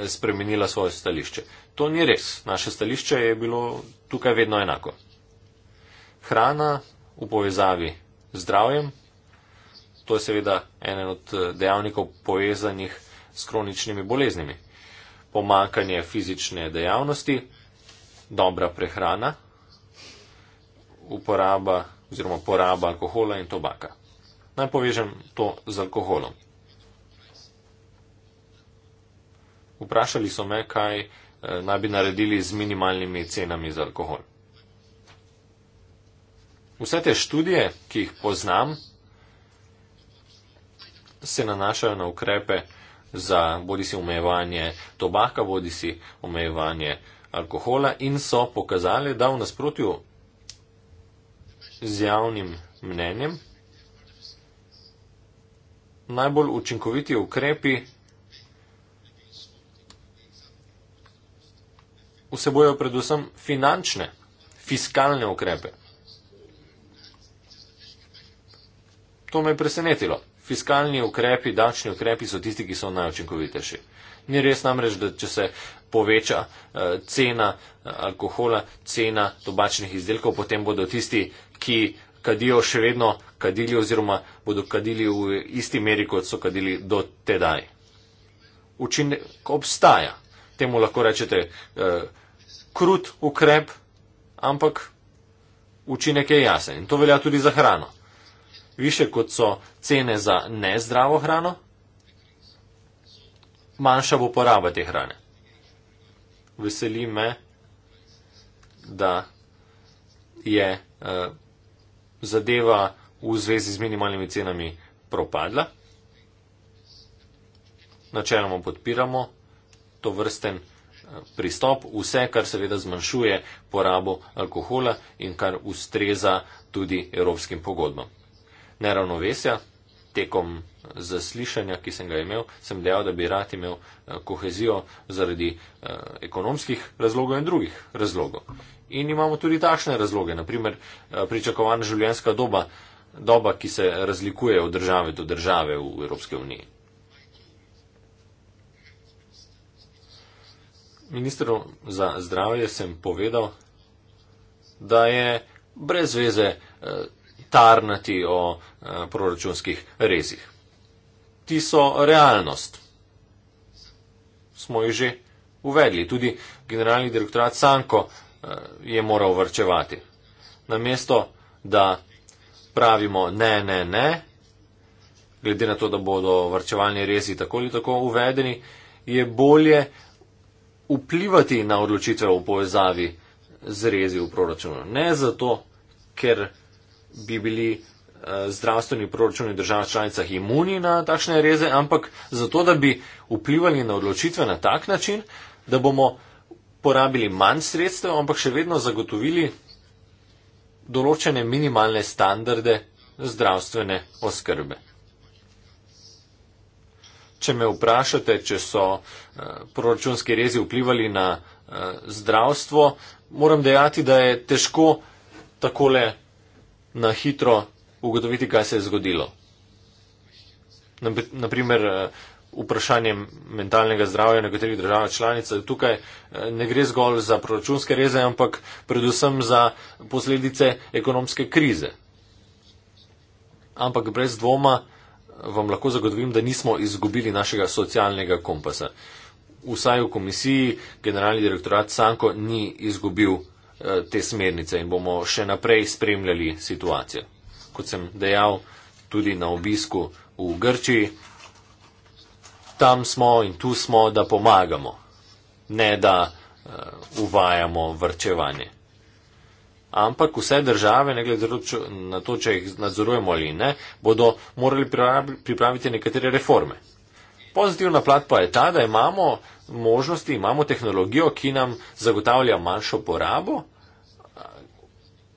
spremenila svoje stališče. To ni res. Naše stališče je bilo tukaj vedno enako. Hrana v povezavi z zdravjem, to je seveda eden od eh, dejavnikov povezanih s kroničnimi boleznimi. Pomankanje fizične dejavnosti, dobra prehrana, uporaba oziroma poraba alkohola in tobaka. Naj povežem to z alkoholom. Vprašali so me, kaj eh, naj bi naredili z minimalnimi cenami za alkohol. Vse te študije, ki jih poznam, se nanašajo na ukrepe za bodi si omejevanje tobaka, bodi si omejevanje alkohola in so pokazali, da v nasprotju z javnim mnenjem. Najbolj učinkoviti ukrepi vsebojo predvsem finančne, fiskalne ukrepe. To me je presenetilo. Fiskalni ukrepi, davčni ukrepi so tisti, ki so najučinkovitejši. Ni res namreč, da če se poveča eh, cena eh, alkohola, cena tobačnih izdelkov, potem bodo tisti eh, ki kadijo še vedno kadili oziroma bodo kadili v isti meri, kot so kadili do tedaj. Učinek obstaja. Temu lahko rečete eh, krut ukrep, ampak učinek je jasen. In to velja tudi za hrano. Više kot so cene za nezdravo hrano, manjša bo poraba te hrane. Veseli me, da je. Eh, zadeva v zvezi z minimalnimi cenami propadla. Načeloma podpiramo to vrsten eh, pristop, vse, kar seveda zmanjšuje porabo alkohola in kar ustreza tudi evropskim pogodbam. Neravnovesja tekom eh, zaslišanja, ki sem ga imel, sem dejal, da bi rad imel eh, kohezijo zaradi ekonomskih razlogov in drugih razlogov in imamo tudi takšne razloge, naprimer eh, pričakovana življenjska doba, doba, ki se razlikuje od države do države v Evropske unije. Ministru za zdravje sem povedal, da je brez veze eh, tarnati o eh, proračunskih rezih. Ti so realnost. Smo jih že uvedli. Tudi generalni direktorat Sanko Eh, je moral vrčevati. Namesto, da pravimo ne, ne, ne, glede na to, da bodo vrčevalni rezi tako ali tako uvedeni, je bolje vplivati na odločitve v povezavi z rezi v proračunu. Ne zato, ker bi bili eh, zdravstveni proračuni držav članicah imuni na takšne reze, ampak zato, da bi vplivali na odločitve na tak način, da bomo porabili manj sredstev, ampak še vedno zagotovili določene minimalne standarde zdravstvene oskrbe. Če me vprašate, če so eh, proračunski rezi vplivali na eh, zdravstvo, moram dejati, da je težko takole na hitro ugotoviti, kaj se je zgodilo. Naprimer, eh, vprašanjem mentalnega zdravja nekaterih držav članic. Tukaj eh, ne gre zgolj za proračunske reze, ampak predvsem za posledice ekonomske krize. Ampak brez dvoma eh, vam lahko zagotovim, da nismo izgubili našega socialnega kompasa. Vsaj v komisiji generalni direktorat Sanko ni izgubil eh, te smernice in bomo še naprej spremljali situacijo. Kot sem dejal, tudi na obisku v Grčiji tam smo in tu smo, da pomagamo, ne da uh, uvajamo vrčevanje. Ampak vse države, ne glede na to, če jih nadzorujemo ali ne, bodo morali pripraviti nekatere reforme. Pozitivna plat pa je ta, da imamo možnosti, imamo tehnologijo, ki nam zagotavlja manjšo porabo,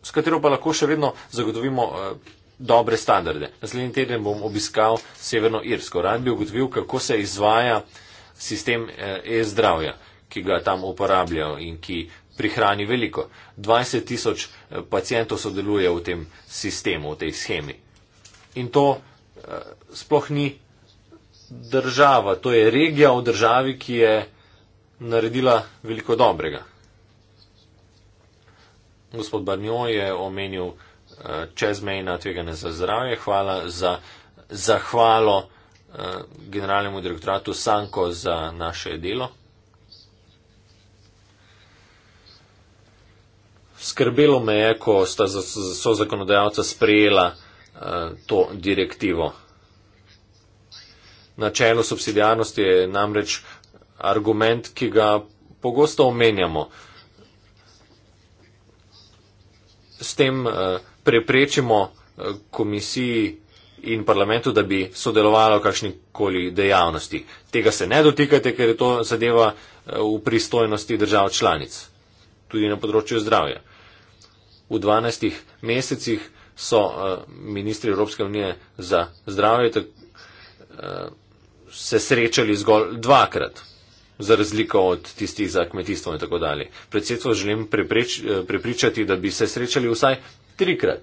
s katero pa lahko še vedno zagotovimo eh, dobre standarde. Naslednji teden bom obiskal Severno Irsko. Rad bi ugotovil, kako se izvaja sistem eh, e-zdravja, ki ga tam uporabljajo in ki prihrani veliko. 20 tisoč eh, pacijentov sodeluje v tem sistemu, v tej schemi. In to eh, sploh ni država, to je regija v državi, ki je naredila veliko dobrega. Gospod Barnjo je omenil čezmejna tveganja za zdravje. Hvala za zahvalo eh, generalnemu direktoratu Sanko za naše delo. Skrbelo me je, ko sta so zakonodajalca sprejela eh, to direktivo. Načelo subsidijarnosti je namreč argument, ki ga pogosto omenjamo. s tem eh, preprečimo eh, komisiji in parlamentu, da bi sodelovalo v kakšnikoli dejavnosti. Tega se ne dotikajte, ker je to zadeva eh, v pristojnosti držav članic, tudi na področju zdravja. V 12 mesecih so ministri Evropske unije za zdravje se srečali zgolj dvakrat za razliko od tistih za kmetijstvo in tako dalje. Predsedstvo želim prepreč, eh, prepričati, da bi se srečali vsaj trikrat.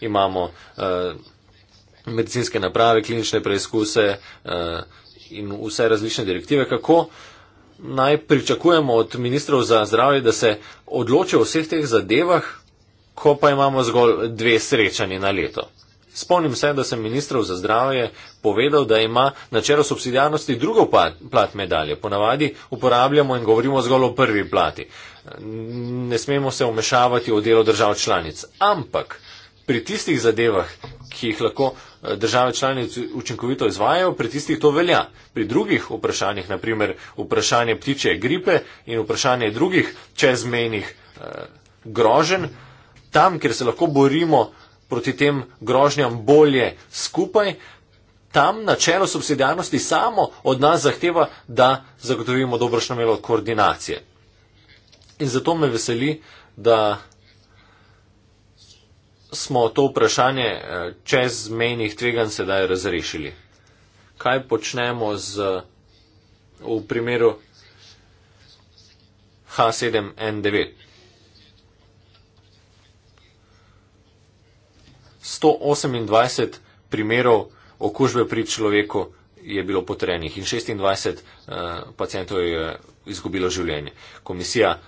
Imamo uh, medicinske naprave, klinične preizkuse uh, in vse različne direktive, kako naj pričakujemo od ministrov za zdravje, da se odločijo o vseh teh zadevah, ko pa imamo zgolj dve srečanje na leto. Spomnim se, da sem ministrov za zdravje povedal, da ima načelo subsidijarnosti drugo plat medalje. Ponavadi uporabljamo in govorimo zgolj o prvi plati. Ne smemo se umešavati v delo držav članic. Ampak pri tistih zadevah, ki jih lahko eh, države članic učinkovito izvajajo, pri tistih to velja. Pri drugih vprašanjih, naprimer vprašanje ptiče gripe in vprašanje drugih čezmejnih eh, grožen, tam, kjer se lahko borimo, proti tem grožnjam bolje skupaj. Tam načelo subsidijarnosti samo od nas zahteva, da zagotovimo dobrošno melo koordinacije. In zato me veseli, da smo to vprašanje eh, čez menjih tvegan sedaj razrešili. Kaj počnemo z, v primeru H7N9? 128 primerov okužbe pri človeku je bilo potrjenih in 26 uh, eh, pacijentov je izgubilo življenje. Komisija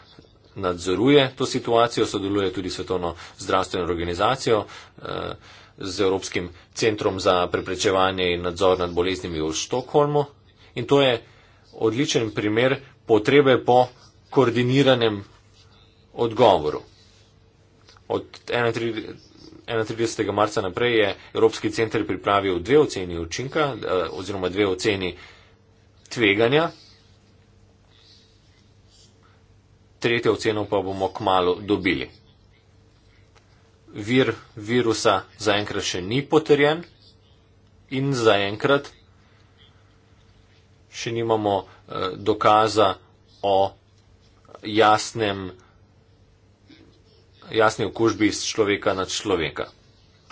nadzoruje to situacijo, sodeluje tudi Svetovno zdravstveno organizacijo uh, z Evropskim centrom za preprečevanje in nadzor nad boleznimi v Štokholmu in to je odličen primer potrebe po koordiniranem odgovoru. Od 31. 31. marca naprej je Evropski center pripravil dve oceni učinka eh, oziroma dve oceni tveganja. Tretjo oceno pa bomo k malu dobili. Vir virusa zaenkrat še ni potrjen in zaenkrat še nimamo eh, dokaza o jasnem, jasni okužbi iz človeka na človeka.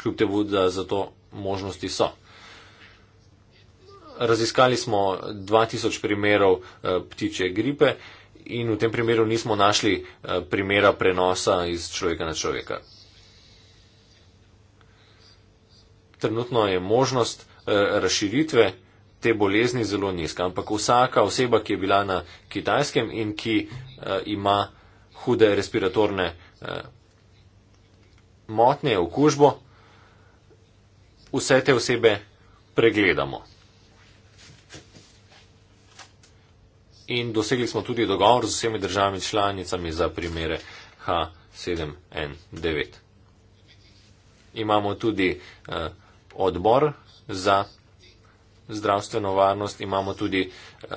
Kljub temu, da za to možnosti so. Raziskali smo 2000 primerov eh, ptiče gripe in v tem primeru nismo našli eh, primera prenosa iz človeka na človeka. Trenutno je možnost eh, razširitve te bolezni zelo nizka, ampak vsaka oseba, ki je bila na kitajskem in ki ima hude respiratorne motnje, okužbo, vse te osebe pregledamo. In dosegli smo tudi dogovor z vsemi državami članicami za primere H7N9. Imamo tudi eh, odbor za zdravstveno varnost, imamo tudi eh,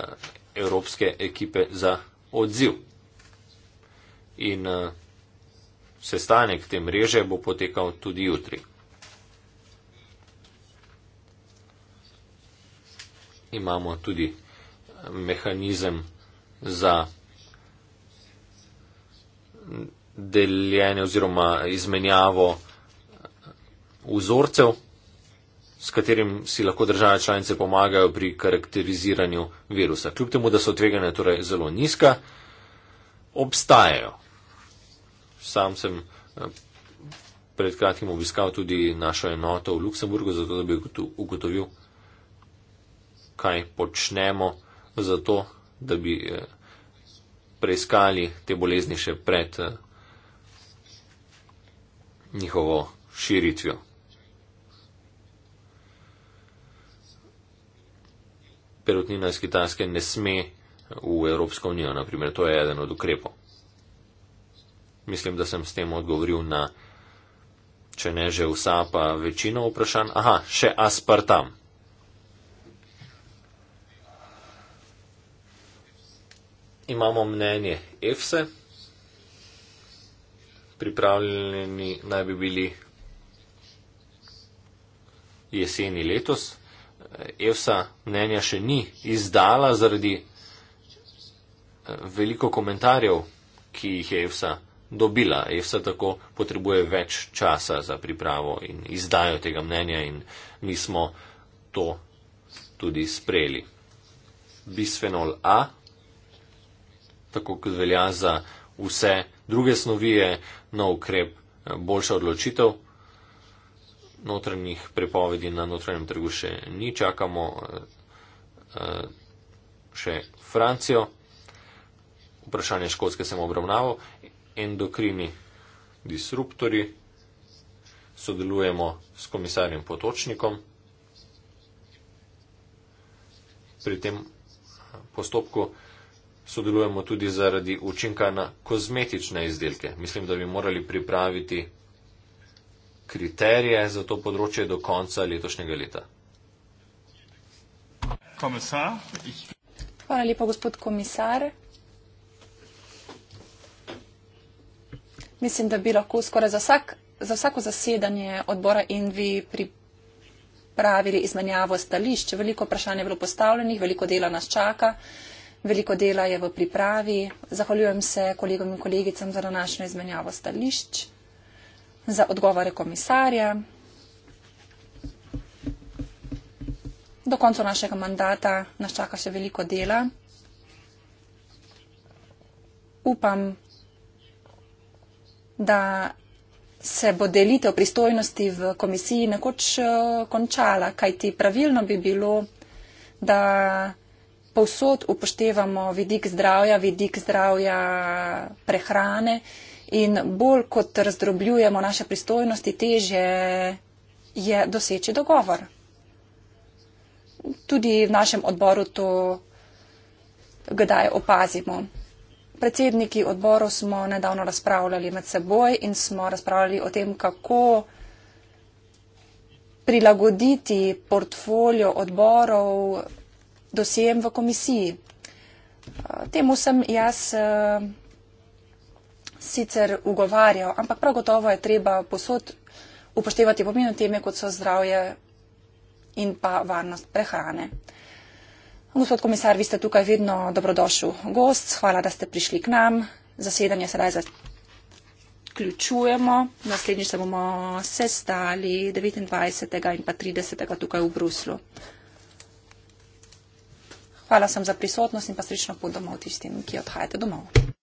evropske ekipe za odziv. In eh, Sestanek te mreže bo potekal tudi jutri. Imamo tudi eh, mehanizem za deljenje oziroma izmenjavo eh, vzorcev, s katerim si lahko države članice pomagajo pri karakteriziranju virusa. Kljub temu, da so tvegane torej zelo nizka, obstajajo sam sem eh, pred kratkim obiskal tudi našo enoto v Luksemburgu, zato da bi ugotovil, kaj počnemo za to, da bi eh, preiskali te bolezni še pred eh, njihovo širitvijo. Perutnina iz Kitajske ne sme v Evropsko unijo, naprimer, to je eden od ukrepov mislim, da sem s tem odgovoril na, če ne že vsa, pa večino vprašanj. Aha, še aspartam. Imamo mnenje EFSE, pripravljeni naj bi bili jeseni letos. EFSA mnenja še ni izdala zaradi eh, veliko komentarjev, ki jih je EFSA dobila. EFSA tako potrebuje več časa za pripravo in izdajo tega mnenja in mi smo to tudi sprejeli. Bisfenol A, tako kot velja za vse druge snovi, je nov ukrep boljša odločitev. Notranjih prepovedi na notranjem trgu še ni, čakamo eh, eh, še Francijo. Vprašanje škotske sem obravnaval endokrini disruptori, sodelujemo s komisarjem Potočnikom. Pri tem postopku sodelujemo tudi zaradi učinka na kozmetične izdelke. Mislim, da bi morali pripraviti kriterije za to področje do konca letošnjega leta. Komisar. Hvala lepa, gospod komisar. mislim, da bi lahko skoraj za, vsak, za vsako zasedanje odbora Envi pripravili izmenjavo stališč. Veliko vprašanj je bilo postavljenih, veliko dela nas čaka, veliko dela je v pripravi. Zahvaljujem se kolegom in kolegicam za današnjo izmenjavo stališč, za odgovore komisarja. Do konca našega mandata nas čaka še veliko dela. Upam, da se bo delitev pristojnosti v komisiji nekoč eh, končala, kajti pravilno bi bilo, da povsod upoštevamo vidik zdravja, vidik zdravja prehrane in bolj kot razdrobljujemo naše pristojnosti, teže je doseči dogovor. Tudi v našem odboru to kdaj opazimo predsedniki odborov smo nedavno razpravljali med seboj in smo razpravljali o tem, kako prilagoditi portfolio odborov dosjem v komisiji. Eh, temu sem jaz eh, sicer ugovarjal, ampak prav gotovo je treba posod upoštevati pomen teme, kot so zdravje in pa varnost prehrane. Gospod komisar, vi ste tukaj vedno dobrodošel gost. Hvala, da ste prišli k nam. Zasedanje sedaj zaključujemo. Naslednjič se bomo sestali 29. in pa 30. tukaj v Bruslu. Hvala sem za prisotnost in pa srečno pot domov tistim, ki odhajate domov.